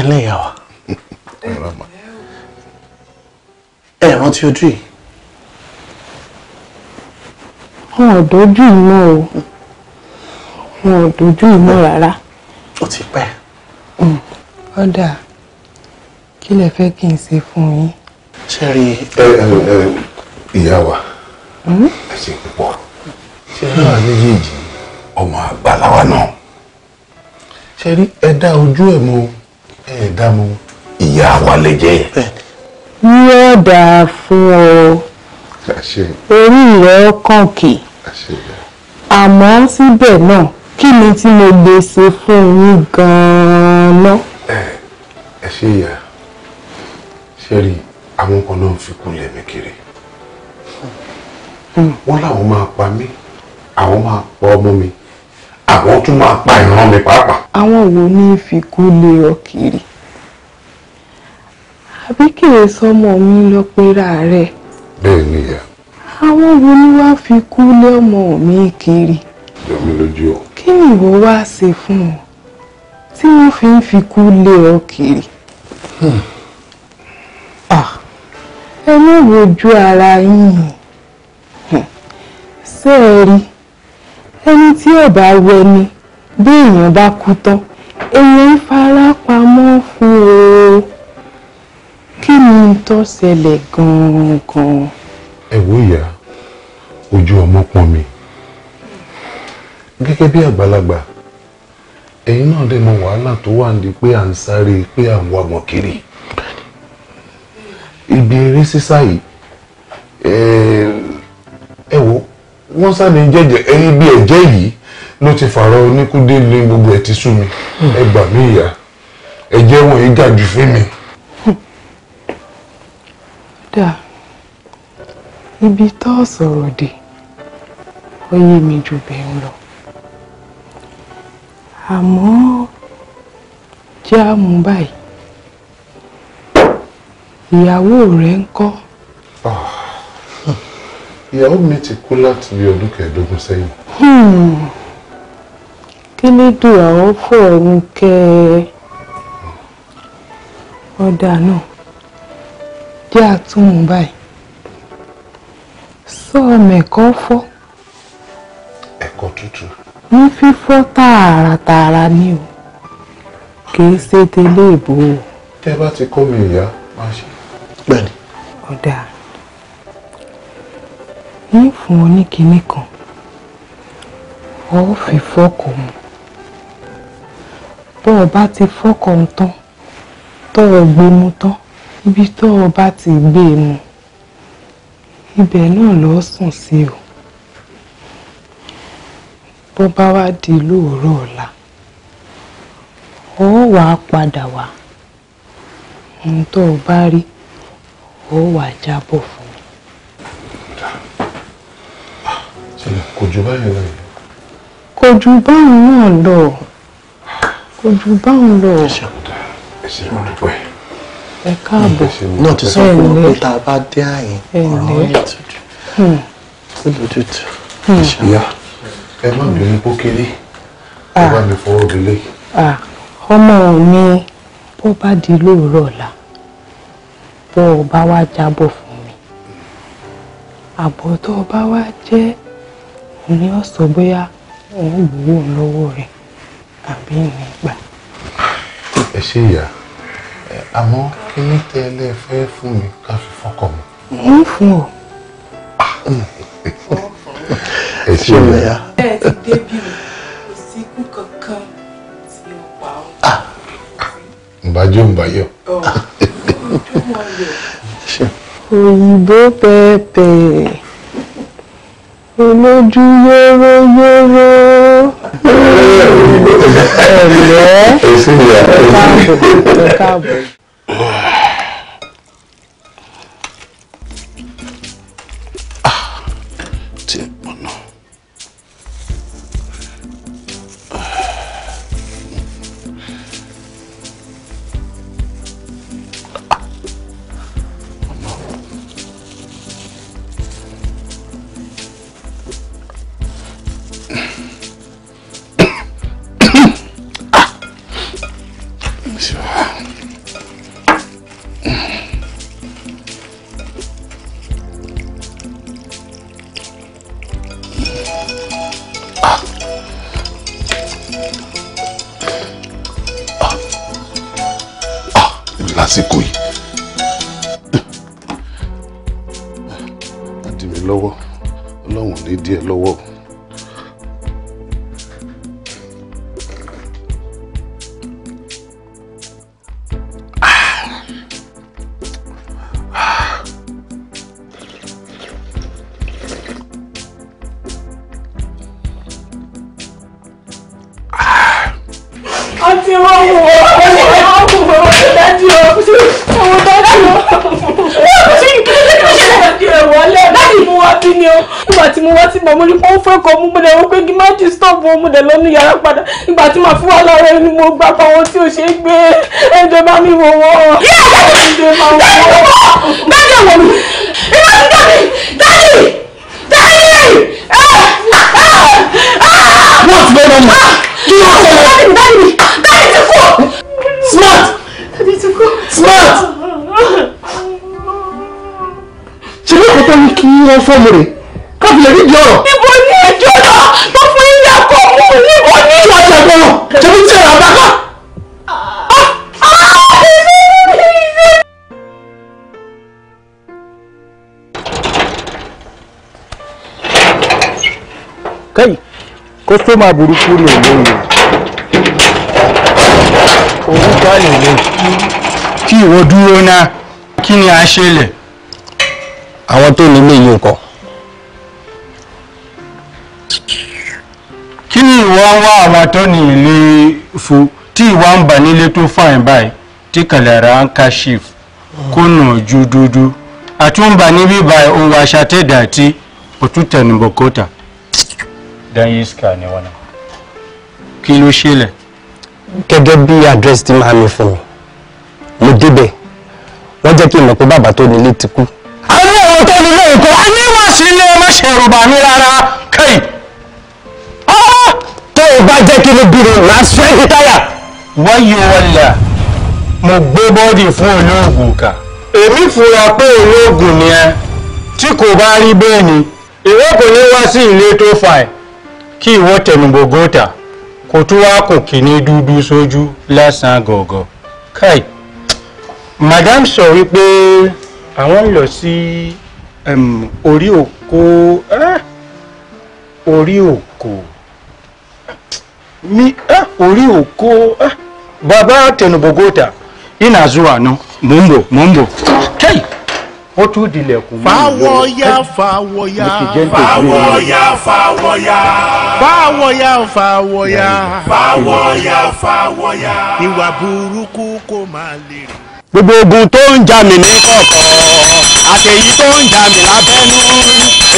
ẹlẹ́yàwó ẹ̀rọ tí ojú yìí wọn ò dojú ìmọ̀ o wọn ò dojú ìmọ̀ rárá. ó ti pẹ́. Mm. ọ̀dà kí lẹ fẹ́ kí n ṣe fún yín. ṣé rí ìyá wa mm-hmm. ẹ ṣe púpọ̀ ṣé rí àwọn méjèèjì ọmọ àgbàláwa náà ṣé rí ẹ dá ojú ẹ̀ mọ́ ẹ dá mọ́ ìyá wa lè jẹ́ yóò dáa fún ọ orí rẹ̀ kàn kì àmọ́ síbẹ̀ náà kí ni tí mo lè ṣe fún yín gan-an náà. ẹ ṣe ìyá ṣe rí àwọn kan náà ń fi kúnlẹ̀ mi kiri hmm. wọ́n láwọn máa pa mí àwọn máa pa ọmọ mi àwọn tún máa pa ìran mi pàápàá. àwọn wo ní ìfikú lé ọ kiri àbí kìí sọmọ mi lọ pera rẹ bẹ́ẹ̀ ni ìyá. àwọn wo ni wàá fi kú lé ọmọ mi kiri. jọ mi lójú o. kí ni ìwọ wá ṣe fún ọ tí wọ́n fi ń fi kú lé ọ kiri. Hmm. Ah, ẹ má wojú ara yín hmm. ṣé ẹ rí ẹni tí ò bá wẹni bí èèyàn bá kú tán èèyàn ń fara pamọ́ fún o kí ni n tó ṣẹlẹ̀ gan-an gan-an. ẹ wo ìyá ojú ọmọ pọ́n mi gẹ́gẹ́ bí àgbàlagbà ẹ̀yin náà dẹ̀ mọ wàhálà tó wà ní pé à ń sáré pé à ń wàgbọ̀n kiri ibi eré sísá yìí ẹ wo wọ́n sáré jẹ́jẹ́ ẹ̀yin bí ẹ̀jẹ̀ yìí ló ti fàrọ̀ oníkúdé lé gbogbo ẹ̀ ti sú mi ẹ gbà mí ìyá ẹ̀jẹ̀ wọ̀nyí gà jù fún mi. Mm kódà ibi tó sọ̀rọ̀ dé ó yé mi jù bẹ́ẹ̀ ń lọ àmọ́ jẹ́ àmú báyìí ìyàwó rẹ̀ ń kọ́. Ah, ìyàwó mi ti kú láti bí ọdún kẹẹ̀ẹ́dógún sẹ́yìn. Hmm. kí ló dùn àwọn fọ̀ọ́rùn kẹ́ ẹ ọ̀dà náà jẹ́ àtúnmù báyìí sọ mẹ̀kọ́ fọ́. ẹ̀kọ́ tútù. ní fífọ́ tààràtààrà ni o kì í ṣe délé ìbò o. tẹ́ bá ti kó mi ìyá má ṣe. bẹ́ẹ̀ni. ọ̀dà ní fún ọ ní kinní kan ọ fi fọ́kọ̀ mu bọ́ bá ti fọ́kọ̀ tán tọ́ ọ gbé mu tán ibi tó o bá ti gbé e mu ibẹ̀ náà lọ sùn sí o bó bá wá di lóòrọ̀ ọ̀la ó wàá padà wá ohun tó o bá rí ó wàá jábọ̀ fún mi. kò jù báyìí lọ. kò jù náà lọ kò jù báwọn lọ. ẹ ṣe mo dúpẹ́ ẹ káàbọ̀ náà ti sọ fún mi pé tá a bá dé àyìn ọ̀rọ̀ yìí tutù olùdùtù. ìyá ẹ má bínú bó kéré ẹ ah. bá mi fọwọ́ délé. Ah. ọmọ mi bó bá di lóòrọ̀ ọ̀la bó o bá wá jábọ̀ fún mi àbọ̀ tó o bá wá jẹ́ òní ọ̀sán bóyá òun gbowó lọ́wọ́ rẹ̀ àbí ìrìn ẹ ṣe ìyá àmọ́ kí ní tẹ́lẹ̀ fẹ́ fún mi ká fi fọ́kọ̀ mi. ń fún ọ. ẹ ṣe ìwé ya. bẹ́ẹ̀ ti débí o kò sí ikú kankan tí ó pa ọ́. ǹbàjọ́ ǹbàyọ̀. òyìnbó pẹ́ẹ́pẹ́ẹ́ olójú yóró yóró. ẹ̀lẹ́ ẹ̀ káàbọ̀ ẹ̀ káàbọ̀. ṣọ́ọ̀bù mo dẹ̀ lọ ní yàrá padà ìgbà tí màá fún wa lára ẹni mo gbà pàwọn tí ò ṣe é gbé ẹjẹ bá mi wò wọ́n. ẹjẹ bá mi wò wọ́n. bẹ́ẹ̀ wọ̀ mí ìwọ ti dá mi dáàdì dáàdì. what's going on ma kí ló ṣe lọ. dáàdì ti kú. smart. dáàdì ti kú. smart. ṣe ló kọ́ tó ń kí ẹ fọ́ tó máa burúkú ni olóyè orúkọ àlèlè kí ìwọ dúró náà kí ni a ṣẹlẹ̀. àwọn tó nílé yìí nǹkan. kí ni ìwọ ń wá àwọn tó ní ilé fo tí ìwà ń bà nílé tó fàìn báyìí tí kàlàrà ń ka ṣìf kó nà ju dúdú àtúnbà níbí báyìí òun aṣàtẹ̀dà àti òtútẹ̀nùbọ̀kọ́tà dan yiska ni wannan kí ló ṣẹlẹ̀. gẹ́gẹ́ bí àdírẹ́sì tí màá mi fún mi mo débẹ̀ wọ́n jẹ́ kí n mọ̀ pé bàbá tó nílé ti kú. a ní àwọn tó nílé ìkọ́ a ní wọ́n sí ilé má ṣe ẹ̀rù bà mí rárá tó o bá jẹ́ kí ló bìrì màá sọ ẹ́ kí táyà. wáyé wọlé mo gbé bọ́ọ̀dì fún olóògùn kà. èmi fura pé olóògùn ni ẹ tí kò bá rí bẹ́ẹ̀ ni ìwé kò ní wá sí ilé tó fà ẹ́ kí ìwọ tẹnugbogbo ta kò tún wá kò kíní dúdú sójú lásán gọ̀ọ̀gọ̀ kai madam sọ wípé àwọn ń lọ sí orí òkò orí òkò mi orí òkò bàbá tẹnugbogbo ta ina zuwa no mò ń kai ó tún dilẹ̀kùn mú ìlú fàwọ̀yà fàwọ̀yà fàwọ̀yà fàwọ̀yà fàwọ̀yà fàwọ̀yà fàwọ̀yà fàwọ̀yà ìwà burúkú kò máa lè rìn. gbogbo ogun tó ń jà mí ní kọ̀kọ̀ àtẹ̀yí tó ń jà mí lábẹ́nú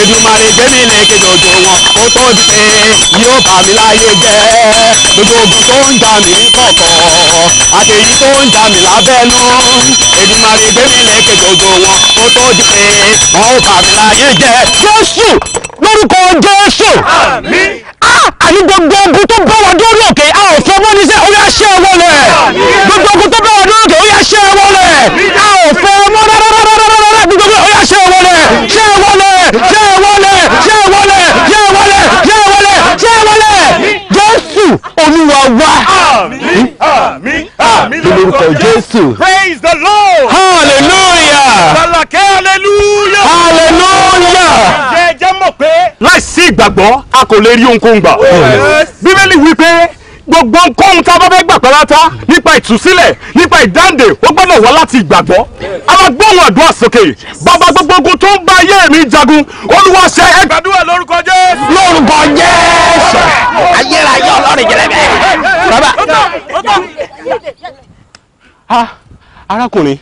Èdùmàrè gbẹ̀mí lẹ́kẹ̀ dòdò wọn ó tó di pé yóò bà mí láyé jẹ́ gbogbo ogun tó ń jà mí kọ̀kọ̀ àtẹ̀yí tó ń jà mí lábẹ́nú Èdùmàrè gbẹ̀mí lẹ́kẹ̀ dòdò wọn ó tó di pé wọn ó bà mí láyé jẹ́. Jésù lórúkọ Jésù àní gbogbo ogun tó bá wà lórí òkè a ò fọwọ́ níṣẹ́ ó yá ṣẹ́ wọlé gbogbo ogun tó bá wà lórí òkè ó yá ṣẹ́ wọlé a Jésù. praise the lord. hallelujah. balakẹ́ hallelujah. hallelujah. jẹ́ jẹ́ mọ̀ pé. láìsí ìgbàgbọ́ a kò lè rí ohunkóhun gbà. bíbélì wí pé gbogbo nǹkan tá a bá fẹ́ gbà pẹ́láta nípa ìtúsílẹ̀ nípa ìdáǹdè ó gbọ́dọ̀ wá láti ìgbàgbọ́ alágbóhùn àdúrà sókè bàbá gbogbo ogun tó ń bá ayé mi jagun olúwa ṣe é. gbàdúrà lórúkọ Jésù. lórúkọ Jésù ayérayé ọlọ́run jẹrẹ bẹ́ẹ̀ bàbá ah arákùnrin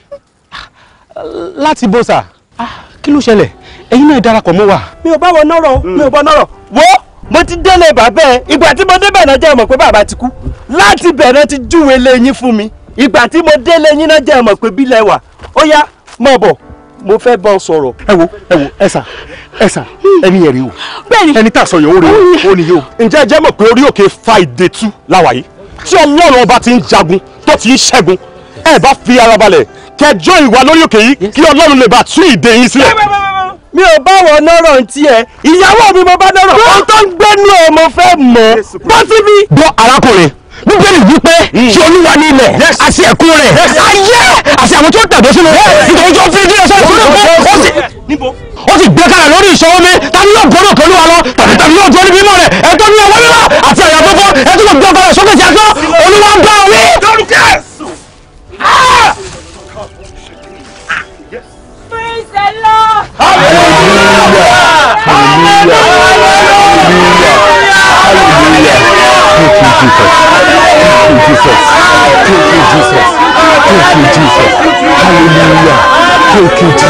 láti bó sà ah, kí ló ṣẹlẹ̀ ẹ̀yin náà darapọ̀ mọ́ wa. mi ò bá wọn nọ́rọ̀ hmm. mi ò bá nọ́rọ̀ wo mo ti délé bàbá ẹ ìgbà tí mo débẹ̀ náà jẹ́ mọ̀ pé bàbá ti kú láti bẹ̀rẹ̀ ti júwe lẹ́yìn fún mi ìgbà tí mo délé yín náà jẹ́ mọ̀ pé bílẹ̀ wà ó yá mọ̀ bọ̀ mo fẹ́ bọ́ sọ̀rọ̀. ẹ wo ẹ wo ẹ sà ẹ sà ẹni yẹn rí o ẹni tá a sọ yẹn ó rí o ó ní yóò. ǹjẹ́ ẹ jẹ́ mọ̀ pé orí òkè fa ìdètú láwàyé tí ọlọ́run ọba ti ń jagun tó ti ń ṣẹ́gun ẹ bá fi ara balẹ̀ kẹjọ́ ìwà lórí òkè yìí kí ọlọ́run lè bá tú ìdè yín sílẹ̀. mi ò bá wọn nọ́rọ̀ ntí ẹ ìyàwó mi mo bá nọ́rọ̀ ohun tó ń gbénu ọ mo fẹ́ mọ̀ bọ́ síbi. gbọ́ arákùnrin bíbélì wípé ṣé mm. olúwa ní ilẹ̀ àti ẹ̀kún rẹ̀ ayé àti àwọn tó tẹ̀dọ́ sínú nítorí tó fi díẹ̀ sọ́dọ̀ sórí ọ̀pọ̀ ó sì gbé kalẹ̀ lórí ìṣòro mi tani yóò gbọ́dọ̀ pẹ̀lú wa lọ tàbí tani yóò dúró níbi mímọ́ rẹ̀ ẹ̀tọ́ ní ẹ̀wọ́ nílá àti ẹ̀yà fọ́fọ́ ẹ̀tọ́ tó gbé ọkọ rẹ̀ sókè sí ẹ̀tọ́ olúwa ń bá wí. Praise the Lord! Hallelujah! Hallelujah! Hallelujah! Hallelujah! Thank you, Jesus.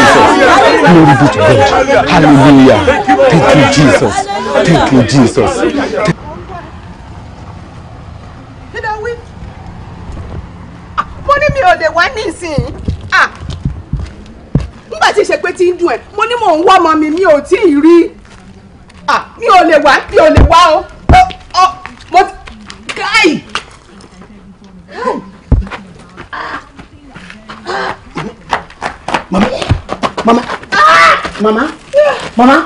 Thank you, Jesus. Thank you, Jesus. Thank you, Jesus. Hallelujah! Thank you, Jesus. Glory be to God. Hallelujah. Thank you, Jesus. Thank you, Jesus. mo ní mi ò lè wá ní ìsìn nígbà tí ìṣe pé ti ń dùn ẹ mo ní mò ń wá ọmọ mi mi ò tí ì rí mi ò lè wá mi ò lè wá o mo ti káì. mama mama mama mama mama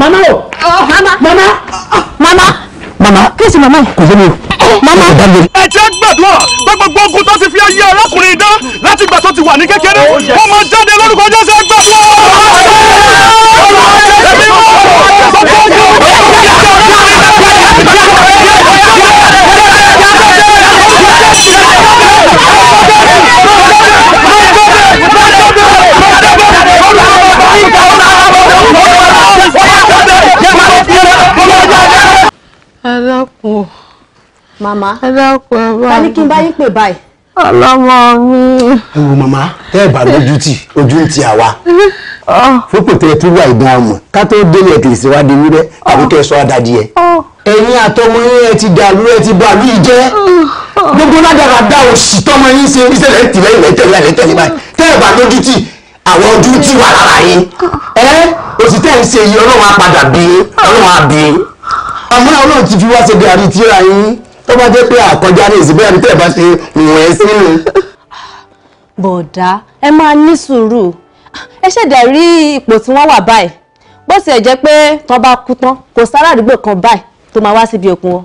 mama o mama mama mama mama kíyèsí mama yìí. kò sí mi o. mama ẹ jẹ́ gbàdúrà pé gbogbo ogun tó ti fi ayé ọlọ́kùnrin dán láti gbà tó ti wà ní kékeré wọ́n oh, máa jáde lórúkọ Jésù ẹ gbàdúrà. Yeah, dákun. màmá ẹ dákun ẹ bá. tani kí n bá yín pè báyìí. ọlọ́mọ mi. ẹ wo màmá tẹ́ ẹ bá lójú tì ojú ń ti àwa. Ah. fúnpọ̀ tẹ tún wà ìdán amọ̀ ká tó délé ẹ̀kì ìsèwádìí wúrẹ́ tàbí kẹ́ ẹ sọ adadí ẹ. Ah. ẹ̀yin àtọmọ yín ẹ ti dàlú ẹ ti bàlú ìjẹ́ ah. gbogbo ládàrá dá òṣì tọmọ yín ṣe ìṣẹ̀lẹ̀ tìlẹ̀ ìlẹ̀ tẹ̀lẹ̀ ìlẹ̀ tẹ̀lẹ̀ báyìí tẹ́ ẹ bá lójú tì àwọn ojú tí wà lára yín ẹ òsì tẹ́ ń ṣe iye ọlọ́run á padà bí ọlọ́run á bí àmọ́ ọlọ́run ti fi wá ṣe gàrí tíra yín tó bá jẹ́ pé àkọjá ní ìsìnkú àbí tẹ̀ bá ṣe wọ̀n ẹ́ sínú. bọ̀dá ẹ máa ní sùúrù ẹ ṣẹ̀dá rí ipò tí wọ́n wà báyìí bó tiẹ̀ jẹ́ pé tán bá kú tán kò sára àdúgbò kan báyìí tó máa wá síbi òkun wọn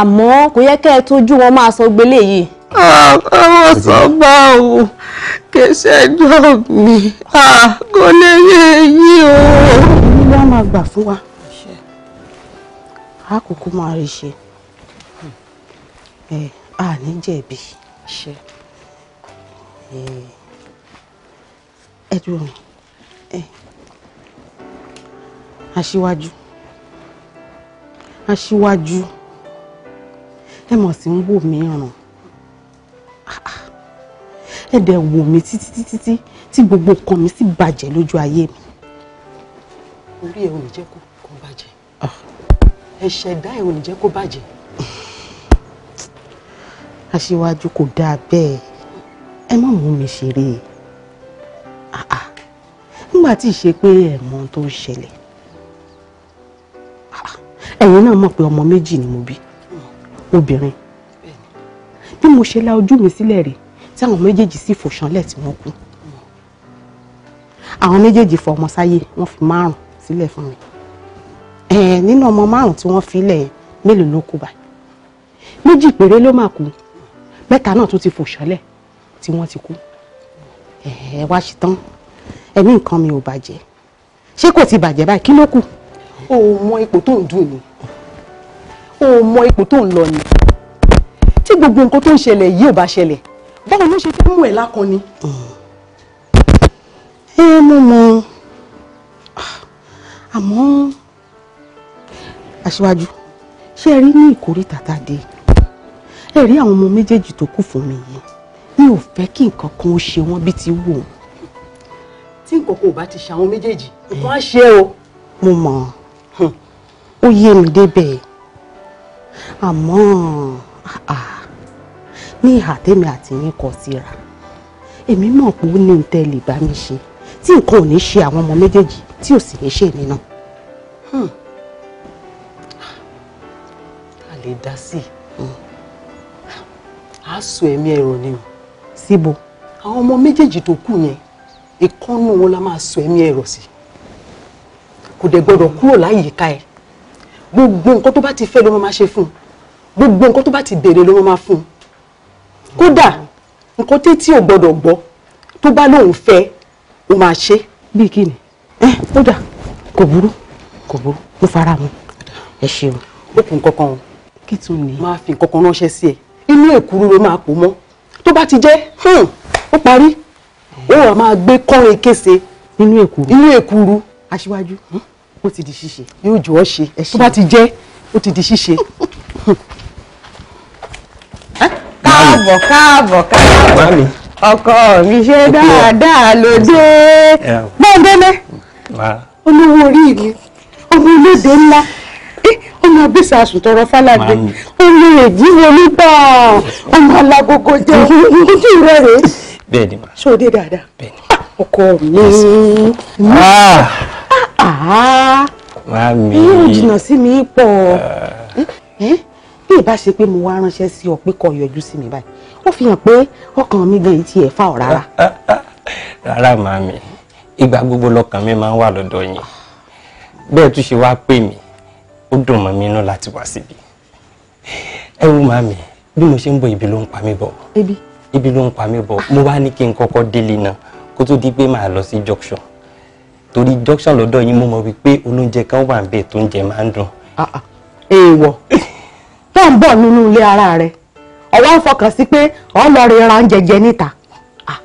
àmọ́ kò yẹ kẹ́ ẹ tójú wọn máa sọ gbélé yìí. àwọn sọ bá o kì í ṣẹjọ́ mi kò lè yé yín o. wọ́n máa gbà fún wa a kúkú máa rí ṣe ẹ a ní jẹ̀bi ṣe ẹ dùn ẹ aṣíwájú aṣíwájú ẹ mọ̀ sí ń wò mí ràn ẹ dẹ̀ wò mí títí títí tí tí gbogbo nǹkan mi sì bàjẹ́ lójú ayé mi. orí ẹ ò ní jẹ́ kó kó bàjẹ́. Ah ẹ̀ṣẹ̀ ẹ̀dá ẹ̀ ò ní jẹ́ kó bàjẹ́. aṣíwájú kò dáa bẹ́ẹ̀ ẹ má mú mi ṣeré nígbà tí ì ṣe pé ẹ mọ ohun tó ń ṣẹlẹ̀ ẹ̀yin náà mọ̀ pé ọmọ méjì ni mo bí obìnrin bí mo ṣe la ojú mi sílẹ̀ rèé tí àwọn méjèèjì sì fò ṣánlẹ̀ tí wọ́n kú àwọn méjèèjì fọ ọmọ sáyé wọ́n fi márùn sílẹ̀ fún mi nínú ọmọ márùn tí wọ́n fi lẹ̀ mélòó ló kú báyìí méjì péré ló máa kú mẹ́ta náà tún ti fò ṣọlẹ̀ tí wọ́n ti kú ẹ wá ṣe tán ẹ̀mí nǹkan mi ò bàjẹ́ ṣé kò ti bàjẹ́ báyìí kí ló kù. o ò mọ ipò tó ń dùn ni o ò mọ ipò tó ń lọ ni tí gbogbo nǹkan tó ń ṣẹlẹ̀ yìí ò bá ṣẹlẹ̀ báwo ló ṣe fẹ́ mú ẹ̀ lákan ni. Mm. ẹ mo mọ ah, àmọ́ aṣíwájú ṣé ẹ rí ní ìkórè tàtà dé ẹ rí àwọn ọmọ méjèèjì tó kù fún mi yìí mi ò fẹ́ kí nǹkan kan ó ṣe wọ́n bíi ti wò. tí nǹkan kan ò bá ti ṣe àwọn méjèèjì eh. nǹkan á ṣe o. mo mọ̀ ó yé mi débẹ̀ àmọ́ ní ìhà tèmi àti yín kọ síra èmi mọ̀ pé ó ní ntẹ́ lè bá mi ṣe tí nǹkan ò ní ṣe àwọn ọmọ méjèèjì tí ò sì ní ṣe mí náà lè dá sí a á sọ ẹ̀mí ẹ̀rọ ni o síbo àwọn ọmọ méjèèjì tó kù yẹn ìkọ́nù wọn la máa sọ ẹ̀mí ẹ̀rọ sí kò dẹ̀ gbọ́dọ̀ kúrò láyìíká ẹ̀ gbogbo nǹkan tó bá ti fẹ́ ló máa ṣe fún un gbogbo nǹkan tó bá ti béèrè ló máa fún un kódà nǹkan tẹ́tí ò gbọ́dọ̀ gbọ́ tó bá lóun fẹ́ ó máa ṣe. bí kí ni ẹ kódà kò burú kò burú fara mu ẹ ṣeun ó kù kí tó ní. máa fi nǹkan kan ránṣẹ́ sí ẹ inú èkúrú ló máa pò mọ́ tó bá ti jẹ́ hmm, ó parí ó wà máa gbé kọ́rin kése inú èkúrú inú èkúrú aṣíwájú hmm, ó ti di ṣíṣe yóò jọ ọ ṣe tó bá ti jẹ́ ó ti di ṣíṣe. káàbọ̀ káàbọ̀ káàbọ̀ ọkọ mi ṣe dáadáa ló dé gbọ́ndẹ́lẹ́ olówó orí mi ọmọ olóde ńlá ọmọ abisa àsùntọrọ fàlàdé ọmọ èjì wọlé ọmọ alágogo jẹ ojú rẹ rèé bẹ́ẹ̀ni ma ọkọ mi ah. ah, ah. mi yóò jìnnà sí mi pọ̀ bí ìbá ṣe pé mo wá ránṣẹ́ sí ọ pé kó yọjú sí mi báyìí ó fi hàn pé ọkàn mi gan etí ẹ̀ fà ọ́ rárá. rárá màmí ìgbà gbogbo lọkàn mi máa ń wà lọ́dọ̀ yín bẹ́ẹ̀ tún ṣe wá pè mí ó dùn mọ́ mi inú láti wá síbi ẹ wo màmí bí mo ṣe ń bọ̀ ibi ló ń pa mí bọ̀ ibi ibi ló ń pa mí bọ̀ mo wá ní kí n kọ́kọ́ délé náà kó tó di pé màá lọ sí junction torí junction lọ́dọ̀ yín mo mọ̀ wípé olóúnjẹ kan wà ń bẹ̀ tó ń jẹ máa ń dùn. Ah, ah. èèwọ̀ tó ń bọ̀ nínú ilé ara rẹ̀ ọ̀wá ń fọkàn sí pé ọlọ́rin ra ń jẹjẹ níta ah,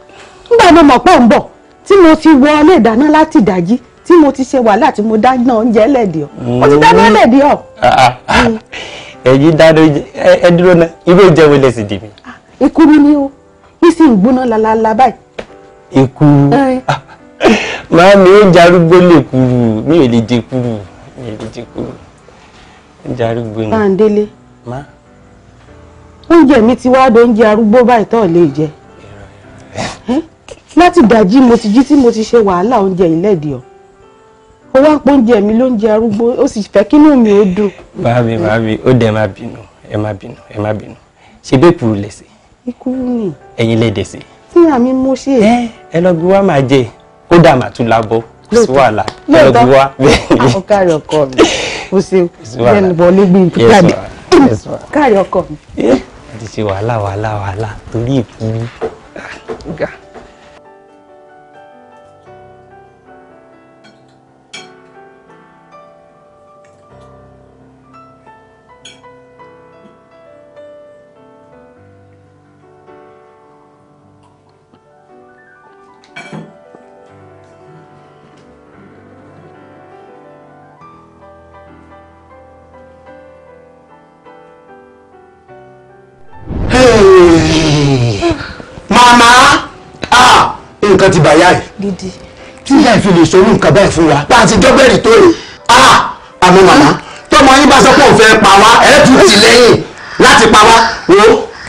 nígbà mo mọ̀ pé ń bọ̀ tí mo ti wọ ilé ìdáná láti dájí tí mo ti ṣe wàhálà tí mo dáná oúnjẹ ẹlẹ́dìí ọ̀ mo ti dáná ẹlẹ́dìí mm. ọ̀. Ah, ah. ẹ̀yin dáná ẹ dúró náà irú oúnjẹ wo lẹ sì dì mí. ìkúrú ah, ni o yìí sì ń gbóná lálálá báyìí. ìkúrú eh. máa mi oúnjẹ arúgbó lè kúrú mi ò lè jẹ kúrú mi ò lè jẹ kúrú oúnjẹ arúgbó ni. báńdélé oúnjẹ mi ti wá do oúnjẹ arúgbó báyìí tó lè jẹ eh? láti dàjí mo ti jí tí mo ti ṣe wàhálà oúnjẹ ìlẹ́dìí ó wá pọ́njẹ mi lóúnjẹ arúgbó ó sì fẹ́ kí inú mi ó dùn. bàbí bàbí ó dẹ̀ má bínú ẹ má bínú ẹ má bínú ṣe bẹ́ẹ̀ kúrú lẹ̀sẹ̀. ikú ni. ẹ̀yin lẹ́dẹ̀ sí. tí àmì mo ṣe. ẹ ẹ lọ gbé wá máa jẹ kódà máa tún labọ sí wàhálà ẹ lọ gbé wá àwọn ah, káàrí ọkọ mi o ṣe lẹnu bọ nígbì káàdì káàrí ọkọ mi. Eh, a ti ṣe wàhálà wàhálà wàhálà torí ìkíni. màmá nǹkan ti bàyá yìí tí ìyá ìfi lè sọ nǹkan báyìí fún wa bá a ti dọ́gbẹ́rì tó yìí àmọ́ màmá tọmọ yín bá sọ pé òun fẹ́ pa wá ẹ̀ tún tì lẹ́yìn láti pa wá wo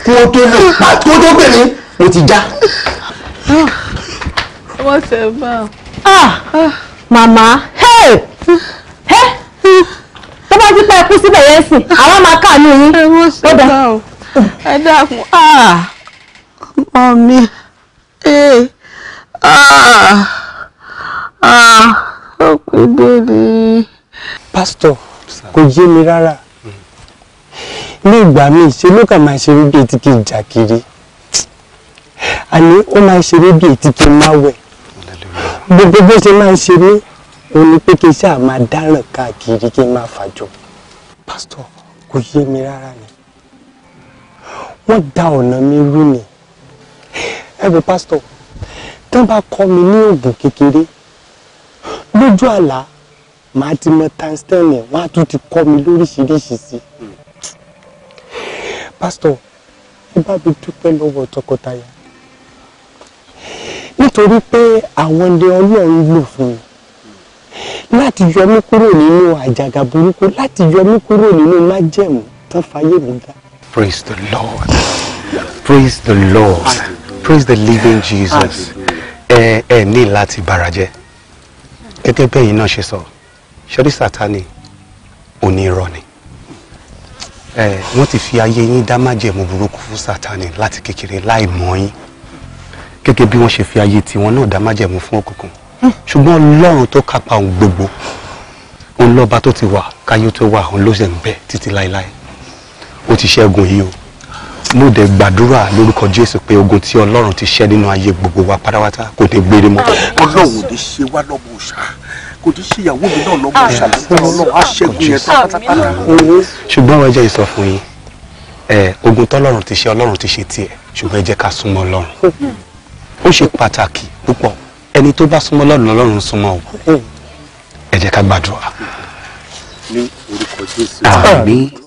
kó o tó lè pa kó o tó pè mí mo ti já. wọ́n ṣe bá a. màmá tó bá ti pa ẹkú síbẹ̀ yẹn sìn àwọn máa kà ní oyún. ẹ wọ́n ṣe bá a. ẹ dákun. Mommy, hey, eh. ah ah help me, baby. Pastor, kò yé mi rárá ní ìgbà míì ṣe ló kà máa ṣe mí bíi etí jà kiri àní ó máa ṣe mí bíi etí kí n máa wẹ̀ gbogbo bó ṣe máa ń ṣe mí ó ní pé kí n ṣáà máa dáràn káàkiri kí n máa fàjọ pásítọ̀ kò mi rárá ni wọ́n da ọ̀nà mi rú ni ẹ pásítọ̀ tán bá kọ́ mi ní oògùn kékeré lójú àlá màá ti mọ tanstein ẹ̀ á tún ti kọ́ mi lóríṣiríṣi pásítọ̀ ẹ bá mi dúpẹ́ lọ́wọ́ tọkọtaya nítorí pé àwọn ilé ọlọ́run lò fún láti yọ mí kúrò nínú àjàgà burúkú láti yọ mí kúrò nínú májẹ̀mú tán fàyè mi dá. praise the lord praise the lord praise the living Jesus ẹ ẹ ní láti bara jẹ́ gẹ́gẹ́ bẹ́ẹ̀ yìí náà ṣe sọ ṣọ́rí sátani onírọ́ ni ẹ wọ́n ti fi ayé yín dá májẹ̀mú burúkú fún sátani láti kékeré láì mọ̀ yín gẹ́gẹ́ bí wọ́n ṣe fi ayé tiwọn náà dá májẹ̀mú fún òkùnkùn hmm. ṣùgbọ́n ọlọ́run tó kápá ohun gbogbo òun lọ́ba tó ti wà káyé tó wà òun ló ṣe ń bẹ títí láéláé ó ti ṣẹ́gun yìí o mo dẹ̀ gbàdúrà lórúkọ jésù pé ogun tí ọlọ́run ti ṣẹ́ nínú ayé gbogbo wa pátápátá kò dé gbére mọ́. ọlọ́run ò ní ṣe wá lọ́mọ òòṣà kò ní ṣe ìyàwó mi náà lọ́mọ òòṣà lọ́wọ́ ọlọ́run á ṣẹ́gun yẹn tán pátápátá. ṣùgbọ́n ẹ jẹ́ ìsọfún yín ogun tọ́lọ́run ti ṣe ọlọ́run ti ṣe tiẹ̀ ṣùgbọ́n ẹ jẹ́ ká súnmọ́ ọlọ́run ó ṣe pàtàkì púpọ̀ ẹni tó bá súnmọ́ ọlọ́run ọlọ́run súnmọ́ ẹ jẹ́ ká gbàdúrà. ní orúkọ jésù.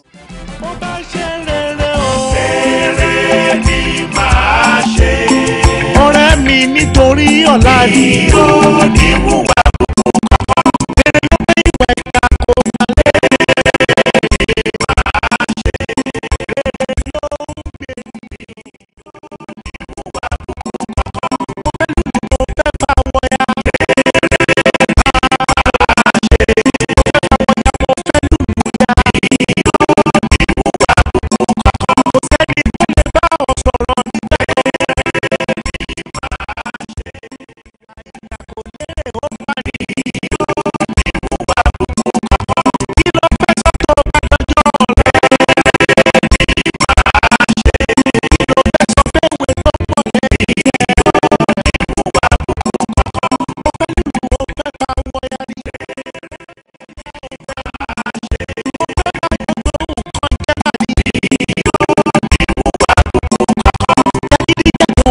mi nítorí ọ̀la ni. ìròdìmú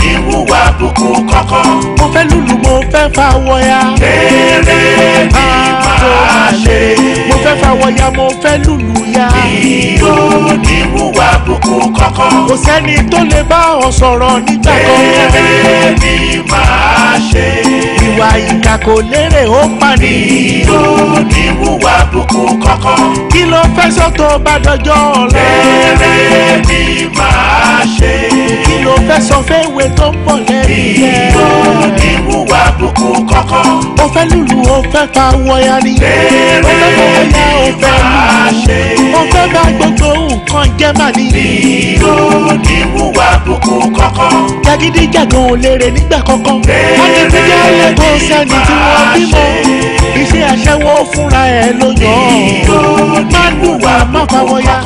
kì í wúwa àbùkù kankan. mo fẹ́ lulu mo fẹ́ fà wọ́ya. eré ni màá ṣe fẹ́ fàwọ̀yà mo fẹ́ lùlù ya. mi ò ní wúwa bùkún kankan. kò sẹ́ni tó lè bá ọ sọ̀rọ̀ nígbà kan. eré ni màá ṣe. ìwà ìkà kò lérè ó pani. mi ò ní wúwa bùkún kankan. kí ló fẹ́ sọ tó ọ̀la. eré ni màá ṣe. kí ló fẹ́ sọ fẹ́wé tó ń bọ̀ lẹ́yìn rẹ̀. mi ní wúwa bùkún kankan. o fẹ́ lùlù o fẹ́ fàwọ̀yà ni. eré ni fẹ́ o fẹ́ mi mo fẹ́ bá gbogbo nǹkan jẹ́ mà ní. mi ò ní wúwa kúkú kọ́kọ́. jàgídíjàgan ò lérè nígbà kankan wọ́n ti fi jẹ́ ẹlẹ́kọ̀ọ́ sẹ́ni tí wọ́n bímọ iṣẹ́ aṣẹ́wó fúnra ẹ̀ ló yọ ọ́ má lùwà má pawọ́ ya.